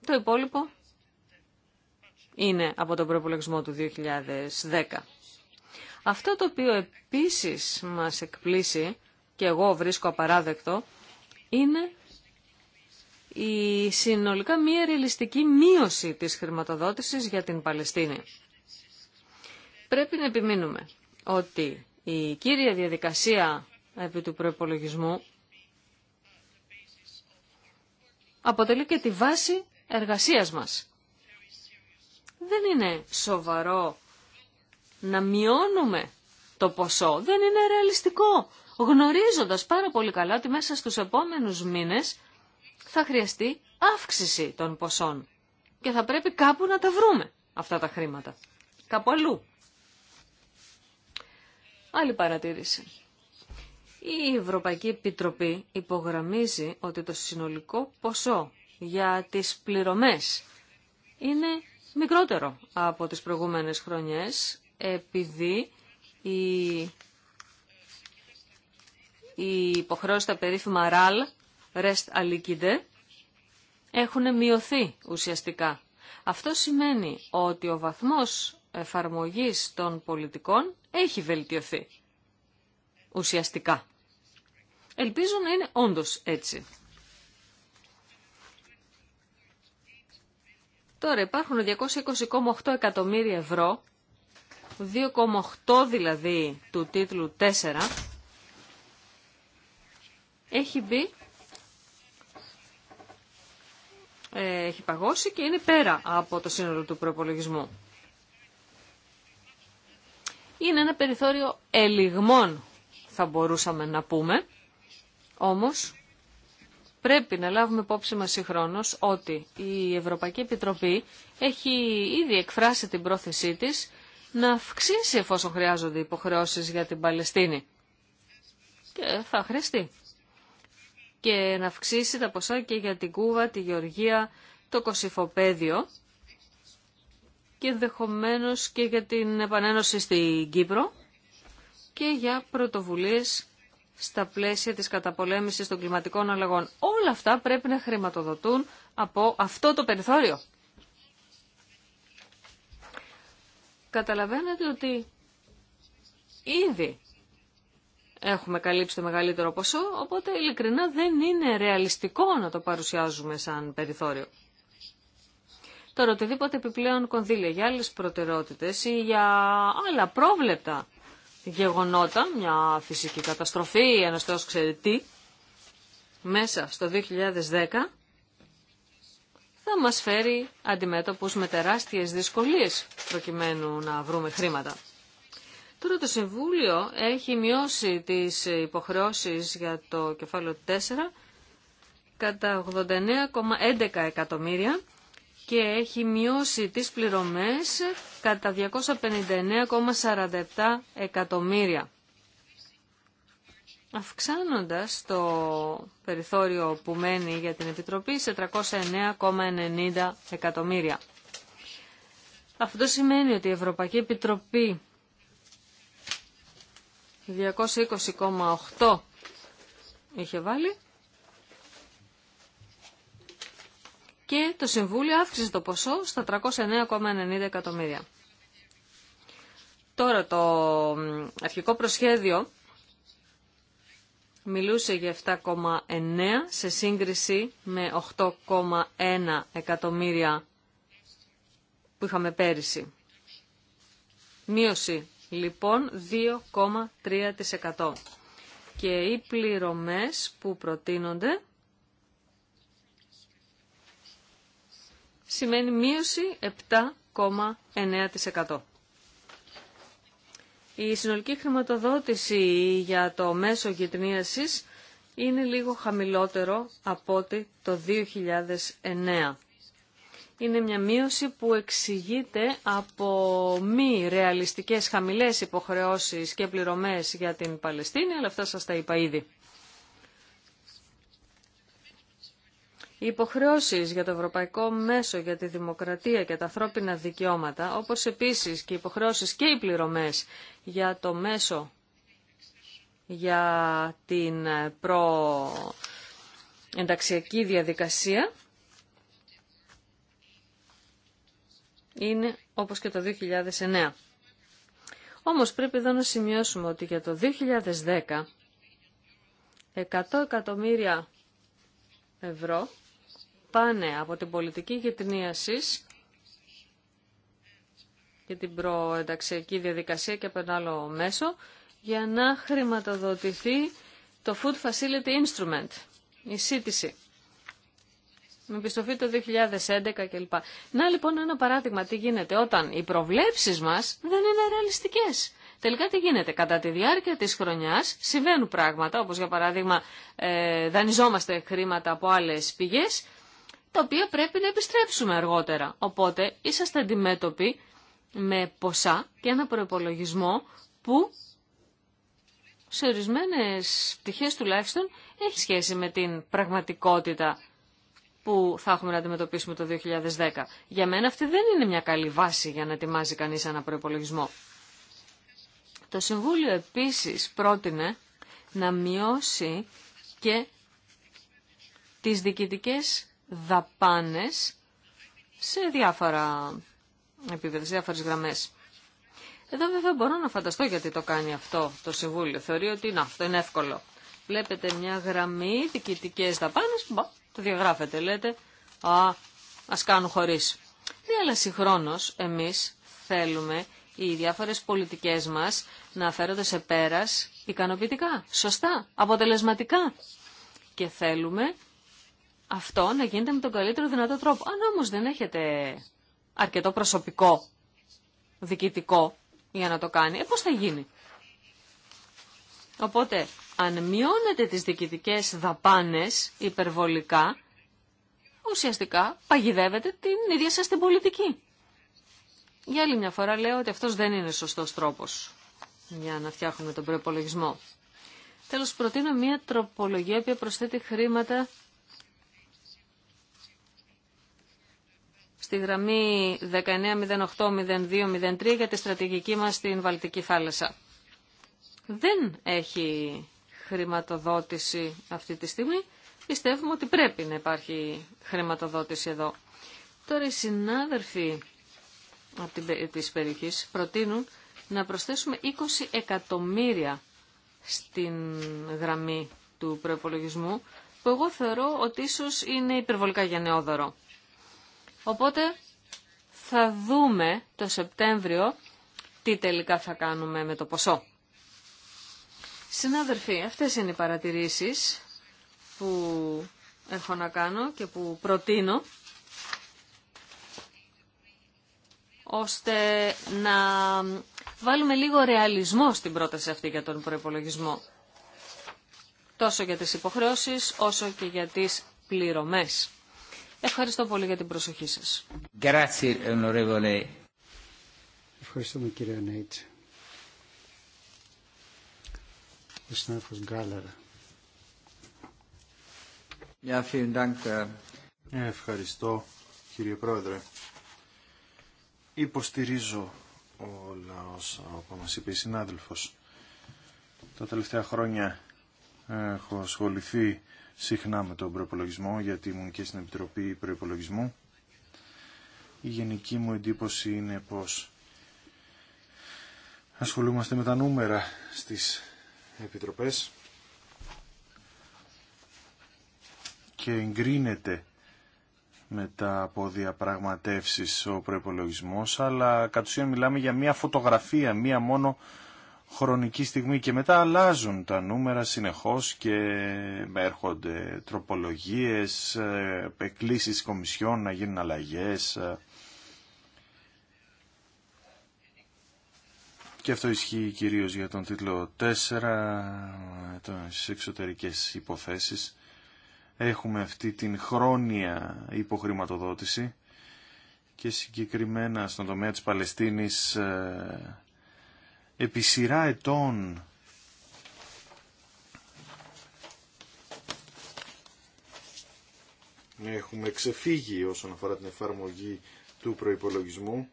Το υπόλοιπο είναι από τον προπολογισμό του 2010. Αυτό το οποίο επίσης μας εκπλήσει και εγώ βρίσκω απαράδεκτο είναι η συνολικά μία ρεαλιστική μείωση της χρηματοδότησης για την Παλαιστίνη. Πρέπει να επιμείνουμε ότι η κύρια διαδικασία επί του προϋπολογισμού αποτελεί και τη βάση εργασίας μας. Δεν είναι σοβαρό να μειώνουμε το ποσό. Δεν είναι ρεαλιστικό. Γνωρίζοντας πάρα πολύ καλά ότι μέσα στους επόμενους μήνες θα χρειαστεί αύξηση των ποσών και θα πρέπει κάπου να τα βρούμε αυτά τα χρήματα. Κάπου αλλού. Άλλη παρατήρηση. Η Ευρωπαϊκή Επιτροπή υπογραμμίζει ότι το συνολικό ποσό για τις πληρωμές είναι μικρότερο από τις προηγούμενες χρονιές επειδή η, η υποχρέωση τα περίφημα ΡΑΛ rest alikide έχουν μειωθεί ουσιαστικά. Αυτό σημαίνει ότι ο βαθμός εφαρμογής των πολιτικών έχει βελτιωθεί ουσιαστικά. Ελπίζω να είναι όντως έτσι. Τώρα υπάρχουν 220,8 εκατομμύρια ευρώ, 2,8 δηλαδή του τίτλου 4, έχει μπει Ε, έχει παγώσει και είναι πέρα από το σύνολο του προπολογισμού. Είναι ένα περιθώριο ελιγμών, θα μπορούσαμε να πούμε, όμως πρέπει να λάβουμε υπόψη μας συγχρόνως ότι η Ευρωπαϊκή Επιτροπή έχει ήδη εκφράσει την πρόθεσή της να αυξήσει εφόσον χρειάζονται υποχρεώσεις για την Παλαιστίνη. Και θα χρειαστεί και να αυξήσει τα ποσά και για την Κούβα, τη Γεωργία, το Κωσυφοπαίδιο και ενδεχομένω και για την επανένωση στην Κύπρο και για πρωτοβουλίες στα πλαίσια της καταπολέμησης των κλιματικών αλλαγών. Όλα αυτά πρέπει να χρηματοδοτούν από αυτό το περιθώριο. Καταλαβαίνετε ότι ήδη έχουμε καλύψει το μεγαλύτερο ποσό, οπότε ειλικρινά δεν είναι ρεαλιστικό να το παρουσιάζουμε σαν περιθώριο. Τώρα, οτιδήποτε επιπλέον κονδύλια για άλλες προτεραιότητες ή για άλλα πρόβλεπτα γεγονότα, μια φυσική καταστροφή, ένας θεός ξέρει τι, μέσα στο 2010 θα μας φέρει αντιμέτωπους με τεράστιες δυσκολίες προκειμένου να βρούμε χρήματα. Τώρα το Συμβούλιο έχει μειώσει τις υποχρεώσεις για το κεφάλαιο 4 κατά 89,11 εκατομμύρια και έχει μειώσει τις πληρωμές κατά 259,47 εκατομμύρια αυξάνοντας το περιθώριο που μένει για την Επιτροπή σε 309,90 εκατομμύρια. Αυτό σημαίνει ότι η Ευρωπαϊκή Επιτροπή 220,8 είχε βάλει και το Συμβούλιο αύξησε το ποσό στα 309,90 εκατομμύρια. Τώρα το αρχικό προσχέδιο μιλούσε για 7,9 σε σύγκριση με 8,1 εκατομμύρια που είχαμε πέρυσι. Μείωση λοιπόν 2,3%. Και οι πληρωμές που προτείνονται σημαίνει μείωση 7,9%. Η συνολική χρηματοδότηση για το μέσο γυτνίασης είναι λίγο χαμηλότερο από ό,τι το 2009 είναι μια μείωση που εξηγείται από μη ρεαλιστικές χαμηλές υποχρεώσεις και πληρωμές για την Παλαιστίνη, αλλά αυτά σας τα είπα ήδη. Οι υποχρεώσεις για το Ευρωπαϊκό Μέσο για τη Δημοκρατία και τα ανθρώπινα δικαιώματα, όπως επίσης και οι υποχρεώσεις και οι πληρωμές για το Μέσο για την προενταξιακή διαδικασία, είναι όπως και το 2009. Όμως πρέπει εδώ να σημειώσουμε ότι για το 2010 100 εκατομμύρια ευρώ πάνε από την πολιτική γετνίασης και την προενταξιακή διαδικασία και από ένα άλλο μέσο για να χρηματοδοτηθεί το Food Facility Instrument, η σύντηση με πιστοφή το 2011 κλπ. Να λοιπόν ένα παράδειγμα τι γίνεται όταν οι προβλέψεις μας δεν είναι ρεαλιστικές. Τελικά τι γίνεται. Κατά τη διάρκεια της χρονιάς συμβαίνουν πράγματα, όπως για παράδειγμα ε, δανειζόμαστε χρήματα από άλλες πηγές, τα οποία πρέπει να επιστρέψουμε αργότερα. Οπότε είσαστε αντιμέτωποι με ποσά και ένα προπολογισμό που σε ορισμένε πτυχέ τουλάχιστον έχει σχέση με την πραγματικότητα που θα έχουμε να αντιμετωπίσουμε το 2010. Για μένα αυτή δεν είναι μια καλή βάση για να ετοιμάζει κανείς ένα προπολογισμό. Το Συμβούλιο επίσης πρότεινε να μειώσει και τις διοικητικές δαπάνες σε διάφορα επίπεδα, σε διάφορες γραμμές. Εδώ βέβαια μπορώ να φανταστώ γιατί το κάνει αυτό το Συμβούλιο. Θεωρεί ότι να, αυτό είναι εύκολο. Βλέπετε μια γραμμή διοικητικές δαπάνες, το διαγράφετε, λέτε. Α, ας κάνουν χωρίς. Ναι, αλλά συγχρόνως εμείς θέλουμε οι διάφορες πολιτικές μας να φέρονται σε πέρας ικανοποιητικά, σωστά, αποτελεσματικά. Και θέλουμε αυτό να γίνεται με τον καλύτερο δυνατό τρόπο. Αν όμως δεν έχετε αρκετό προσωπικό δικητικό για να το κάνει, ε, πώς θα γίνει. Οπότε αν μειώνετε τις διοικητικές δαπάνες υπερβολικά, ουσιαστικά παγιδεύετε την ίδια σας την πολιτική. Για άλλη μια φορά λέω ότι αυτός δεν είναι σωστός τρόπος για να φτιάχνουμε τον προπολογισμό. Τέλος, προτείνω μια τροπολογία που προσθέτει χρήματα στη γραμμή 02 για τη στρατηγική μας στην Βαλτική θάλασσα. Δεν έχει χρηματοδότηση αυτή τη στιγμή. Πιστεύουμε ότι πρέπει να υπάρχει χρηματοδότηση εδώ. Τώρα οι συνάδελφοι της περιοχής προτείνουν να προσθέσουμε 20 εκατομμύρια στην γραμμή του προπολογισμού, που εγώ θεωρώ ότι ίσως είναι υπερβολικά γενναιόδωρο. Οπότε θα δούμε το Σεπτέμβριο τι τελικά θα κάνουμε με το ποσό. Συνάδελφοι, αυτές είναι οι παρατηρήσεις που έχω να κάνω και που προτείνω ώστε να βάλουμε λίγο ρεαλισμό στην πρόταση αυτή για τον προϋπολογισμό. Τόσο για τις υποχρεώσεις όσο και για τις πληρωμές. Ευχαριστώ πολύ για την προσοχή σας. Ευχαριστούμε κύριε Ε. Ευχαριστώ κύριε Πρόεδρε. Υποστηρίζω όλα όσα όπως μας είπε η συνάδελφος. Τα τελευταία χρόνια έχω ασχοληθεί συχνά με τον προπολογισμό γιατί ήμουν και στην Επιτροπή Προϋπολογισμού. Η γενική μου εντύπωση είναι πως ασχολούμαστε με τα νούμερα στις επιτροπές και εγκρίνεται μετά από διαπραγματεύσεις ο προϋπολογισμός, αλλά κατ' ουσίαν μιλάμε για μία φωτογραφία, μία μόνο χρονική στιγμή και μετά αλλάζουν τα νούμερα συνεχώς και έρχονται τροπολογίες, ε, εκκλήσεις κομισιών να γίνουν αλλαγές. Ε, Και αυτό ισχύει κυρίως για τον τίτλο 4, στις εξωτερικές υποθέσεις. Έχουμε αυτή την χρόνια υποχρηματοδότηση και συγκεκριμένα στον τομέα της Παλαιστίνης ε, επί σειρά ετών έχουμε ξεφύγει όσον αφορά την εφαρμογή του προϋπολογισμού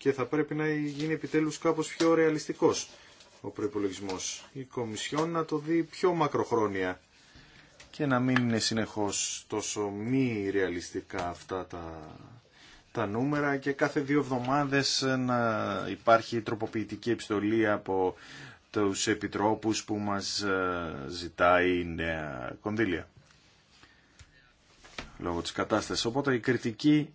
και θα πρέπει να γίνει επιτέλους κάπως πιο ρεαλιστικός ο προϋπολογισμός. Η Κομισιόν να το δει πιο μακροχρόνια και να μην είναι συνεχώς τόσο μη ρεαλιστικά αυτά τα, τα νούμερα και κάθε δύο εβδομάδες να υπάρχει τροποποιητική επιστολή από τους επιτρόπους που μας ε, ζητάει νέα κονδύλια λόγω της κατάστασης. Οπότε η κριτική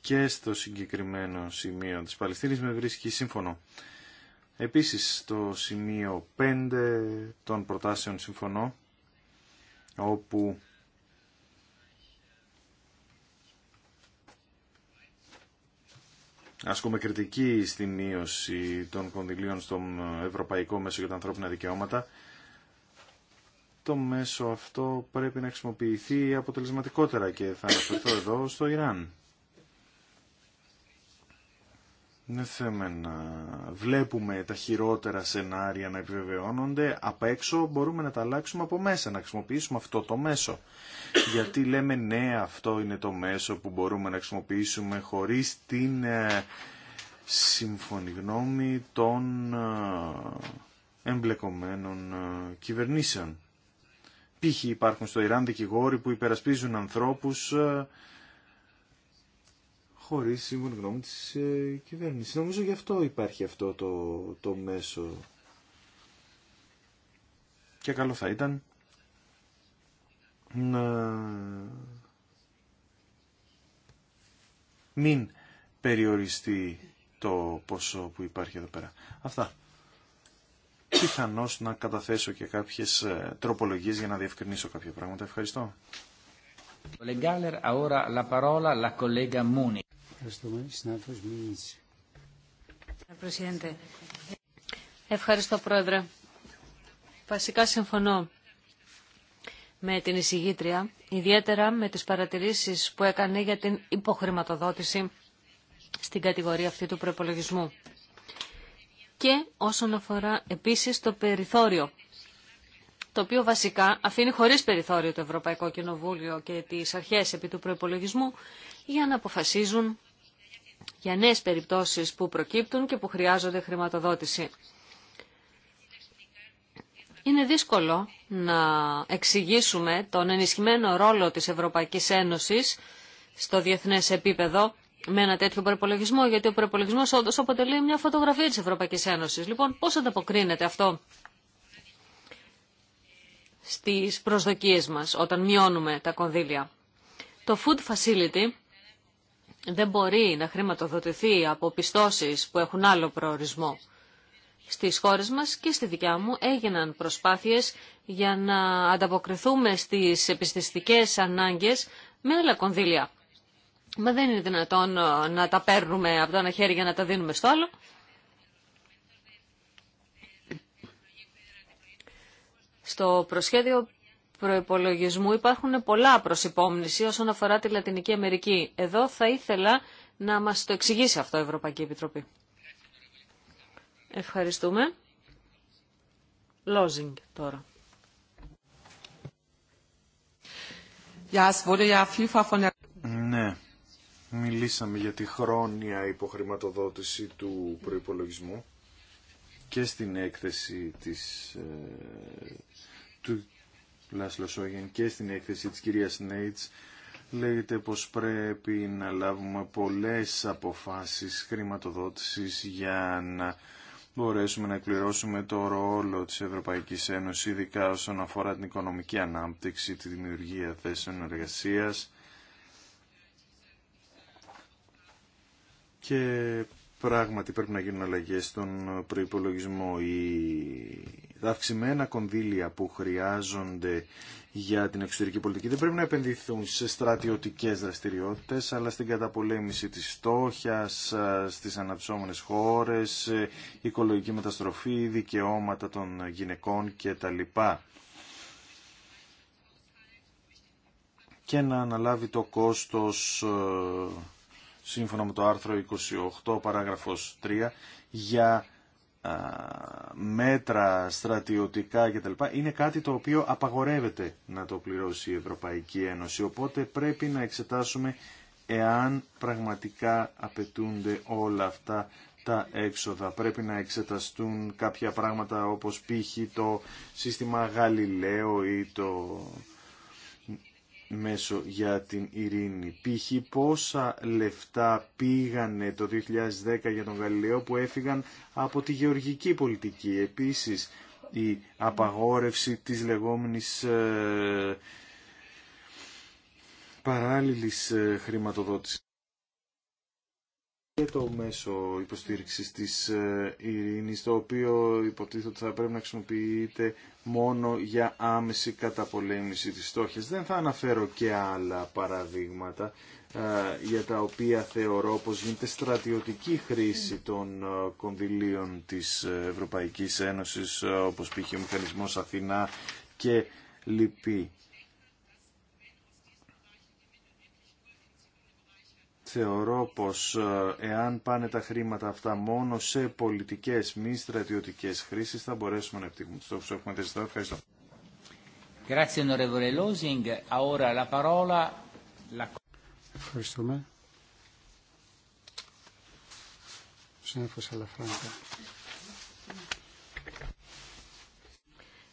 και στο συγκεκριμένο σημείο της Παλαιστίνης με βρίσκει σύμφωνο. Επίσης στο σημείο 5 των προτάσεων σύμφωνο όπου ασκούμε κριτική στη μείωση των κονδυλίων στον Ευρωπαϊκό Μέσο για τα Ανθρώπινα Δικαιώματα. Το μέσο αυτό πρέπει να χρησιμοποιηθεί αποτελεσματικότερα και θα αναφερθώ εδώ στο Ιράν. Δεν ναι, θέλουμε βλέπουμε τα χειρότερα σενάρια να επιβεβαιώνονται απ' έξω, μπορούμε να τα αλλάξουμε από μέσα, να χρησιμοποιήσουμε αυτό το μέσο. Γιατί λέμε ναι αυτό είναι το μέσο που μπορούμε να χρησιμοποιήσουμε χωρίς την ε, σύμφωνη γνώμη των ε, εμπλεκομένων ε, κυβερνήσεων. Π.χ. υπάρχουν στο Ιράν δικηγόροι που υπερασπίζουν ανθρώπους Χωρί σύμφωνη γνώμη τη ε, Νομίζω γι' αυτό υπάρχει αυτό το, το μέσο. Και καλό θα ήταν να μην περιοριστεί το ποσό που υπάρχει εδώ πέρα. Αυτά. Πιθανώς να καταθέσω και κάποιες ε, τροπολογίες για να διευκρινίσω κάποια πράγματα. Ευχαριστώ. Ευχαριστώ Πρόεδρε. Βασικά συμφωνώ με την εισηγήτρια, ιδιαίτερα με τις παρατηρήσεις που έκανε για την υποχρηματοδότηση στην κατηγορία αυτή του προπολογισμού. Και όσον αφορά επίσης το περιθώριο, το οποίο βασικά αφήνει χωρίς περιθώριο το Ευρωπαϊκό Κοινοβούλιο και τις αρχές επί του προπολογισμού για να αποφασίζουν για νέες περιπτώσεις που προκύπτουν και που χρειάζονται χρηματοδότηση. Είναι δύσκολο να εξηγήσουμε τον ενισχυμένο ρόλο της Ευρωπαϊκής Ένωσης στο διεθνές επίπεδο με ένα τέτοιο προπολογισμό, γιατί ο προπολογισμό όντω αποτελεί μια φωτογραφία τη Ευρωπαϊκή Ένωση. Λοιπόν, πώ ανταποκρίνεται αυτό στι προσδοκίε μα όταν μειώνουμε τα κονδύλια. Το Food Facility δεν μπορεί να χρηματοδοτηθεί από πιστώσεις που έχουν άλλο προορισμό. Στις χώρες μας και στη δικιά μου έγιναν προσπάθειες για να ανταποκριθούμε στις επιστηστικές ανάγκες με άλλα κονδύλια. Μα δεν είναι δυνατόν ε, να τα παίρνουμε από το ένα χέρι για να τα δίνουμε στο άλλο. Στο προσχέδιο προϋπολογισμού υπάρχουν πολλά υπόμνηση όσον αφορά τη Λατινική Αμερική. Εδώ θα ήθελα να μας το εξηγήσει αυτό η Ευρωπαϊκή Επιτροπή. Ευχαριστούμε. Λόζινγκ τώρα. Ναι, μιλήσαμε για τη χρόνια υποχρηματοδότηση του προϋπολογισμού και στην έκθεση της, ε, του Λάσλο Σόγεν και στην έκθεση της κυρίας Νέιτς λέγεται πως πρέπει να λάβουμε πολλές αποφάσεις χρηματοδότησης για να μπορέσουμε να εκπληρώσουμε το ρόλο της Ευρωπαϊκής Ένωσης, ειδικά όσον αφορά την οικονομική ανάπτυξη, τη δημιουργία θέσεων εργασίας και πράγματι πρέπει να γίνουν αλλαγές στον προϋπολογισμό. Η τα αυξημένα κονδύλια που χρειάζονται για την εξωτερική πολιτική δεν πρέπει να επενδυθούν σε στρατιωτικές δραστηριότητες αλλά στην καταπολέμηση της στόχιας στις αναψώμενες χώρες, οικολογική μεταστροφή, δικαιώματα των γυναικών κτλ. Και να αναλάβει το κόστος σύμφωνα με το άρθρο 28 παράγραφος 3 για μέτρα στρατιωτικά κτλ. Είναι κάτι το οποίο απαγορεύεται να το πληρώσει η Ευρωπαϊκή Ένωση. Οπότε πρέπει να εξετάσουμε εάν πραγματικά απαιτούνται όλα αυτά τα έξοδα. Πρέπει να εξεταστούν κάποια πράγματα όπως π.χ. το σύστημα Γαλιλαίο ή το μέσο για την ειρήνη. Π.χ. πόσα λεφτά πήγανε το 2010 για τον Γαλιλαίο που έφυγαν από τη γεωργική πολιτική. Επίσης η απαγόρευση της λεγόμενης ε, παράλληλης ε, χρηματοδότησης και το μέσο υποστήριξης της ε, ειρήνης, το οποίο υποτίθεται ότι θα πρέπει να χρησιμοποιείται μόνο για άμεση καταπολέμηση της στόχης. Δεν θα αναφέρω και άλλα παραδείγματα ε, για τα οποία θεωρώ πως γίνεται στρατιωτική χρήση των ε, κονδυλίων της Ευρωπαϊκής Ένωσης, όπως π.χ. ο Μηχανισμός Αθηνά και λοιποί. θεωρώ πως ε, εάν πάνε τα χρήματα αυτά μόνο σε πολιτικές μη στρατιωτικές χρήσεις θα μπορέσουμε να επιτύχουμε τους στόχους που έχουμε θέσει Ευχαριστώ.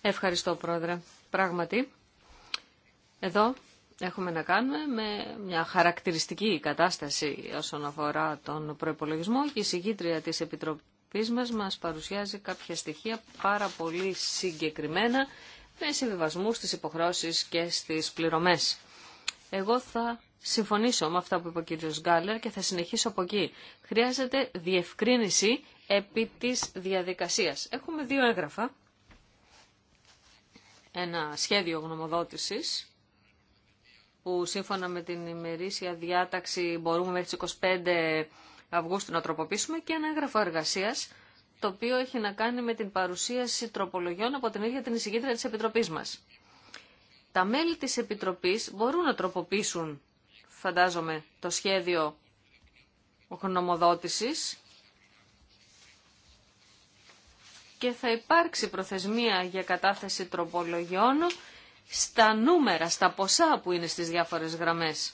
Ευχαριστώ, Πρόεδρε. Πράγματι, εδώ έχουμε να κάνουμε με μια χαρακτηριστική κατάσταση όσον αφορά τον προπολογισμό και η συγκήτρια της Επιτροπής μας μας παρουσιάζει κάποια στοιχεία πάρα πολύ συγκεκριμένα με συμβιβασμού στις υποχρώσεις και στις πληρωμές. Εγώ θα συμφωνήσω με αυτά που είπε ο κ. Γκάλερ και θα συνεχίσω από εκεί. Χρειάζεται διευκρίνηση επί της διαδικασίας. Έχουμε δύο έγγραφα. Ένα σχέδιο γνωμοδότησης που σύμφωνα με την ημερήσια διάταξη μπορούμε μέχρι τις 25 Αυγούστου να τροποποιήσουμε και ένα έγγραφο εργασία το οποίο έχει να κάνει με την παρουσίαση τροπολογιών από την ίδια την εισηγήτρια της Επιτροπής μας. Τα μέλη της Επιτροπής μπορούν να τροποποιήσουν, φαντάζομαι, το σχέδιο γνωμοδότησης και θα υπάρξει προθεσμία για κατάθεση τροπολογιών στα νούμερα, στα ποσά που είναι στις διάφορες γραμμές.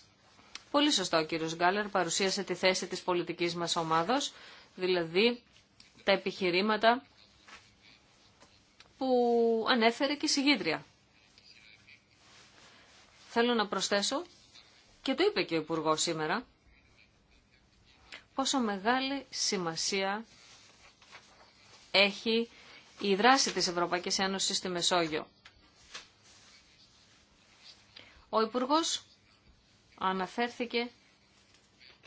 Πολύ σωστά ο κύριος Γκάλερ παρουσίασε τη θέση της πολιτικής μας ομάδος, δηλαδή τα επιχειρήματα που ανέφερε και η συγγύτρια. Θέλω να προσθέσω, και το είπε και ο Υπουργό σήμερα, πόσο μεγάλη σημασία έχει η δράση της Ευρωπαϊκής Ένωσης στη Μεσόγειο. Ο Υπουργός αναφέρθηκε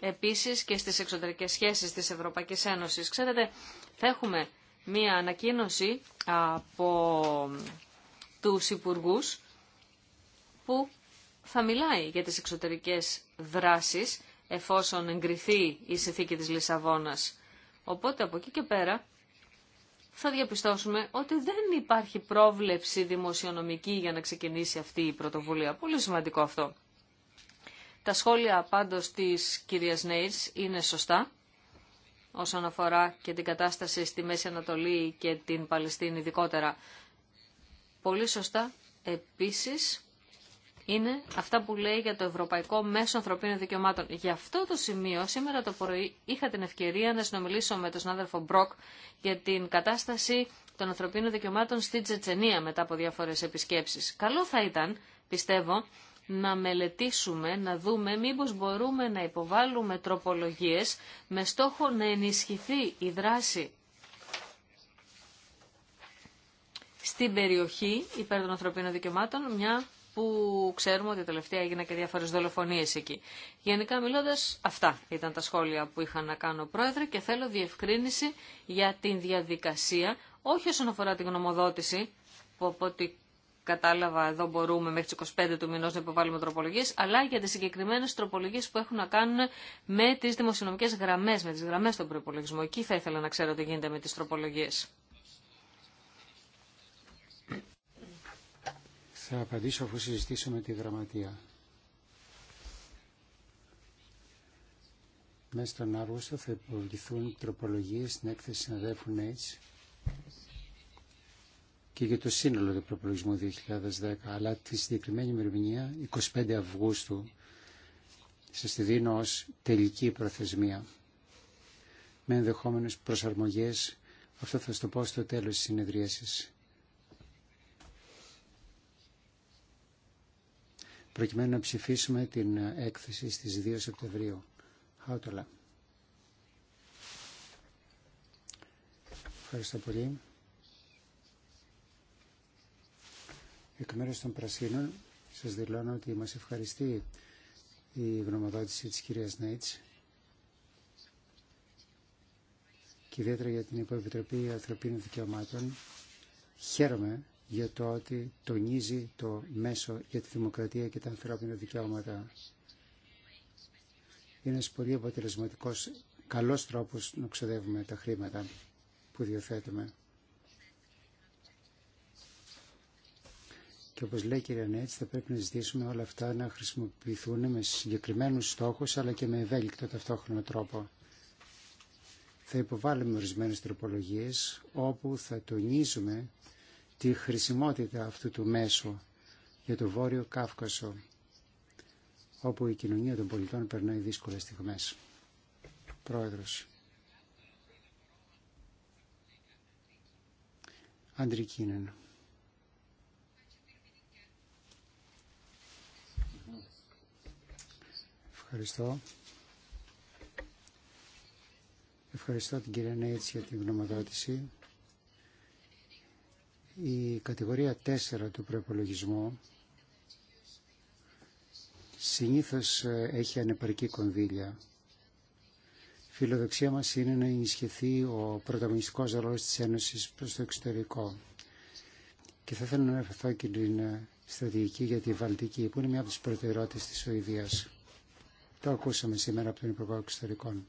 επίσης και στις εξωτερικές σχέσεις της Ευρωπαϊκής Ένωσης. Ξέρετε, θα έχουμε μία ανακοίνωση από τους Υπουργούς που θα μιλάει για τις εξωτερικές δράσεις εφόσον εγκριθεί η συνθήκη της Λισαβόνας. Οπότε από εκεί και πέρα θα διαπιστώσουμε ότι δεν υπάρχει πρόβλεψη δημοσιονομική για να ξεκινήσει αυτή η πρωτοβουλία. Πολύ σημαντικό αυτό. Τα σχόλια πάντως της κυρίας Νέιρς είναι σωστά όσον αφορά και την κατάσταση στη Μέση Ανατολή και την Παλαιστίνη ειδικότερα. Πολύ σωστά επίσης είναι αυτά που λέει για το Ευρωπαϊκό Μέσο Ανθρωπίνων Δικαιωμάτων. Γι' αυτό το σημείο σήμερα το πρωί είχα την ευκαιρία να συνομιλήσω με τον συνάδελφο Μπροκ για την κατάσταση των ανθρωπίνων δικαιωμάτων στη Τσετσενία μετά από διάφορες επισκέψεις. Καλό θα ήταν, πιστεύω, να μελετήσουμε, να δούμε μήπως μπορούμε να υποβάλουμε τροπολογίες με στόχο να ενισχυθεί η δράση στην περιοχή υπέρ των ανθρωπίνων δικαιωμάτων μια που ξέρουμε ότι τελευταία έγιναν και διάφορες δολοφονίες εκεί. Γενικά μιλώντας, αυτά ήταν τα σχόλια που είχα να κάνω πρόεδρε και θέλω διευκρίνηση για την διαδικασία, όχι όσον αφορά την γνωμοδότηση, που από ό,τι κατάλαβα εδώ μπορούμε μέχρι τις 25 του μηνός να υποβάλουμε τροπολογίες, αλλά για τις συγκεκριμένες τροπολογίες που έχουν να κάνουν με τις δημοσιονομικές γραμμές, με τις γραμμές των προπολογισμών. Εκεί θα ήθελα να ξέρω τι γίνεται με τις τροπολογίες. Θα απαντήσω αφού συζητήσω με τη γραμματεία. Μέσα στον Αύγουστο θα υποβληθούν τροπολογίες στην έκθεση συναδέλφου Νέιτς και για το σύνολο του προπολογισμού 2010, αλλά τη συγκεκριμένη ημερομηνία 25 Αυγούστου σα τη δίνω ω τελική προθεσμία με ενδεχόμενε προσαρμογές αυτό θα το πω στο τέλος τη συνεδρίαση. προκειμένου να ψηφίσουμε την έκθεση στις 2 Σεπτεμβρίου. Χάουτολα. Ευχαριστώ πολύ. Εκ μέρους των Πρασίνων σας δηλώνω ότι μας ευχαριστεί η γνωμοδότηση της κυρίας Νέιτς και ιδιαίτερα για την Υποεπιτροπή Ανθρωπίνων Δικαιωμάτων. Χαίρομαι για το ότι τονίζει το μέσο για τη δημοκρατία και τα ανθρώπινα δικαιώματα. Είναι ένας πολύ αποτελεσματικό καλός τρόπος να ξοδεύουμε τα χρήματα που διαθέτουμε. Και όπως λέει η κυρία Νέτς, θα πρέπει να ζητήσουμε όλα αυτά να χρησιμοποιηθούν με συγκεκριμένους στόχους, αλλά και με ευέλικτο ταυτόχρονο τρόπο. Θα υποβάλουμε ορισμένες τροπολογίες, όπου θα τονίζουμε τη χρησιμότητα αυτού του μέσου για το Βόρειο Κάφκασο, όπου η κοινωνία των πολιτών περνάει δύσκολες στιγμές. Πρόεδρος. Αντρικίνεν. Ευχαριστώ. Ευχαριστώ την κυρία Νέιτς για την γνωμοδότηση. Η κατηγορία 4 του προπολογισμού συνήθως ε, έχει ανεπαρκή κονδύλια. Φιλοδοξία μας είναι να ενισχυθεί ο πρωταγωνιστικός ρόλος της Ένωσης προς το εξωτερικό. Και θα ήθελα να αναφερθώ και την ε, στρατηγική για τη Βαλτική, που είναι μια από τις προτεραιότητες της Σουηδίας. Το ακούσαμε σήμερα από τον Υπουργό Εξωτερικών.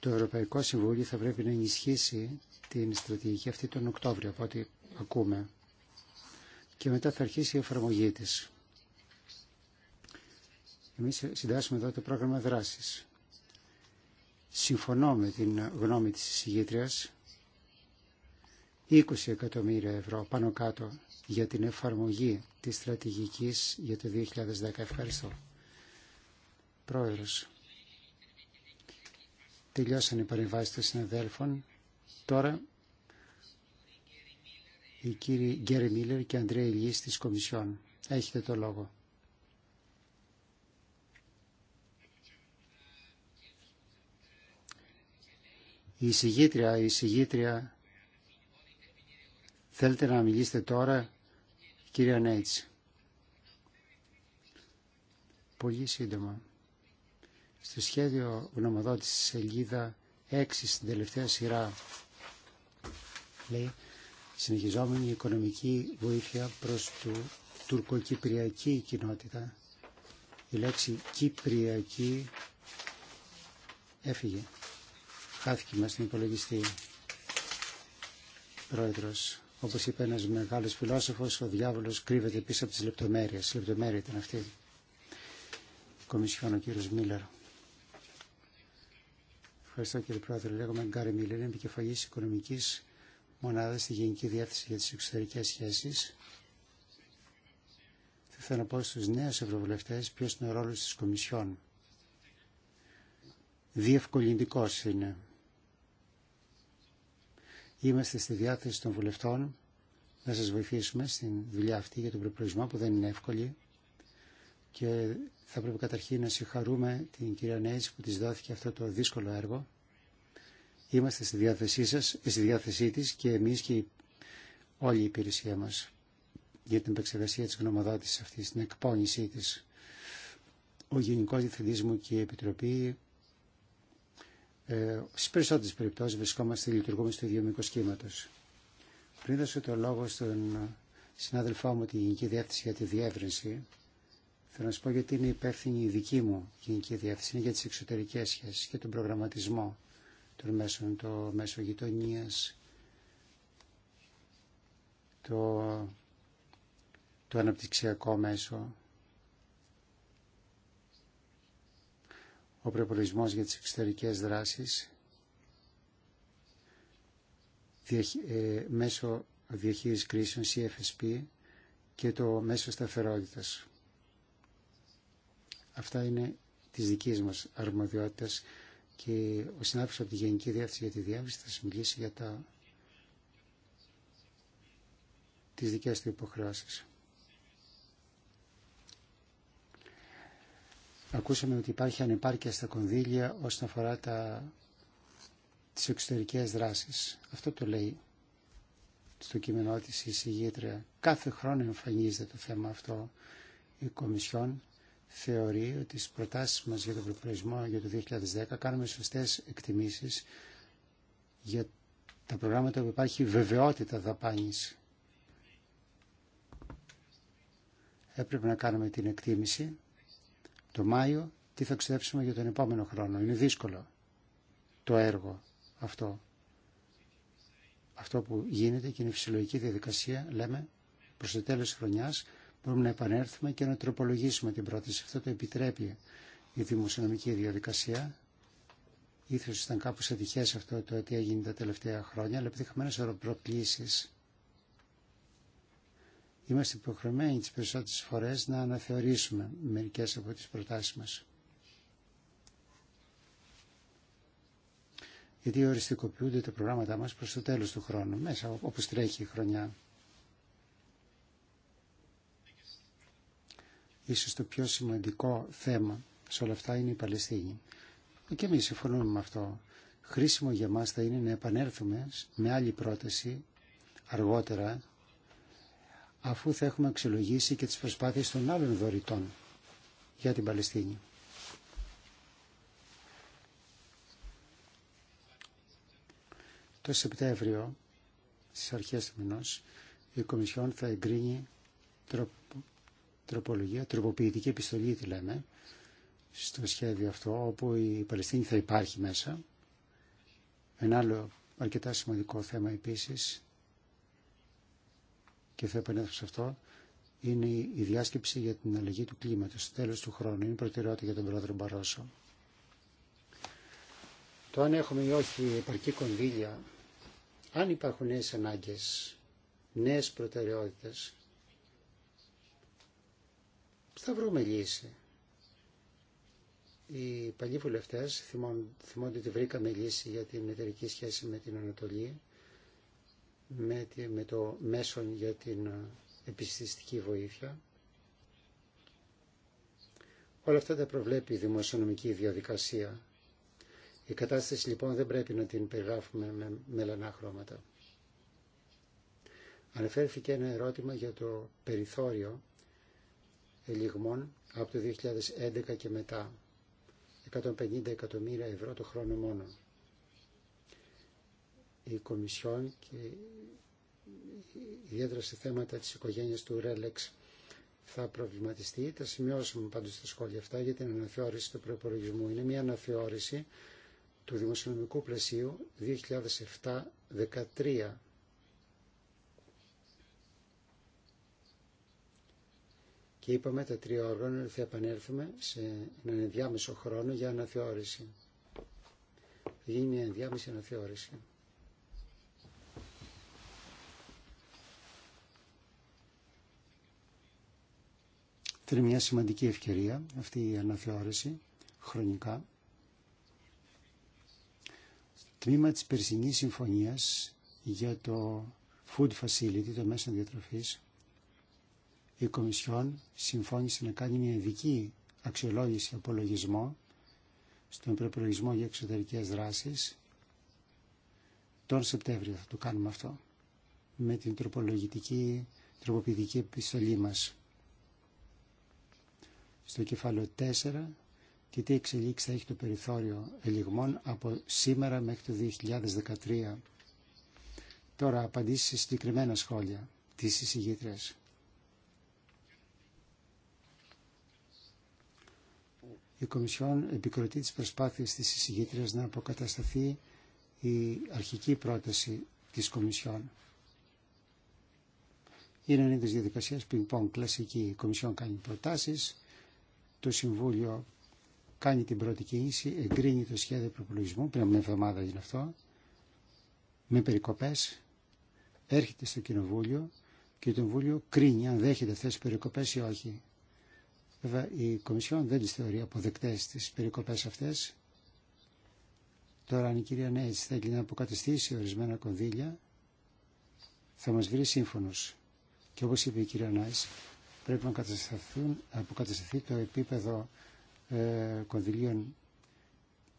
Το Ευρωπαϊκό Συμβούλιο θα πρέπει να ενισχύσει την στρατηγική αυτή τον Οκτώβριο, από ό,τι ακούμε. Και μετά θα αρχίσει η εφαρμογή της. Εμείς συντάσσουμε εδώ το πρόγραμμα δράσης. Συμφωνώ με την γνώμη της εισηγήτριας. 20 εκατομμύρια ευρώ πάνω κάτω για την εφαρμογή της στρατηγικής για το 2010. Ευχαριστώ. Πρόεδρος. Τελειώσαν οι παρεμβάσεις των συναδέλφων. Τώρα οι κύριοι Γκέρι Μίλλερ και Αντρέα Ηλιής της Κομισιόν. Έχετε το λόγο. Η συγγήτρια, η συγγήτρια, θέλετε να μιλήσετε τώρα, κύριε Νέιτς. Πολύ σύντομα στο σχέδιο γνωμοδότηση σελίδα 6 στην τελευταία σειρά λέει συνεχιζόμενη οικονομική βοήθεια προς του τουρκοκυπριακή κοινότητα. Η λέξη κυπριακή έφυγε. Χάθηκε μας την υπολογιστή πρόεδρος. Όπως είπε ένας μεγάλος φιλόσοφος, ο διάβολος κρύβεται πίσω από τις λεπτομέρειες. Λεπτομέρεια ήταν αυτή. Κομισιόν ο κύριος Μίλλερ. Ευχαριστώ κύριε Πρόεδρε. Λέγομαι Γκάρι Μιλίν, επικεφαλή οικονομική μονάδα στη Γενική Διεύθυνση για τι Εξωτερικέ Σχέσει. Θα ήθελα να πω στου νέου ευρωβουλευτέ ποιο είναι ο ρόλο τη Κομισιόν. Διευκολυντικό είναι. Είμαστε στη διάθεση των βουλευτών να σας βοηθήσουμε στην δουλειά αυτή για τον προπολογισμό που δεν είναι εύκολη και θα πρέπει καταρχήν να συγχαρούμε την κυρία Νέης που της δόθηκε αυτό το δύσκολο έργο. Είμαστε στη διάθεσή σας, στη διάθεσή της και εμείς και όλη η υπηρεσία μας για την επεξεργασία της γνωμοδότησης αυτής, την εκπόνησή της. Ο Γενικός Διευθυντής μου και η Επιτροπή ε, στις περισσότερες περιπτώσεις βρισκόμαστε, λειτουργούμε στο ίδιο μήκο κύματο. Πριν δώσω το λόγο στον συνάδελφό μου, τη Γενική Διεύθυνση για τη Διεύρυνση, Θέλω να σα πω γιατί είναι υπεύθυνη η δική μου γενική διεύθυνση για τι εξωτερικέ σχέσει και τον προγραμματισμό των μέσων, το μέσο γειτονία, το, το αναπτυξιακό μέσο, ο προπολογισμό για τι εξωτερικέ δράσει, ε, μέσω διαχείριση κρίσεων, CFSP, και το μέσο σταθερότητας. Αυτά είναι τις δικές μας αρμοδιότητες και ο συνάδελφος από τη Γενική Διεύθυνση για τη Διάβηση θα μιλήσει για τα... τις δικές του υποχρεώσεις. Ακούσαμε ότι υπάρχει ανεπάρκεια στα κονδύλια όσον αφορά τα... τις εξωτερικές δράσεις. Αυτό το λέει στο κείμενό της η συγγήτρια. Κάθε χρόνο εμφανίζεται το θέμα αυτό η Κομισιόν θεωρεί ότι στις προτάσεις μας για τον προπολογισμό για το 2010 κάνουμε σωστές εκτιμήσεις για τα προγράμματα που υπάρχει βεβαιότητα δαπάνης. Έπρεπε να κάνουμε την εκτίμηση το Μάιο τι θα ξεδέψουμε για τον επόμενο χρόνο. Είναι δύσκολο το έργο αυτό. Αυτό που γίνεται και είναι φυσιολογική διαδικασία, λέμε, προς το τέλος της χρονιάς μπορούμε να επανέλθουμε και να τροπολογήσουμε την πρόταση. Αυτό το επιτρέπει η δημοσιονομική διαδικασία. Ήθως ήταν κάπως ατυχέ αυτό το ότι έγινε τα τελευταία χρόνια, αλλά επειδή είχαμε ένα σωρό προκλήσεις. Είμαστε υποχρεωμένοι τις περισσότερε φορέ να αναθεωρήσουμε μερικέ από τι προτάσει μα. Γιατί οριστικοποιούνται τα προγράμματά μα προ το τέλο του χρόνου, μέσα όπω τρέχει η χρονιά. Ίσως το πιο σημαντικό θέμα σε όλα αυτά είναι η Παλαιστίνη. Και εμείς συμφωνούμε με αυτό. Χρήσιμο για μας θα είναι να επανέλθουμε με άλλη πρόταση αργότερα, αφού θα έχουμε αξιολογήσει και τις προσπάθειες των άλλων δωρητών για την Παλαιστίνη. Το Σεπτέμβριο, στις αρχές του μηνός, η Κομισιόν θα εγκρίνει τροπολογία, τροποποιητική επιστολή τη λέμε, στο σχέδιο αυτό, όπου η Παλαιστίνη θα υπάρχει μέσα. Ένα άλλο αρκετά σημαντικό θέμα επίσης, και θα επανέλθω σε αυτό, είναι η διάσκεψη για την αλλαγή του κλίματος στο τέλος του χρόνου. Είναι προτεραιότητα για τον πρόεδρο Μπαρόσο. Το αν έχουμε ή όχι επαρκή κονδύλια, αν υπάρχουν νέες ανάγκες, νέες προτεραιότητες, θα βρούμε λύση. Οι παλιοί βουλευτέ θυμώνται ότι βρήκαμε λύση για την εταιρική σχέση με την Ανατολή, με, με το μέσον για την ε, επιστηστική βοήθεια. Όλα αυτά τα προβλέπει η δημοσιονομική διαδικασία. Η κατάσταση λοιπόν δεν πρέπει να την περιγράφουμε με μελανά χρώματα. Αναφέρθηκε ένα ερώτημα για το περιθώριο ελιγμών από το 2011 και μετά. 150 εκατομμύρια ευρώ το χρόνο μόνο. Η Κομισιόν και ιδιαίτερα σε θέματα της οικογένειας του Ρέλεξ θα προβληματιστεί. Τα σημειώσαμε πάντως τα σχόλια αυτά για την αναθεώρηση του προπολογισμού. Είναι μια αναθεώρηση του δημοσιονομικού πλαισίου 2007-2013 και είπαμε τα τρία όργανα ότι θα επανέλθουμε σε έναν ενδιάμεσο χρόνο για αναθεώρηση. Θα γίνει μια ενδιάμεση αναθεώρηση. Θέλει είναι μια σημαντική ευκαιρία αυτή η αναθεώρηση χρονικά. Τμήμα της περσινής συμφωνίας για το Food Facility, το μέσο διατροφής, η Κομισιόν συμφώνησε να κάνει μια ειδική αξιολόγηση απολογισμό στον προπολογισμό για εξωτερικές δράσεις. Τον Σεπτέμβριο θα το κάνουμε αυτό με την τροπολογητική, τροποποιητική επιστολή μας. Στο κεφάλαιο 4 και τι εξελίξει θα έχει το περιθώριο ελιγμών από σήμερα μέχρι το 2013. Τώρα απαντήσει σε συγκεκριμένα σχόλια της εισηγήτρες. η Κομισιόν επικροτεί τις προσπάθειες της εισηγήτριας να αποκατασταθεί η αρχική πρόταση της Κομισιόν. Είναι ένα είδος λοιπόν κλασική. Η Κομισιόν κάνει προτάσεις, το Συμβούλιο κάνει την πρώτη κίνηση, εγκρίνει το σχέδιο προπολογισμού, πριν από μια εβδομάδα γίνει αυτό, με περικοπές, έρχεται στο Κοινοβούλιο και το Βούλιο κρίνει αν δέχεται αυτές τις περικοπές ή όχι. Βέβαια η Κομισιόν δεν τις θεωρεί αποδεκτές τις περικοπές αυτές. Τώρα αν η κυρία Νέιτς θέλει να αποκαταστήσει ορισμένα κονδύλια θα μας βρει σύμφωνος. Και όπως είπε η κυρία Νέιτς, πρέπει να αποκατασταθεί το επίπεδο ε, κονδυλίων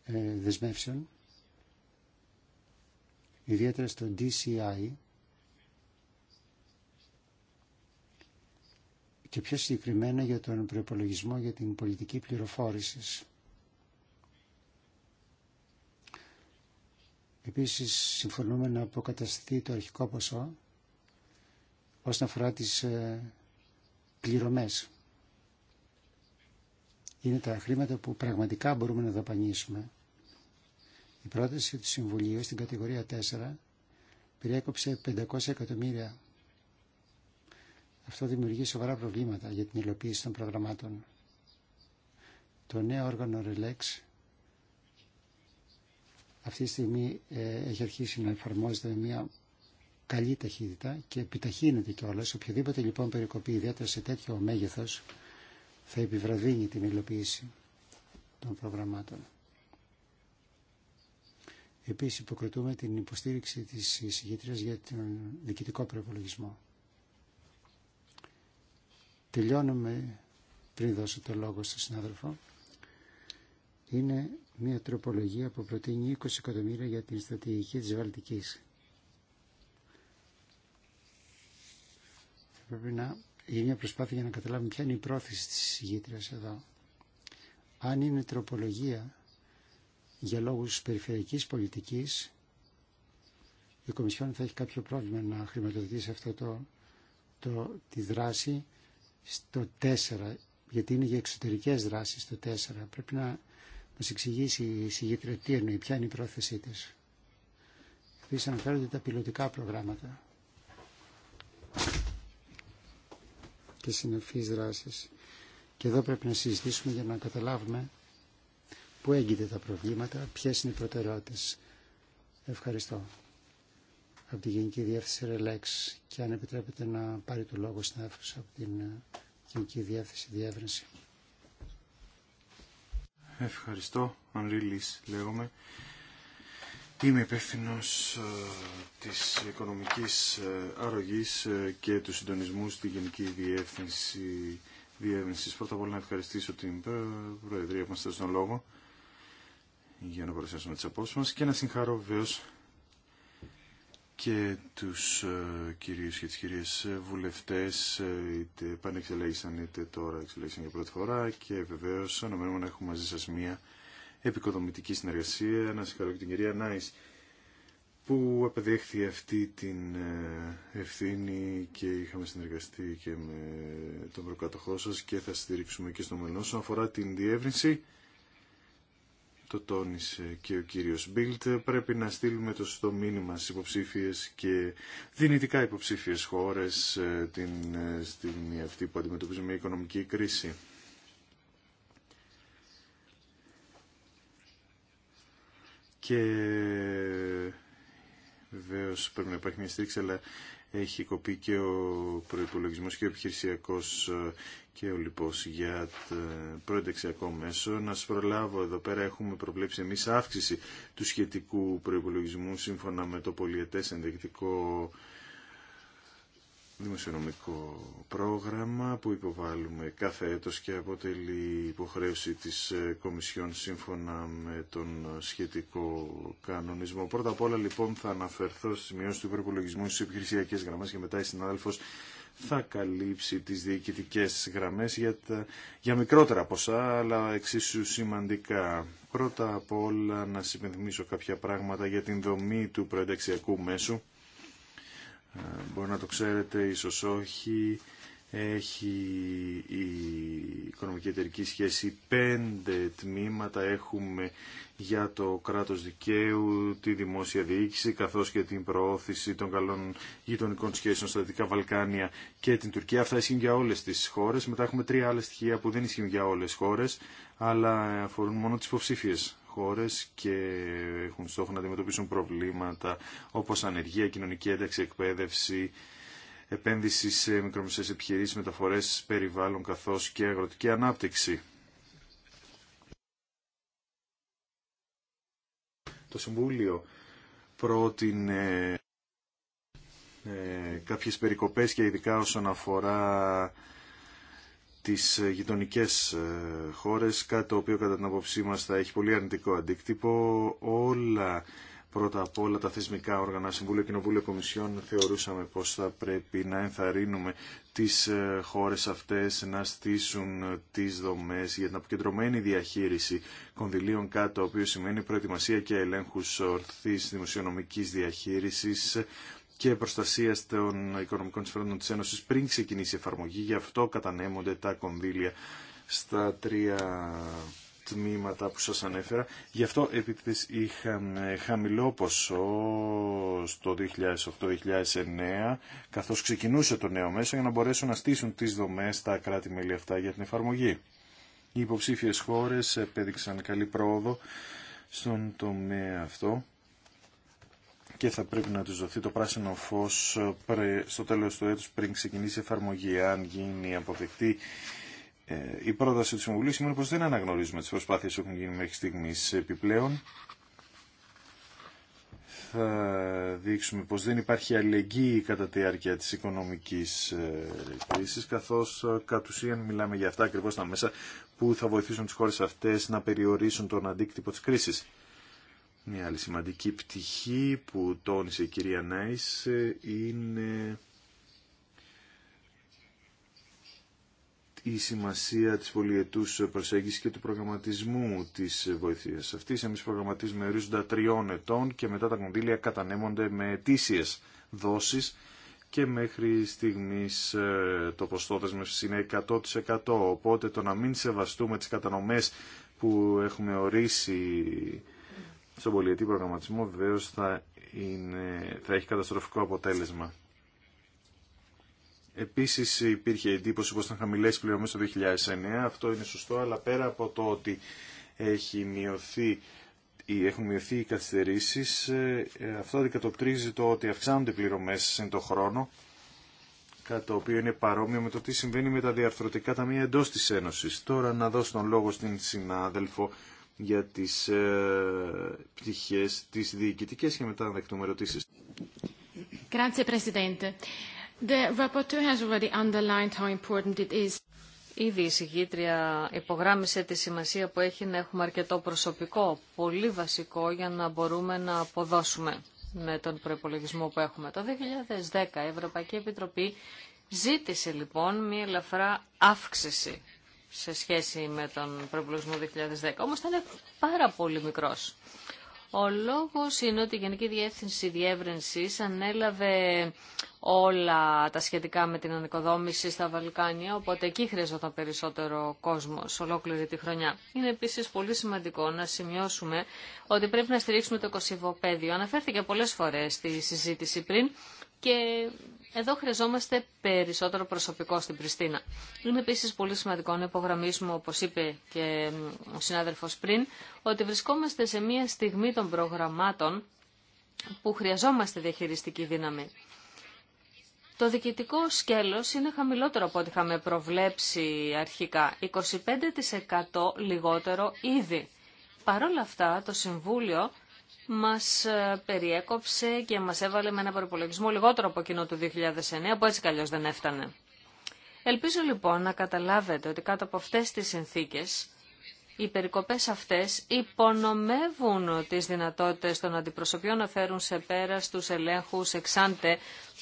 ε, δεσμεύσεων, ιδιαίτερα στο DCI, και πιο συγκεκριμένα για τον προπολογισμό για την πολιτική πληροφόρηση. Επίσης συμφωνούμε να αποκαταστεί το αρχικό ποσό όσον αφορά τις ε, πληρωμές. Είναι τα χρήματα που πραγματικά μπορούμε να δαπανίσουμε. Η πρόταση του Συμβουλίου στην κατηγορία 4 περιέκοψε 500 εκατομμύρια αυτό δημιουργεί σοβαρά προβλήματα για την υλοποίηση των προγραμμάτων. Το νέο όργανο RELEX αυτή τη στιγμή ε, έχει αρχίσει να εφαρμόζεται με μια καλή ταχύτητα και επιταχύνεται κιόλα. Οποιαδήποτε λοιπόν περικοπή, ιδιαίτερα σε τέτοιο μέγεθο, θα επιβραδύνει την υλοποίηση των προγραμμάτων. Επίσης υποκριτούμε την υποστήριξη τη εισηγήτρια για τον διοικητικό προπολογισμό τελειώνουμε πριν δώσω το λόγο στον συνάδελφο είναι μια τροπολογία που προτείνει 20 εκατομμύρια για την στρατηγική της Βαλτικής. Θα πρέπει να γίνει μια προσπάθεια για να καταλάβουμε ποια είναι η πρόθεση της ηγήτριας εδώ. Αν είναι τροπολογία για λόγους περιφερειακής πολιτικής, η Κομισιόν θα έχει κάποιο πρόβλημα να χρηματοδοτήσει αυτό το, το, τη δράση στο 4, γιατί είναι για εξωτερικέ δράσει το 4. Πρέπει να μα εξηγήσει η συγκεκριτή τι εννοεί, ποια είναι η πρόθεσή τη, Επίση αναφέρονται τα πιλωτικά προγράμματα και συνεφείς δράσεις. Και εδώ πρέπει να συζητήσουμε για να καταλάβουμε πού έγκυται τα προβλήματα, ποιες είναι οι προτεραιότητες. Ευχαριστώ από τη Γενική Διεύθυνση Ρελέξ και αν επιτρέπετε να πάρει το λόγο στην από την ε, Γενική Διεύθυνση Διεύρυνση. Ευχαριστώ. Ανρή Λύς λέγομαι. Είμαι υπεύθυνο ε, της οικονομικής ε, αρρωγής και του συντονισμού στη Γενική Διεύθυνση Διεύρυνσης. Πρώτα απ' όλα να ευχαριστήσω την Προεδρία που μας τον λόγο για να παρουσιάσουμε τις απόψεις μας και να συγχαρώ βεβαίως και τους ε, κυρίους και τις κυρίες ε, βουλευτές ε, είτε πανεξελέγησαν είτε τώρα εξελέγησαν για πρώτη φορά και βεβαίως αναμένουμε να έχουμε μαζί σας μία επικοδομητική συνεργασία. Να συγχαρώ και την κυρία Νάις που απεδέχθη αυτή την ευθύνη και είχαμε συνεργαστεί και με τον προκατοχό σας και θα στηρίξουμε και στο μέλλον. Όσον αφορά την διεύρυνση, το τόνισε και ο κύριος Μπίλτ, πρέπει να στείλουμε το στο μήνυμα στις υποψήφιες και δυνητικά υποψήφιες χώρες ε, την ε, στιγμή αυτή που αντιμετωπίζουμε μια οικονομική κρίση. Και ε, βεβαίω πρέπει να υπάρχει μια στήριξη, αλλά έχει κοπεί και ο προϋπολογισμός και ο επιχειρησιακός ε, και ο λοιπός για το μέσο. Να σας προλάβω εδώ πέρα έχουμε προβλέψει εμείς αύξηση του σχετικού προϋπολογισμού σύμφωνα με το πολυετές ενδεικτικό δημοσιονομικό πρόγραμμα που υποβάλλουμε κάθε έτος και αποτελεί υποχρέωση της ε, Κομισιόν σύμφωνα με τον σχετικό κανονισμό. Πρώτα απ' όλα λοιπόν θα αναφερθώ στις μειώσεις του υπερπολογισμού στις επιχειρησιακές γραμμές και μετά η συνάδελφος θα καλύψει τις διοικητικές γραμμές για, για μικρότερα ποσά αλλά εξίσου σημαντικά. Πρώτα απ' όλα να συμπενθυμίσω κάποια πράγματα για την δομή του προενταξιακού μέσου ε, μπορεί να το ξέρετε, ίσως όχι, έχει η οικονομική εταιρική σχέση πέντε τμήματα. Έχουμε για το κράτος δικαίου, τη δημόσια διοίκηση, καθώς και την προώθηση των καλών γειτονικών σχέσεων στα Δυτικά Βαλκάνια και την Τουρκία. Αυτά ισχύουν για όλες τις χώρες. Μετά έχουμε τρία άλλα στοιχεία που δεν ισχύουν για όλες τις χώρες, αλλά αφορούν μόνο τις υποψήφιες χώρες και έχουν στόχο να αντιμετωπίσουν προβλήματα όπως ανεργία, κοινωνική ένταξη, εκπαίδευση, επένδυση σε μικρομεσαίες επιχειρήσεις, μεταφορές, περιβάλλον καθώς και αγροτική ανάπτυξη. Το Συμβούλιο πρότεινε ε, κάποιες περικοπές και ειδικά όσον αφορά τις ε, γειτονικές ε, χώρες, κάτι το οποίο κατά την απόψή μας θα έχει πολύ αρνητικό αντίκτυπο. Όλα, πρώτα απ' όλα τα θεσμικά όργανα, Συμβούλιο, Κοινοβούλιο, Κομισιόν, θεωρούσαμε πως θα πρέπει να ενθαρρύνουμε τις ε, χώρες αυτές να στήσουν τις δομές για την αποκεντρωμένη διαχείριση κονδυλίων, κάτι το οποίο σημαίνει προετοιμασία και ελέγχους ορθής δημοσιονομικής διαχείρισης, και προστασία των οικονομικών συμφερόντων τη Ένωση πριν ξεκινήσει η εφαρμογή. Γι' αυτό κατανέμονται τα κονδύλια στα τρία τμήματα που σας ανέφερα. Γι' αυτό επίτηδες είχαν ε, χαμηλό ποσό στο 2008-2009 καθώς ξεκινούσε το νέο μέσο για να μπορέσουν να στήσουν τις δομές τα κράτη-μέλη αυτά για την εφαρμογή. Οι υποψήφιες χώρες επέδειξαν καλή πρόοδο στον τομέα αυτό και θα πρέπει να τους δοθεί το πράσινο φως στο τέλος του έτους πριν ξεκινήσει η εφαρμογή. Αν γίνει αποδεκτή ε, η πρόταση του Συμβουλίου σημαίνει πως δεν αναγνωρίζουμε τις προσπάθειες που έχουν γίνει μέχρι στιγμής επιπλέον. Θα δείξουμε πως δεν υπάρχει αλληλεγγύη κατά τη διάρκεια της οικονομικής ε, κρίσης, καθώς ε, κατ' ουσίαν μιλάμε για αυτά ακριβώς τα μέσα που θα βοηθήσουν τις χώρες αυτές να περιορίσουν τον αντίκτυπο της κρίσης. Μια άλλη σημαντική πτυχή που τόνισε η κυρία Νάις ε, είναι η σημασία της πολυετούς προσέγγισης και του προγραμματισμού της βοηθείας αυτής. Εμείς προγραμματίζουμε ορίζοντα τριών ετών και μετά τα κονδύλια κατανέμονται με αιτήσιες δόσεις και μέχρι στιγμής ε, το ποστό είναι 100%. Οπότε το να μην σεβαστούμε τις κατανομές που έχουμε ορίσει στον πολιετή προγραμματισμό βεβαίω θα, θα έχει καταστροφικό αποτέλεσμα. Επίση υπήρχε εντύπωση πως ήταν χαμηλέ πληρωμές το 2009, αυτό είναι σωστό, αλλά πέρα από το ότι έχει μειωθεί έχουν μειωθεί οι καθυστερήσει. Ε, αυτό αντικατοπτρίζει το ότι αυξάνονται οι πληρωμέ σε το χρόνο, κάτι το οποίο είναι παρόμοιο με το τι συμβαίνει με τα διαρθρωτικά ταμεία εντό τη Ένωση. Τώρα να δώσω τον λόγο στην συνάδελφο για τις ε, πτυχές τις διοικητικές και μετά να δεχτούμε ερωτήσεις. Ήδη η συγκήτρια υπογράμμισε τη σημασία που έχει να έχουμε αρκετό προσωπικό, πολύ βασικό για να μπορούμε να αποδώσουμε με τον προπολογισμό που έχουμε. Το 2010 η Ευρωπαϊκή Επιτροπή ζήτησε λοιπόν μία ελαφρά αύξηση σε σχέση με τον προϋπολογισμό 2010. Όμως θα είναι πάρα πολύ μικρός. Ο λόγος είναι ότι η Γενική Διεύθυνση Διεύρυνσης ανέλαβε όλα τα σχετικά με την ανοικοδόμηση στα Βαλκάνια, οπότε εκεί χρειαζόταν περισσότερο κόσμο σε ολόκληρη τη χρονιά. Είναι επίσης πολύ σημαντικό να σημειώσουμε ότι πρέπει να στηρίξουμε το κοσυβοπαίδιο. Αναφέρθηκε πολλές φορές στη συζήτηση πριν και εδώ χρειαζόμαστε περισσότερο προσωπικό στην Πριστίνα. Είναι επίση πολύ σημαντικό να υπογραμμίσουμε, όπω είπε και ο συνάδελφο πριν, ότι βρισκόμαστε σε μια στιγμή των προγραμμάτων που χρειαζόμαστε διαχειριστική δύναμη. Το διοικητικό σκέλος είναι χαμηλότερο από ό,τι είχαμε προβλέψει αρχικά, 25% λιγότερο ήδη. Παρ' όλα αυτά, το Συμβούλιο μας ε, περιέκοψε και μας έβαλε με ένα προπολογισμό λιγότερο από εκείνο του 2009, που έτσι καλώς δεν έφτανε. Ελπίζω λοιπόν να καταλάβετε ότι κάτω από αυτές τις συνθήκες οι περικοπές αυτές υπονομεύουν τις δυνατότητες των αντιπροσωπιών να φέρουν σε πέρα τους ελέγχους εξάντε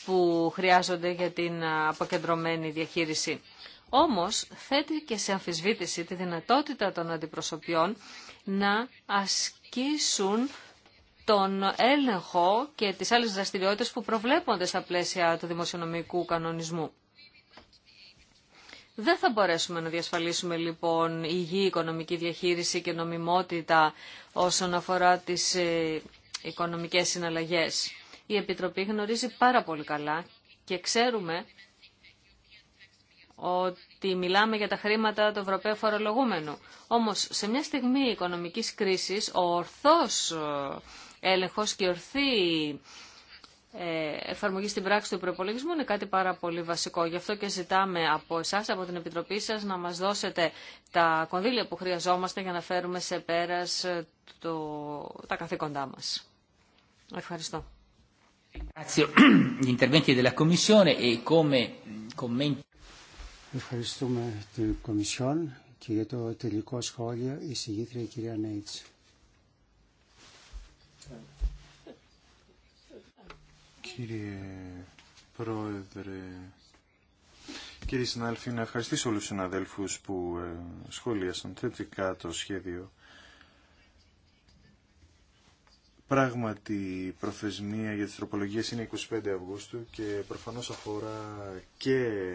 που χρειάζονται για την αποκεντρωμένη διαχείριση. Όμως θέτει και σε αμφισβήτηση τη δυνατότητα των αντιπροσωπιών να ασκήσουν τον έλεγχο και τις άλλες δραστηριότητες που προβλέπονται στα πλαίσια του δημοσιονομικού κανονισμού. Δεν θα μπορέσουμε να διασφαλίσουμε λοιπόν υγιή οικονομική διαχείριση και νομιμότητα όσον αφορά τις ε, οικονομικές συναλλαγές. Η Επιτροπή γνωρίζει πάρα πολύ καλά και ξέρουμε ότι μιλάμε για τα χρήματα του Ευρωπαίου φορολογούμενου. Όμως σε μια στιγμή οικονομικής κρίσης ο ορθός έλεγχος και ορθή ε, εφαρμογή στην πράξη του προπολογισμού είναι κάτι πάρα πολύ βασικό. Γι' αυτό και ζητάμε από εσά, από την Επιτροπή σα, να μα δώσετε τα κονδύλια που χρειαζόμαστε για να φέρουμε σε πέρα ε, το... τα καθήκοντά μα. Ευχαριστώ. Ευχαριστούμε την Κομισιόν και για το τελικό σχόλιο η συγγήτρια κυρία Νέιτς. Κύριε Πρόεδρε, κύριοι συνάδελφοι, να ευχαριστήσω όλους τους συναδέλφους που ε, σχολίασαν θετικά το σχέδιο. Πράγματι, η προθεσμία για τις τροπολογίες είναι 25 Αυγούστου και προφανώς αφορά και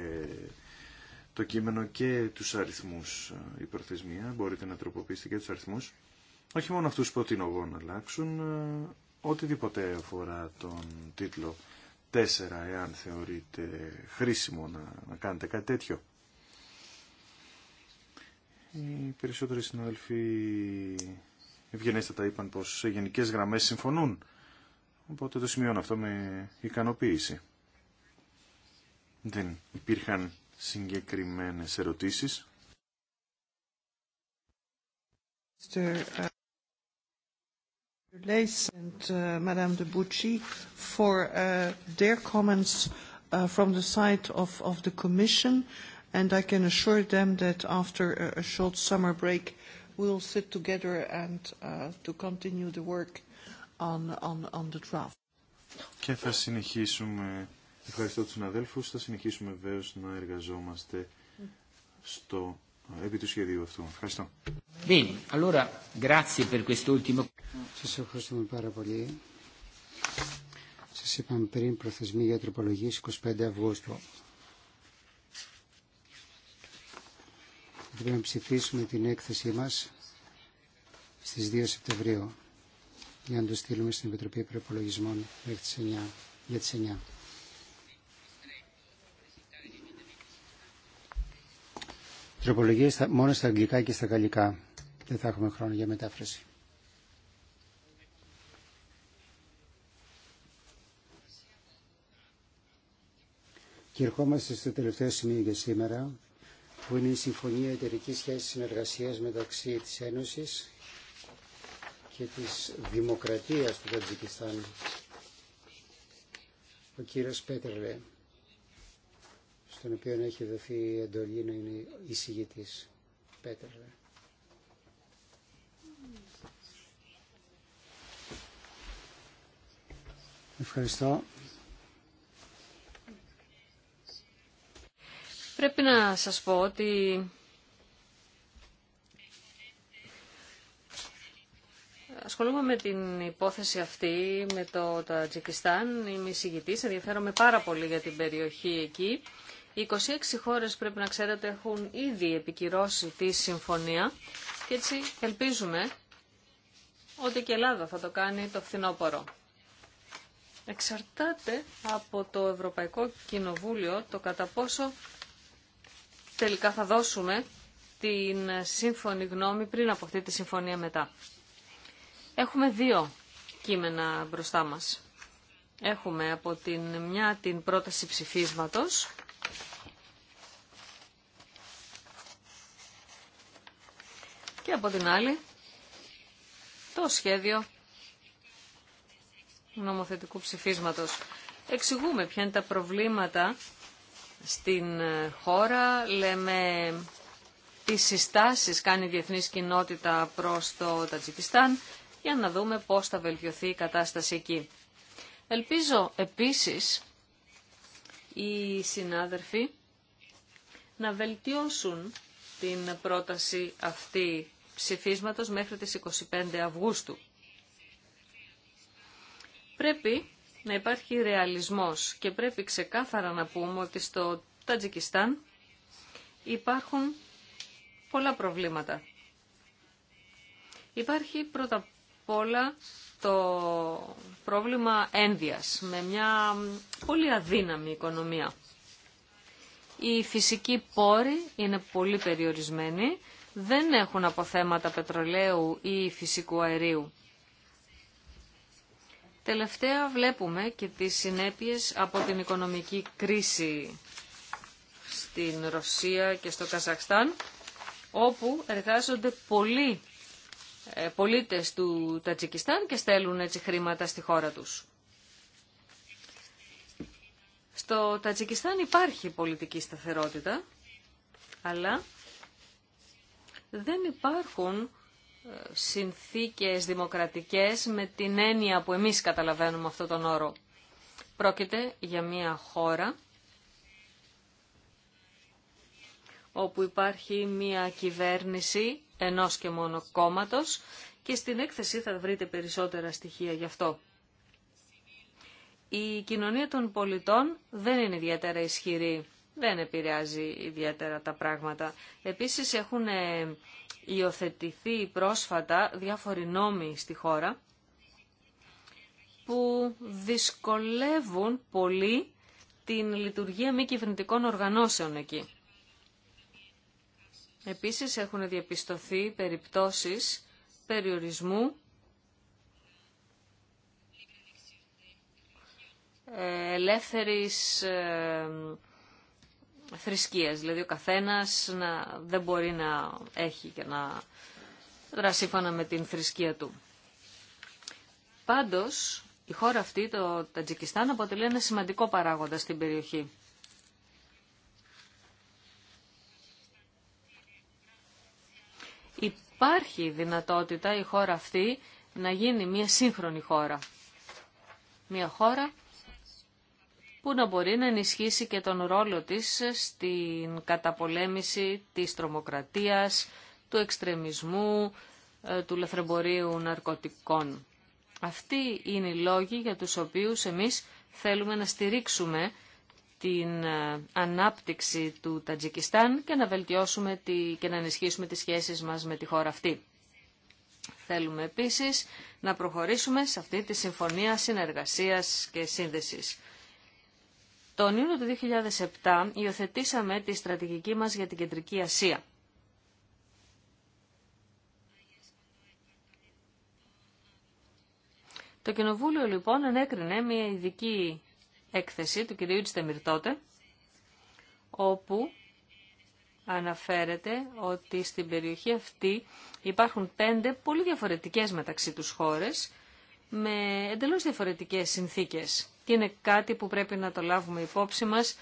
το κείμενο και τους αριθμούς η προθεσμία. Μπορείτε να τροποποιήσετε και τους αριθμούς όχι μόνο αυτούς προτείνω εγώ να αλλάξουν, ε, οτιδήποτε αφορά τον τίτλο 4, εάν θεωρείτε χρήσιμο να, να κάνετε κάτι τέτοιο. Οι περισσότεροι συνάδελφοι ευγενέστατα είπαν πως σε γενικές γραμμές συμφωνούν, οπότε το σημειώνω αυτό με ικανοποίηση. Δεν υπήρχαν συγκεκριμένες ερωτήσεις. Uh, and Madame de Bucci for uh, their comments uh, from the side of of the Commission, and I can assure them that after a a short summer break we will sit together and uh, to continue the work on on on the draft. Και θα συνεχίσουμε. Ευχαριστώ τους συναδέλφους. Θα συνεχίσουμε βεβαίως να εργαζόμαστε στο επί του σχεδίου αυτού. Ευχαριστώ. Σα ευχαριστούμε πάρα πολύ. σα είπαμε πριν προθεσμοί για τροπολογίε 25 Αυγούστου. Πρέπει να ψηφίσουμε την έκθεσή μα στι 2 Σεπτεμβρίου για να το στείλουμε στην Επιτροπή Προπολογισμών μέχρι 9, για τις 9. τροπολογίες μόνο στα αγγλικά και στα γαλλικά. Δεν θα έχουμε χρόνο για μετάφραση. Και ερχόμαστε στο τελευταίο σημείο για σήμερα, που είναι η Συμφωνία Εταιρικής Σχέσης Συνεργασίας μεταξύ της Ένωσης και της Δημοκρατίας του Τατζικιστάν. Ο κύριος στον οποίο έχει δοθεί η εντολή να είναι εισηγητής. Πέτερ. Ευχαριστώ. Πρέπει να σας πω ότι ασχολούμαι με την υπόθεση αυτή με το Τατζικιστάν. Είμαι εισηγητής, ενδιαφέρομαι πάρα πολύ για την περιοχή εκεί οι 26 χώρες πρέπει να ξέρετε έχουν ήδη επικυρώσει τη συμφωνία και έτσι ελπίζουμε ότι και η Ελλάδα θα το κάνει το φθινόπωρο. Εξαρτάται από το Ευρωπαϊκό Κοινοβούλιο το κατά πόσο τελικά θα δώσουμε την σύμφωνη γνώμη πριν από αυτή τη συμφωνία μετά. Έχουμε δύο κείμενα μπροστά μας. Έχουμε από την μια την πρόταση ψηφίσματος και από την άλλη το σχέδιο νομοθετικού ψηφίσματος. Εξηγούμε ποια είναι τα προβλήματα στην ε, χώρα, λέμε τι συστάσεις κάνει η διεθνής κοινότητα προς το Τατζικιστάν για να δούμε πώς θα βελτιωθεί η κατάσταση εκεί. Ελπίζω επίσης οι συνάδελφοι να βελτιώσουν την πρόταση αυτή ψηφίσματος μέχρι τις 25 Αυγούστου. Πρέπει να υπάρχει ρεαλισμός και πρέπει ξεκάθαρα να πούμε ότι στο Τατζικιστάν υπάρχουν πολλά προβλήματα. Υπάρχει πρώτα απ' όλα το πρόβλημα ένδυας με μια πολύ αδύναμη οικονομία οι φυσικοί πόροι είναι πολύ περιορισμένοι, δεν έχουν αποθέματα πετρολαίου ή φυσικού αερίου. Τελευταία βλέπουμε και τις συνέπειες από την οικονομική κρίση στην Ρωσία και στο Καζακστάν, όπου εργάζονται πολλοί ε, πολίτες του Τατζικιστάν και στέλνουν έτσι χρήματα στη χώρα τους. Στο Τατζικιστάν υπάρχει πολιτική σταθερότητα, αλλά δεν υπάρχουν ε, συνθήκες δημοκρατικές με την έννοια που εμείς καταλαβαίνουμε αυτόν τον όρο. Πρόκειται για μια χώρα όπου υπάρχει μια κυβέρνηση ενός και μόνο κόμματος και στην έκθεση θα βρείτε περισσότερα στοιχεία γι' αυτό η κοινωνία των πολιτών δεν είναι ιδιαίτερα ισχυρή. Δεν επηρεάζει ιδιαίτερα τα πράγματα. Επίσης έχουν ε, υιοθετηθεί πρόσφατα διάφοροι νόμοι στη χώρα που δυσκολεύουν πολύ την λειτουργία μη κυβερνητικών οργανώσεων εκεί. Επίσης έχουν διαπιστωθεί περιπτώσεις περιορισμού ελεύθερης ε, θρησκείας. Δηλαδή ο καθένας να, δεν μπορεί να έχει και να δράσει σύμφωνα με την θρησκεία του. Πάντως, η χώρα αυτή, το Τατζικιστάν, αποτελεί ένα σημαντικό παράγοντα στην περιοχή. Υπάρχει δυνατότητα η χώρα αυτή να γίνει μια σύγχρονη χώρα. Μια χώρα που να μπορεί να ενισχύσει και τον ρόλο της στην καταπολέμηση της τρομοκρατίας, του εξτρεμισμού, ε, του λαθρεμπορίου ναρκωτικών. Αυτοί είναι οι λόγοι για τους οποίους εμείς θέλουμε να στηρίξουμε την ε, ανάπτυξη του Τατζικιστάν και να βελτιώσουμε τη, και να ενισχύσουμε τις σχέσεις μας με τη χώρα αυτή. Θέλουμε επίσης να προχωρήσουμε σε αυτή τη συμφωνία συνεργασίας και σύνδεσης. Τον Ιούνιο του 2007 υιοθετήσαμε τη στρατηγική μας για την Κεντρική Ασία. Το Κοινοβούλιο λοιπόν ανέκρινε μια ειδική έκθεση του κυρίου Ιουτς όπου αναφέρεται ότι στην περιοχή αυτή υπάρχουν πέντε πολύ διαφορετικές μεταξύ τους χώρες, με εντελώς διαφορετικές συνθήκες και είναι κάτι που πρέπει να το λάβουμε υπόψη μας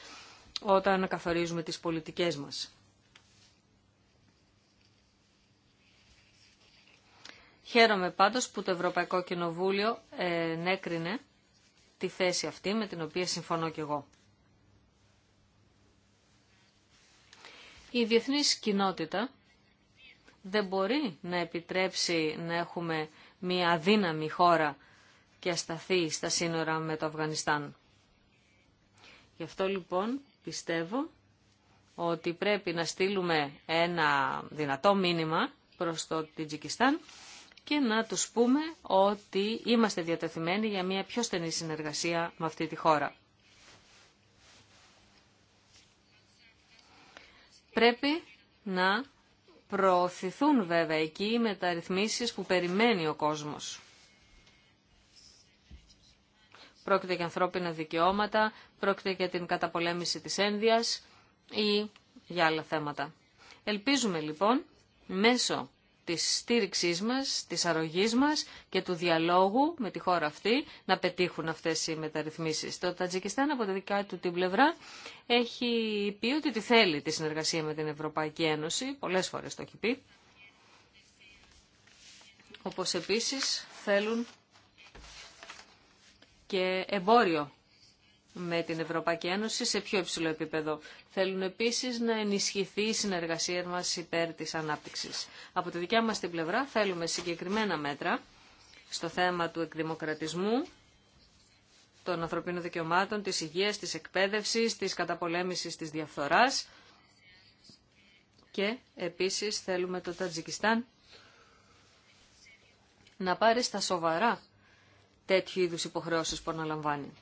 όταν καθορίζουμε τις πολιτικές μας. Χαίρομαι πάντως που το Ευρωπαϊκό Κοινοβούλιο νέκρινε τη θέση αυτή με την οποία συμφωνώ και εγώ. Η διεθνής κοινότητα δεν μπορεί να επιτρέψει να έχουμε μια αδύναμη χώρα και ασταθεί στα σύνορα με το Αφγανιστάν. Γι' αυτό λοιπόν πιστεύω ότι πρέπει να στείλουμε ένα δυνατό μήνυμα προς το Τιτζικιστάν και να τους πούμε ότι είμαστε διατεθειμένοι για μια πιο στενή συνεργασία με αυτή τη χώρα. Πρέπει να προωθηθούν βέβαια εκεί οι μεταρρυθμίσεις που περιμένει ο κόσμος πρόκειται για ανθρώπινα δικαιώματα, πρόκειται για την καταπολέμηση της ένδυας ή για άλλα θέματα. Ελπίζουμε λοιπόν μέσω της στήριξής μας, της αρρωγής μας και του διαλόγου με τη χώρα αυτή να πετύχουν αυτές οι μεταρρυθμίσεις. Το Τατζικιστάν από τη δικά του την πλευρά έχει πει ότι τη θέλει τη συνεργασία με την Ευρωπαϊκή Ένωση, πολλές φορές το έχει πει, όπως επίσης θέλουν και εμπόριο με την Ευρωπαϊκή Ένωση σε πιο υψηλό επίπεδο. Θέλουν επίσης να ενισχυθεί η συνεργασία μας υπέρ της ανάπτυξης. Από τη δικιά μας την πλευρά θέλουμε συγκεκριμένα μέτρα στο θέμα του εκδημοκρατισμού, των ανθρωπίνων δικαιωμάτων, της υγείας, της εκπαίδευσης, της καταπολέμησης της διαφθοράς και επίσης θέλουμε το Τατζικιστάν να πάρει στα σοβαρά τέτοιου είδους υποχρεώσεις που αναλαμβάνει.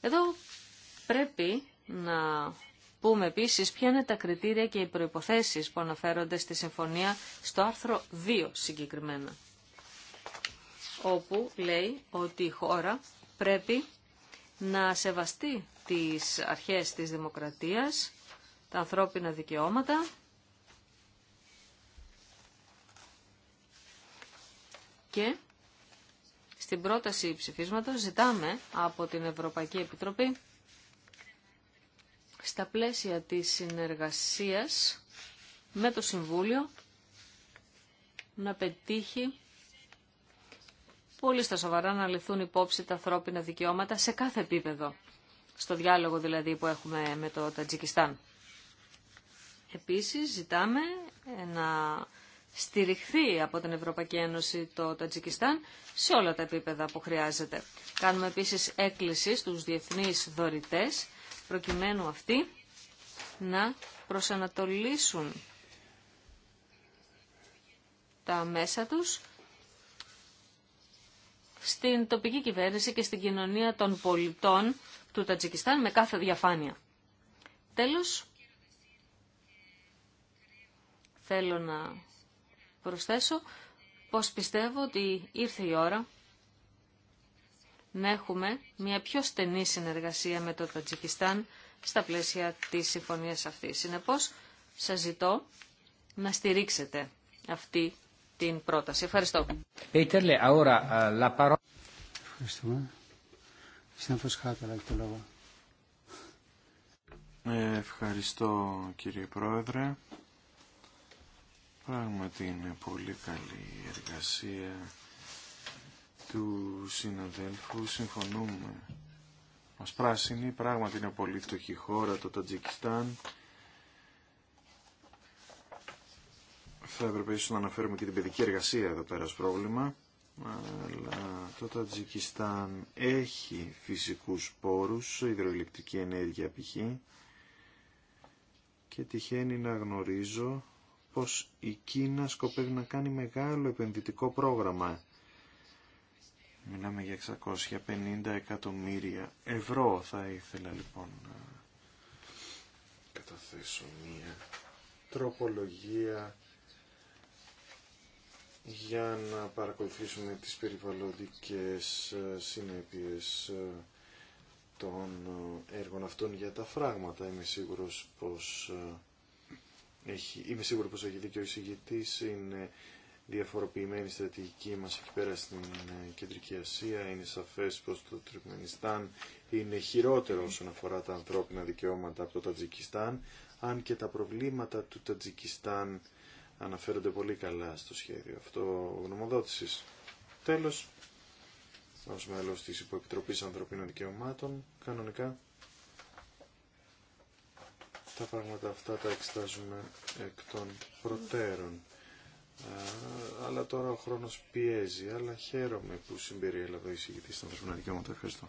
Εδώ πρέπει να πούμε επίσης ποια είναι τα κριτήρια και οι προϋποθέσεις που αναφέρονται στη συμφωνία στο άρθρο 2 συγκεκριμένα, όπου λέει ότι η χώρα πρέπει να σεβαστεί τις αρχές της δημοκρατίας, τα ανθρώπινα δικαιώματα Και στην πρόταση ψηφίσματος ζητάμε από την Ευρωπαϊκή Επιτροπή στα πλαίσια της συνεργασίας με το Συμβούλιο να πετύχει πολύ στα σοβαρά να λυθούν υπόψη τα ανθρώπινα δικαιώματα σε κάθε επίπεδο, στο διάλογο δηλαδή που έχουμε με το Τατζικιστάν. Επίσης ζητάμε να στηριχθεί από την Ευρωπαϊκή Ένωση το Τατζικιστάν σε όλα τα επίπεδα που χρειάζεται. Κάνουμε επίσης έκκληση στους διεθνείς δωρητές προκειμένου αυτοί να προσανατολίσουν τα μέσα τους στην τοπική κυβέρνηση και στην κοινωνία των πολιτών του Τατζικιστάν με κάθε διαφάνεια. Τέλος, θέλω να προσθέσω πως πιστεύω ότι ήρθε η ώρα να έχουμε μια πιο στενή συνεργασία με το Τατζικιστάν στα πλαίσια της συμφωνίας αυτής. Συνεπώς, σας ζητώ να στηρίξετε αυτή την πρόταση. Ευχαριστώ. Ε, ευχαριστώ κύριε Πρόεδρε. Πράγματι είναι πολύ καλή εργασία του συναδέλφου. Συμφωνούμε. Μας πράσινη, πράγματι είναι πολύ φτωχή χώρα το Τατζικιστάν. Θα έπρεπε ίσως να αναφέρουμε και την παιδική εργασία εδώ πέρα ως πρόβλημα. Αλλά το Τατζικιστάν έχει φυσικούς πόρους, υδροηλεκτρική ενέργεια π.χ. Και τυχαίνει να γνωρίζω πως η Κίνα σκοπεύει να κάνει μεγάλο επενδυτικό πρόγραμμα. Μιλάμε για 650 εκατομμύρια ευρώ θα ήθελα λοιπόν να καταθέσω μία τροπολογία για να παρακολουθήσουμε τις περιβαλλοντικές ε, συνέπειες ε, των ε, έργων αυτών για τα φράγματα. Είμαι σίγουρος πως είμαι σίγουρο πως έχει δίκιο ο εισηγητής, είναι διαφοροποιημένη στρατηγική μας εκεί πέρα στην ε, Κεντρική Ασία. Είναι σαφές πως το Τουρκμενιστάν είναι χειρότερο όσον αφορά τα ανθρώπινα δικαιώματα από το Τατζικιστάν, αν και τα προβλήματα του Τατζικιστάν αναφέρονται πολύ καλά στο σχέδιο αυτό γνωμοδότησης. Τέλος, ως μέλος της Υποεπιτροπής Ανθρωπίνων Δικαιωμάτων, κανονικά τα πράγματα αυτά τα εξετάζουμε εκ των προτέρων. αλλά τώρα ο χρόνος πιέζει, αλλά χαίρομαι που συμπεριέλαβε η εισηγητή στα ανθρώπινα δικαιώματα. Ευχαριστώ.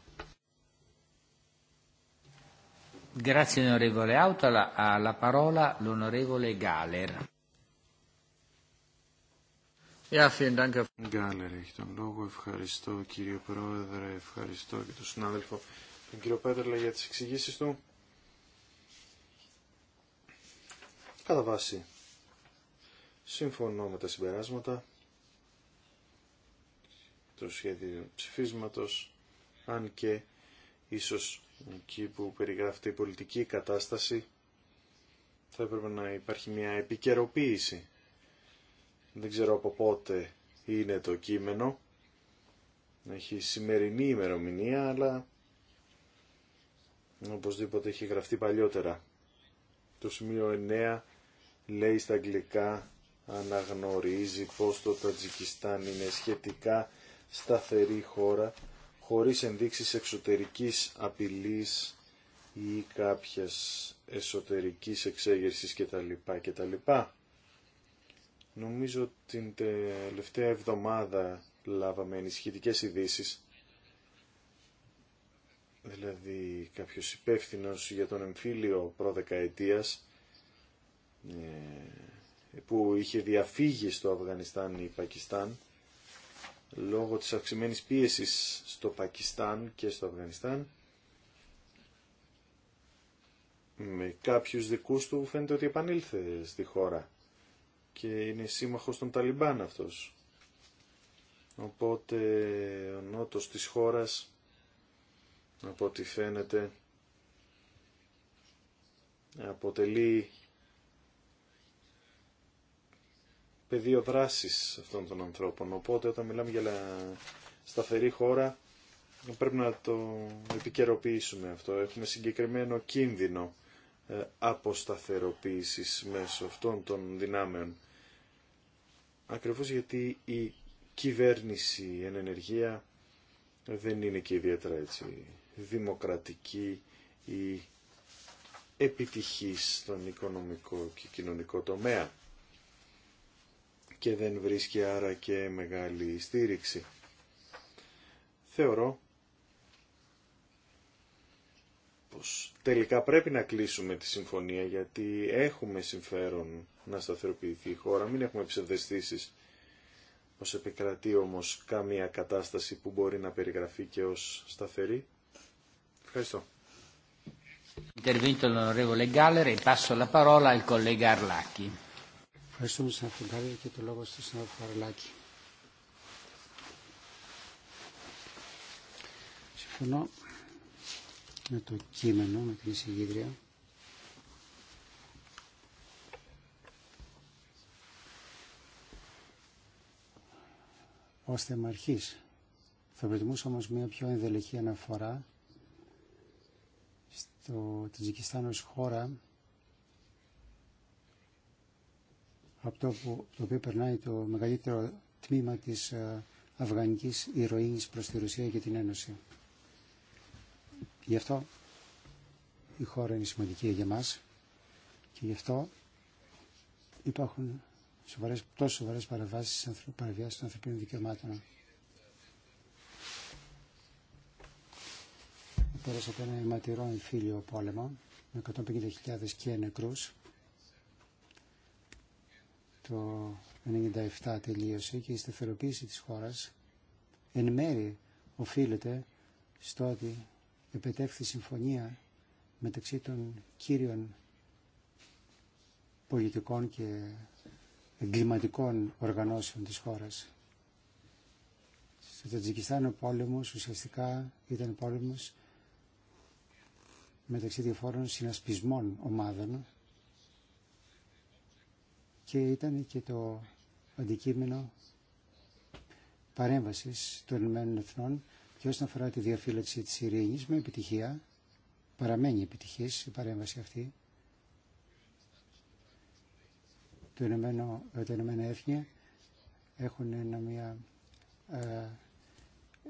Γκάλερ έχει τον λόγο. Ευχαριστώ κύριε Πρόεδρε, ευχαριστώ και τον συνάδελφο τον κύριο Πέτρελα για τις εξηγήσεις του. Κατά βάση, συμφωνώ με τα συμπεράσματα του σχέδιου ψηφίσματος, αν και ίσως εκεί που περιγράφεται η πολιτική κατάσταση θα έπρεπε να υπάρχει μια επικαιροποίηση. Δεν ξέρω από πότε είναι το κείμενο. να Έχει σημερινή ημερομηνία, αλλά οπωσδήποτε έχει γραφτεί παλιότερα. Το σημείο λέει στα αγγλικά αναγνωρίζει πως το Τατζικιστάν είναι σχετικά σταθερή χώρα χωρίς ενδείξεις εξωτερικής απειλής ή κάποιας εσωτερικής εξέγερσης κτλ. κτλ. Νομίζω την τελευταία εβδομάδα λάβαμε ενισχυτικές ειδήσει. Δηλαδή κάποιος υπεύθυνο για τον εμφύλιο προδεκαετίας ε, που είχε διαφύγει στο Αφγανιστάν ή Πακιστάν λόγω της αυξημένης πίεσης στο Πακιστάν και στο Αφγανιστάν με κάποιους δικούς του φαίνεται ότι επανήλθε στη χώρα και είναι σύμμαχος των Ταλιμπάν αυτός. Οπότε ο νότος της χώρας από ό,τι φαίνεται αποτελεί πεδίο δράσης αυτών των ανθρώπων. Οπότε όταν μιλάμε για σταθερή χώρα πρέπει να το επικαιροποιήσουμε αυτό. Έχουμε συγκεκριμένο κίνδυνο ε, αποσταθεροποίησης μέσω αυτών των δυνάμεων. Ακριβώς γιατί η κυβέρνηση εν ενεργεία δεν είναι και ιδιαίτερα έτσι δημοκρατική ή επιτυχής στον οικονομικό και κοινωνικό τομέα και δεν βρίσκει άρα και μεγάλη στήριξη. Θεωρώ πως τελικά πρέπει να κλείσουμε τη συμφωνία γιατί έχουμε συμφέρον να σταθεροποιηθεί η χώρα, μην έχουμε ψευδεστήσεις ως επικρατεί όμως καμία κατάσταση που μπορεί να περιγραφεί και ως σταθερή. Ευχαριστώ. Intervento l'onorevole e passo la Ευχαριστούμε τον Αφρικάρη και το λόγο στον Σαν Φαρλάκη. Συμφωνώ με το κείμενο, με την εισηγήτρια. ως θεμαρχής. Θα προτιμούσα όμως μια πιο ενδελεχή αναφορά στο Τζικιστάνο χώρα από το, που, το οποίο περνάει το μεγαλύτερο τμήμα της ε, αφγανικής ηρωίνης προς τη Ρωσία και την Ένωση. Γι' αυτό η χώρα είναι σημαντική για μας και γι' αυτό υπάρχουν σοβαρές, τόσο σοβαρές παραβάσεις παραβιάσεις των ανθρωπίνων δικαιωμάτων. Πέρασε από ένα αιματηρό εμφύλιο πόλεμο με 150.000 και νεκρούς το 1997 τελείωσε και η σταθεροποίηση της χώρας εν μέρη οφείλεται στο ότι επετεύχθη συμφωνία μεταξύ των κύριων πολιτικών και εγκληματικών οργανώσεων της χώρας. Στο Τατζικιστάν ο πόλεμος ουσιαστικά ήταν πόλεμος μεταξύ διαφόρων συνασπισμών ομάδων και ήταν και το αντικείμενο παρέμβασης των Ηνωμένων Εθνών και όσον αφορά τη διαφύλαξη της ειρήνης με επιτυχία, παραμένει επιτυχής η παρέμβαση αυτή, το Ηνωμένο, ε, τα Ηνωμένα Έθνη έχουν ένα, μια ε,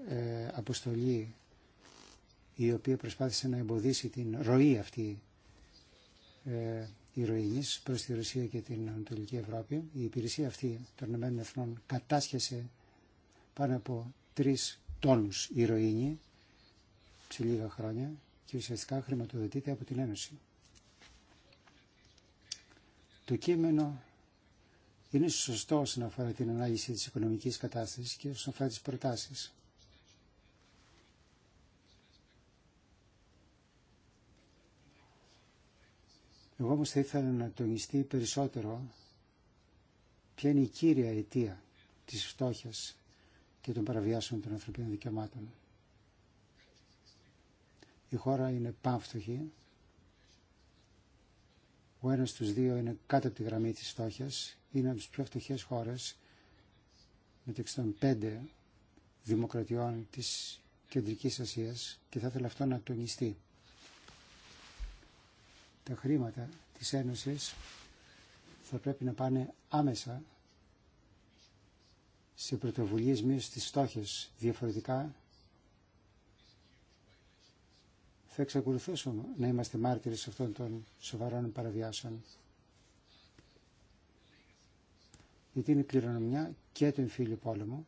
ε, αποστολή η οποία προσπάθησε να εμποδίσει την ροή αυτή ηρωίνη προς τη Ρωσία και την Ανατολική Ευρώπη. Η υπηρεσία αυτή των ΗΕ κατάσχεσε πάνω από τρει τόνους ηρωίνη σε λίγα χρόνια και ουσιαστικά χρηματοδοτείται από την Ένωση. Το κείμενο είναι σωστό όσον αφορά την ανάλυση της οικονομικής κατάστασης και όσον αφορά τις προτάσεις. Εγώ όμως θα ήθελα να τονιστεί περισσότερο ποια είναι η κύρια αιτία της φτώχειας και των παραβιάσεων των ανθρωπίνων δικαιωμάτων. Η χώρα είναι πανφτωχή. Ο ένας στους δύο είναι κάτω από τη γραμμή της φτώχειας. Είναι από τις πιο φτωχές χώρες μεταξύ των πέντε δημοκρατιών της Κεντρικής Ασίας και θα ήθελα αυτό να τονιστεί τα χρήματα της Ένωσης θα πρέπει να πάνε άμεσα σε πρωτοβουλίες μείωσης στις στόχης. Διαφορετικά θα εξακολουθήσουμε να είμαστε μάρτυρες αυτών των σοβαρών παραβιάσεων. Γιατί είναι κληρονομιά και του εμφύλιου πόλεμου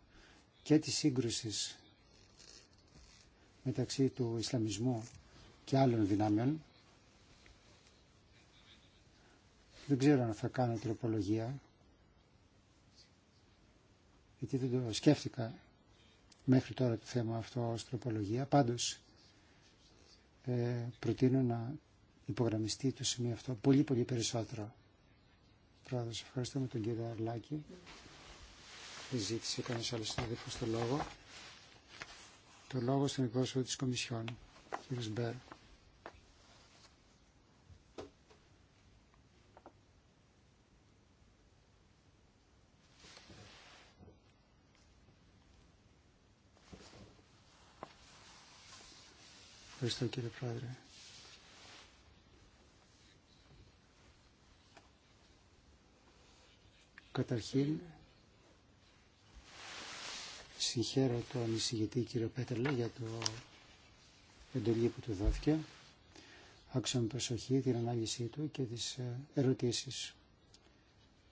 και της σύγκρουσης μεταξύ του Ισλαμισμού και άλλων δυνάμεων Δεν ξέρω αν θα κάνω τροπολογία, γιατί δεν το σκέφτηκα μέχρι τώρα το θέμα αυτό ως τροπολογία. Πάντως, ε, προτείνω να υπογραμμιστεί το σημείο αυτό πολύ πολύ περισσότερο. Πρόεδρος, ευχαριστούμε τον κύριο Αρλάκη. Δεν ζήτησε κανένας άλλος συνάδελφο το λόγο. Το λόγο στον εκπρόσωπο της Κομισιόν, κύριος Μπέρ. Ευχαριστώ κύριε Πρόεδρε. Καταρχήν, συγχαίρω το εισηγητή κύριο Πέτερλε για το εντολή που του δόθηκε. Άκουσα με προσοχή την ανάλυση του και τις ε, ερωτήσεις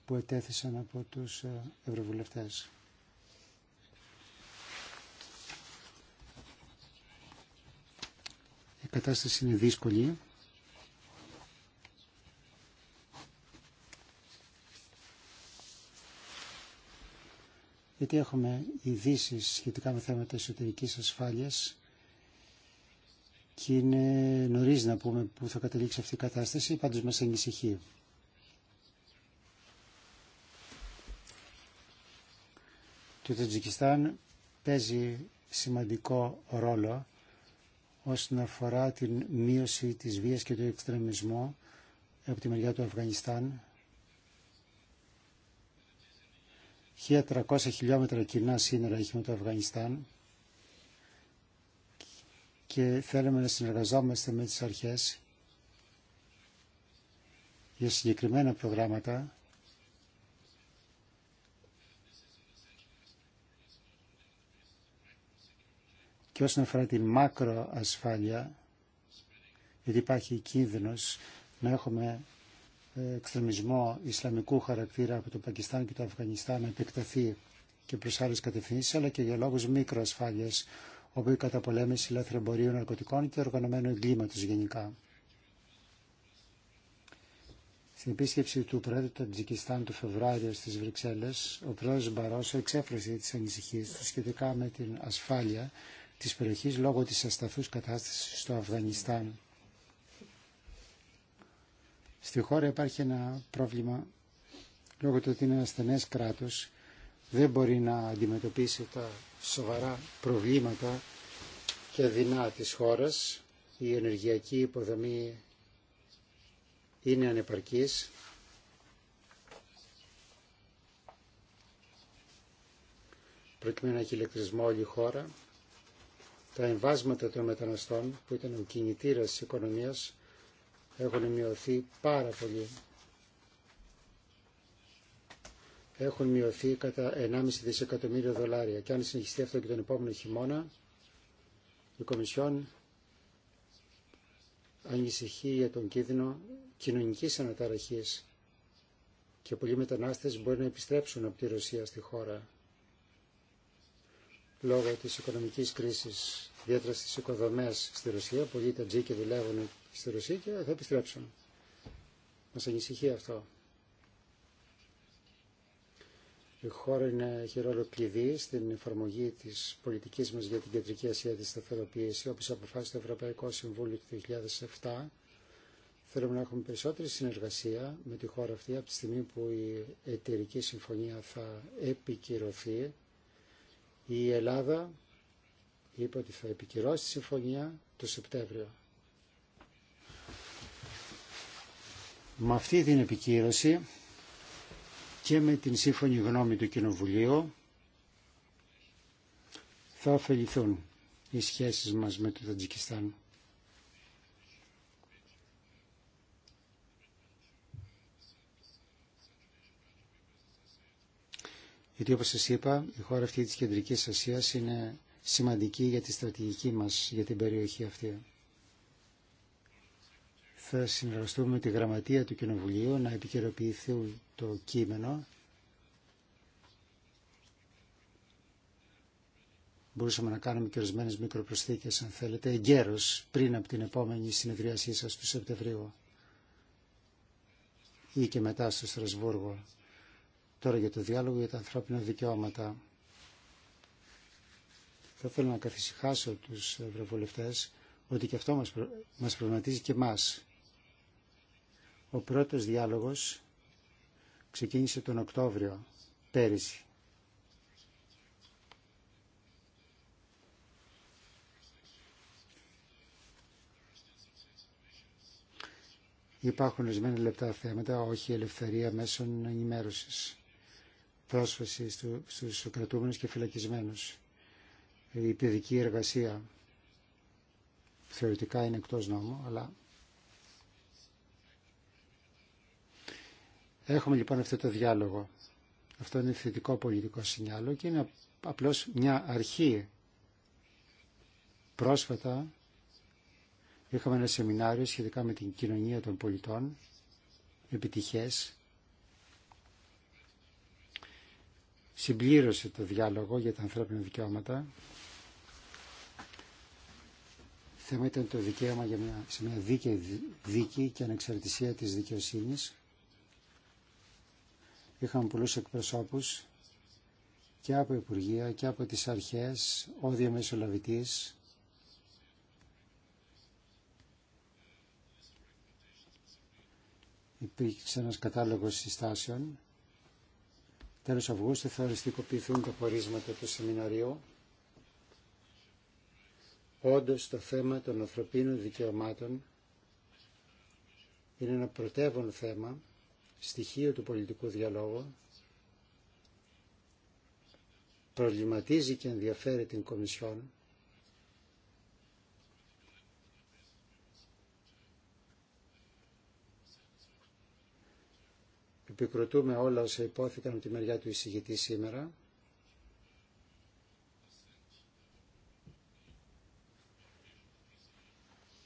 που ετέθησαν από τους ε, ευρωβουλευτές. κατάσταση είναι δύσκολη. Γιατί έχουμε ειδήσει σχετικά με θέματα εσωτερικής ασφάλειας και είναι νωρίς να πούμε που θα καταλήξει αυτή η κατάσταση, πάντως μας ανησυχεί. Το Τατζικιστάν παίζει σημαντικό ρόλο όσον αφορά την μείωση της βίας και του εξτρεμισμού από τη μεριά του Αφγανιστάν. 1.300 χιλιόμετρα κοινά σύνορα έχει με το Αφγανιστάν και θέλουμε να συνεργαζόμαστε με τις αρχές για συγκεκριμένα προγράμματα και όσον αφορά τη μακροασφάλεια, γιατί υπάρχει κίνδυνος να έχουμε ε, εξτρεμισμό ισλαμικού χαρακτήρα από το Πακιστάν και το Αφγανιστάν να επεκταθεί και προς άλλες κατευθύνσεις, αλλά και για λόγους μικροασφάλειας, όπου η καταπολέμηση λαθρεμπορίων ναρκωτικών και οργανωμένου εγκλήματος γενικά. Στην επίσκεψη του Πρόεδρου του Τατζικιστάν του Φεβράριο στις Βρυξέλλες, ο Πρόεδρος Μπαρόσο εξέφρασε τις ανησυχίες του σχετικά με την ασφάλεια της περιοχής λόγω της ασταθούς κατάστασης στο Αφγανιστάν. Στη χώρα υπάρχει ένα πρόβλημα λόγω του ότι είναι ασθενές κράτος δεν μπορεί να αντιμετωπίσει τα σοβαρά προβλήματα και δεινά της χώρας. Η ενεργειακή υποδομή είναι ανεπαρκής. Προκειμένου να έχει ηλεκτρισμό όλη η χώρα τα εμβάσματα των μεταναστών που ήταν ο κινητήρας της οικονομίας έχουν μειωθεί πάρα πολύ. Έχουν μειωθεί κατά 1,5 δισεκατομμύρια δολάρια και αν συνεχιστεί αυτό και τον επόμενο χειμώνα η Κομισιόν ανησυχεί για τον κίνδυνο κοινωνικής αναταραχής και πολλοί μετανάστες μπορεί να επιστρέψουν από τη Ρωσία στη χώρα λόγω τη οικονομική κρίση ιδιαίτερα στις οικοδομές στη Ρωσία. Πολλοί Τατζίκοι δουλεύουν στη Ρωσία και θα επιστρέψουν. Μα ανησυχεί αυτό. Η χώρα είναι, έχει ρόλο κλειδί στην εφαρμογή τη πολιτική μα για την Κεντρική Ασία τη σταθεροποίηση, όπω αποφάσισε το Ευρωπαϊκό Συμβούλιο του 2007. Θέλουμε να έχουμε περισσότερη συνεργασία με τη χώρα αυτή από τη στιγμή που η εταιρική συμφωνία θα επικυρωθεί η Ελλάδα είπε ότι θα επικυρώσει τη συμφωνία το Σεπτέμβριο. Με αυτή την επικύρωση και με την σύμφωνη γνώμη του Κοινοβουλίου θα ωφεληθούν οι σχέσεις μας με το Τατζικιστάν. Γιατί όπως σας είπα, η χώρα αυτή της Κεντρικής Ασίας είναι σημαντική για τη στρατηγική μας, για την περιοχή αυτή. Θα συνεργαστούμε με τη γραμματεία του Κοινοβουλίου να επικαιροποιηθεί το κείμενο. Μπορούσαμε να κάνουμε και ορισμένε μικροπροσθήκες, αν θέλετε, εγκαίρως πριν από την επόμενη συνεδρίασή σας του Σεπτεμβρίου ή και μετά στο Στρασβούργο. Τώρα για το διάλογο για τα ανθρώπινα δικαιώματα. Θα ήθελα να καθησυχάσω τους ευρωβουλευτές ότι και αυτό μας, προ... προβληματίζει και μας. Ο πρώτος διάλογος ξεκίνησε τον Οκτώβριο πέρυσι. Υπάρχουν ορισμένα λεπτά θέματα, όχι ελευθερία μέσων ενημέρωσης. Στου στους κρατούμενους και φυλακισμένους. Η παιδική εργασία θεωρητικά είναι εκτός νόμου, αλλά έχουμε λοιπόν αυτό το διάλογο. Αυτό είναι θετικό πολιτικό σινιάλο και είναι απλώς μια αρχή. Πρόσφατα είχαμε ένα σεμινάριο σχετικά με την κοινωνία των πολιτών, επιτυχές, συμπλήρωσε το διάλογο για τα ανθρώπινα δικαιώματα. Θέμα ήταν το δικαίωμα για μια, σε μια δίκαιη δίκη και ανεξαρτησία της δικαιοσύνης. Είχαμε πολλούς εκπροσώπους και από Υπουργεία και από τις αρχές, ο διαμεσολαβητής, υπήρξε ένας κατάλογος συστάσεων Τέλος Αυγούστου θα οριστικοποιηθούν τα πορίσματα του σεμιναριού. Όντως το θέμα των ανθρωπίνων δικαιωμάτων είναι ένα πρωτεύον θέμα, στοιχείο του πολιτικού διαλόγου, προβληματίζει και ενδιαφέρει την Κομισιόν επικροτούμε όλα όσα υπόθηκαν από τη μεριά του εισηγητή σήμερα.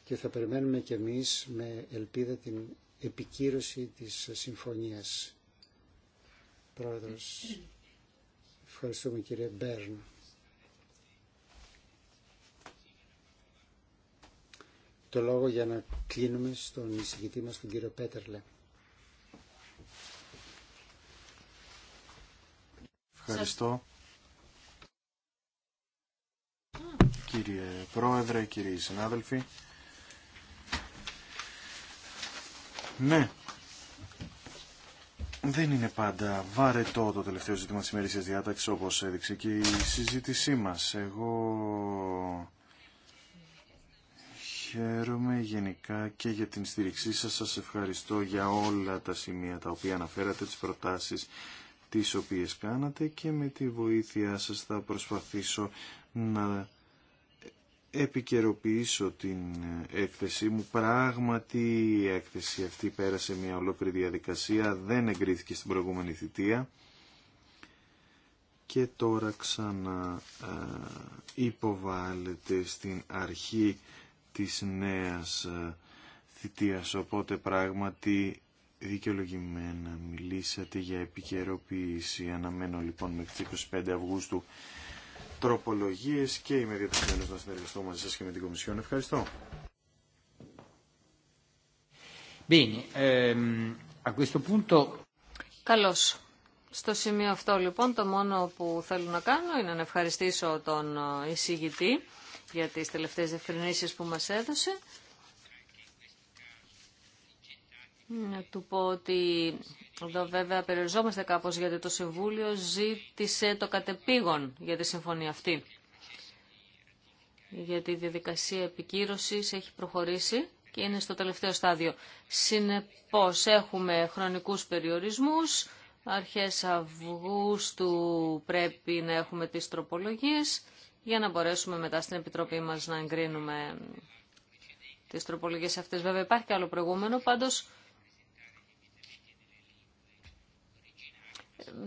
Και θα περιμένουμε και εμείς με ελπίδα την επικύρωση της συμφωνίας. Πρόεδρος, ευχαριστούμε κύριε Μπέρν. Το λόγο για να κλείνουμε στον εισηγητή μας, τον κύριο Πέτερλε. Ευχαριστώ. Κύριε Πρόεδρε, κύριοι συνάδελφοι. Ναι, δεν είναι πάντα βαρετό το τελευταίο ζήτημα της ημερήσιας διάταξης όπως έδειξε και η συζήτησή μας. Εγώ χαίρομαι γενικά και για την στήριξή σας. Σας ευχαριστώ για όλα τα σημεία τα οποία αναφέρατε, τις προτάσεις τις οποίες κάνατε και με τη βοήθειά σας θα προσπαθήσω να επικαιροποιήσω την έκθεσή μου. Πράγματι η έκθεση αυτή πέρασε μια ολόκληρη διαδικασία, δεν εγκρίθηκε στην προηγούμενη θητεία και τώρα ξανά ε, υποβάλλεται στην αρχή της νέας ε, θητείας. Οπότε πράγματι δικαιολογημένα μιλήσατε για επικαιροποίηση. Αναμένω λοιπόν μέχρι τις 25 Αυγούστου τροπολογίες και είμαι διατεθειμένος να συνεργαστώ μαζί σας και με την Κομισιόν. Ευχαριστώ. Bene, ehm, Στο σημείο αυτό λοιπόν το μόνο που θέλω να κάνω είναι να ευχαριστήσω τον ε, εισηγητή για τις τελευταίες διευκρινήσεις που μας έδωσε να του πω ότι εδώ βέβαια περιοριζόμαστε κάπως γιατί το Συμβούλιο ζήτησε το κατεπήγον για τη συμφωνία αυτή. Γιατί η διαδικασία επικύρωσης έχει προχωρήσει και είναι στο τελευταίο στάδιο. Συνεπώς έχουμε χρονικούς περιορισμούς. Αρχές Αυγούστου πρέπει να έχουμε τις τροπολογίες για να μπορέσουμε μετά στην Επιτροπή μας να εγκρίνουμε τις τροπολογίες αυτές. Βέβαια υπάρχει και άλλο προηγούμενο, πάντως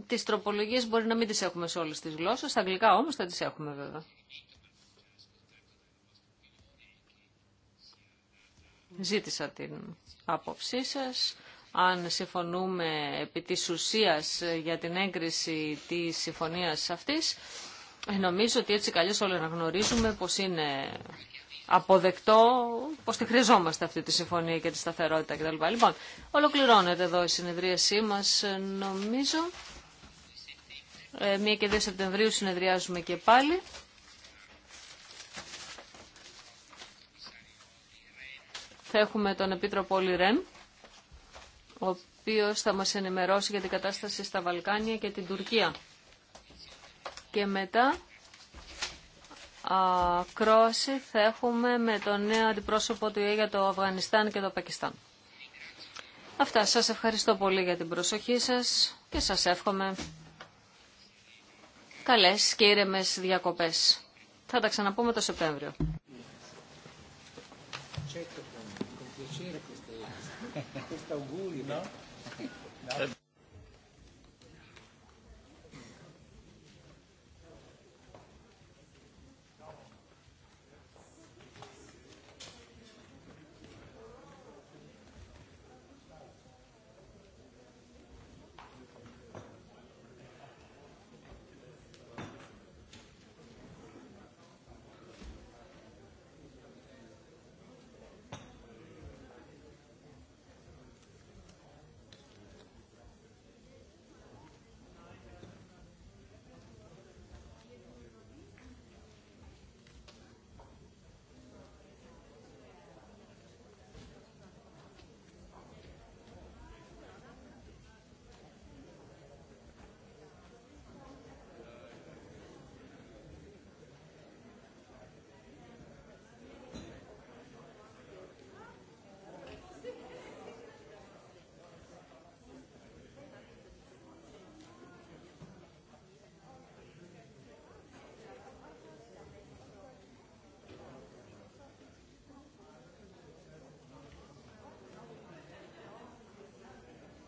τις τροπολογίες μπορεί να μην τι έχουμε σε όλες τις γλώσσες, στα αγγλικά όμως θα τις έχουμε βέβαια. Ζήτησα την άποψή σας. Αν συμφωνούμε επί της ουσίας για την έγκριση της συμφωνίας αυτής, ε, νομίζω ότι έτσι καλώς όλοι να γνωρίζουμε πως είναι αποδεκτό πως τη χρειαζόμαστε αυτή τη συμφωνία και τη σταθερότητα κτλ. Λοιπόν, ολοκληρώνεται εδώ η συνεδρίασή μας νομίζω. 1 ε, και 2 Σεπτεμβρίου συνεδριάζουμε και πάλι. Θα έχουμε τον Επίτροπο Λιρέν, ο οποίος θα μας ενημερώσει για την κατάσταση στα Βαλκάνια και την Τουρκία. Και μετά κρόση θα έχουμε με τον νέο αντιπρόσωπο του ΙΕ για το Αφγανιστάν και το Πακιστάν. Αυτά. Σας ευχαριστώ πολύ για την προσοχή σας και σας εύχομαι καλές και ήρεμες διακοπές. Θα τα ξαναπούμε το Σεπτέμβριο.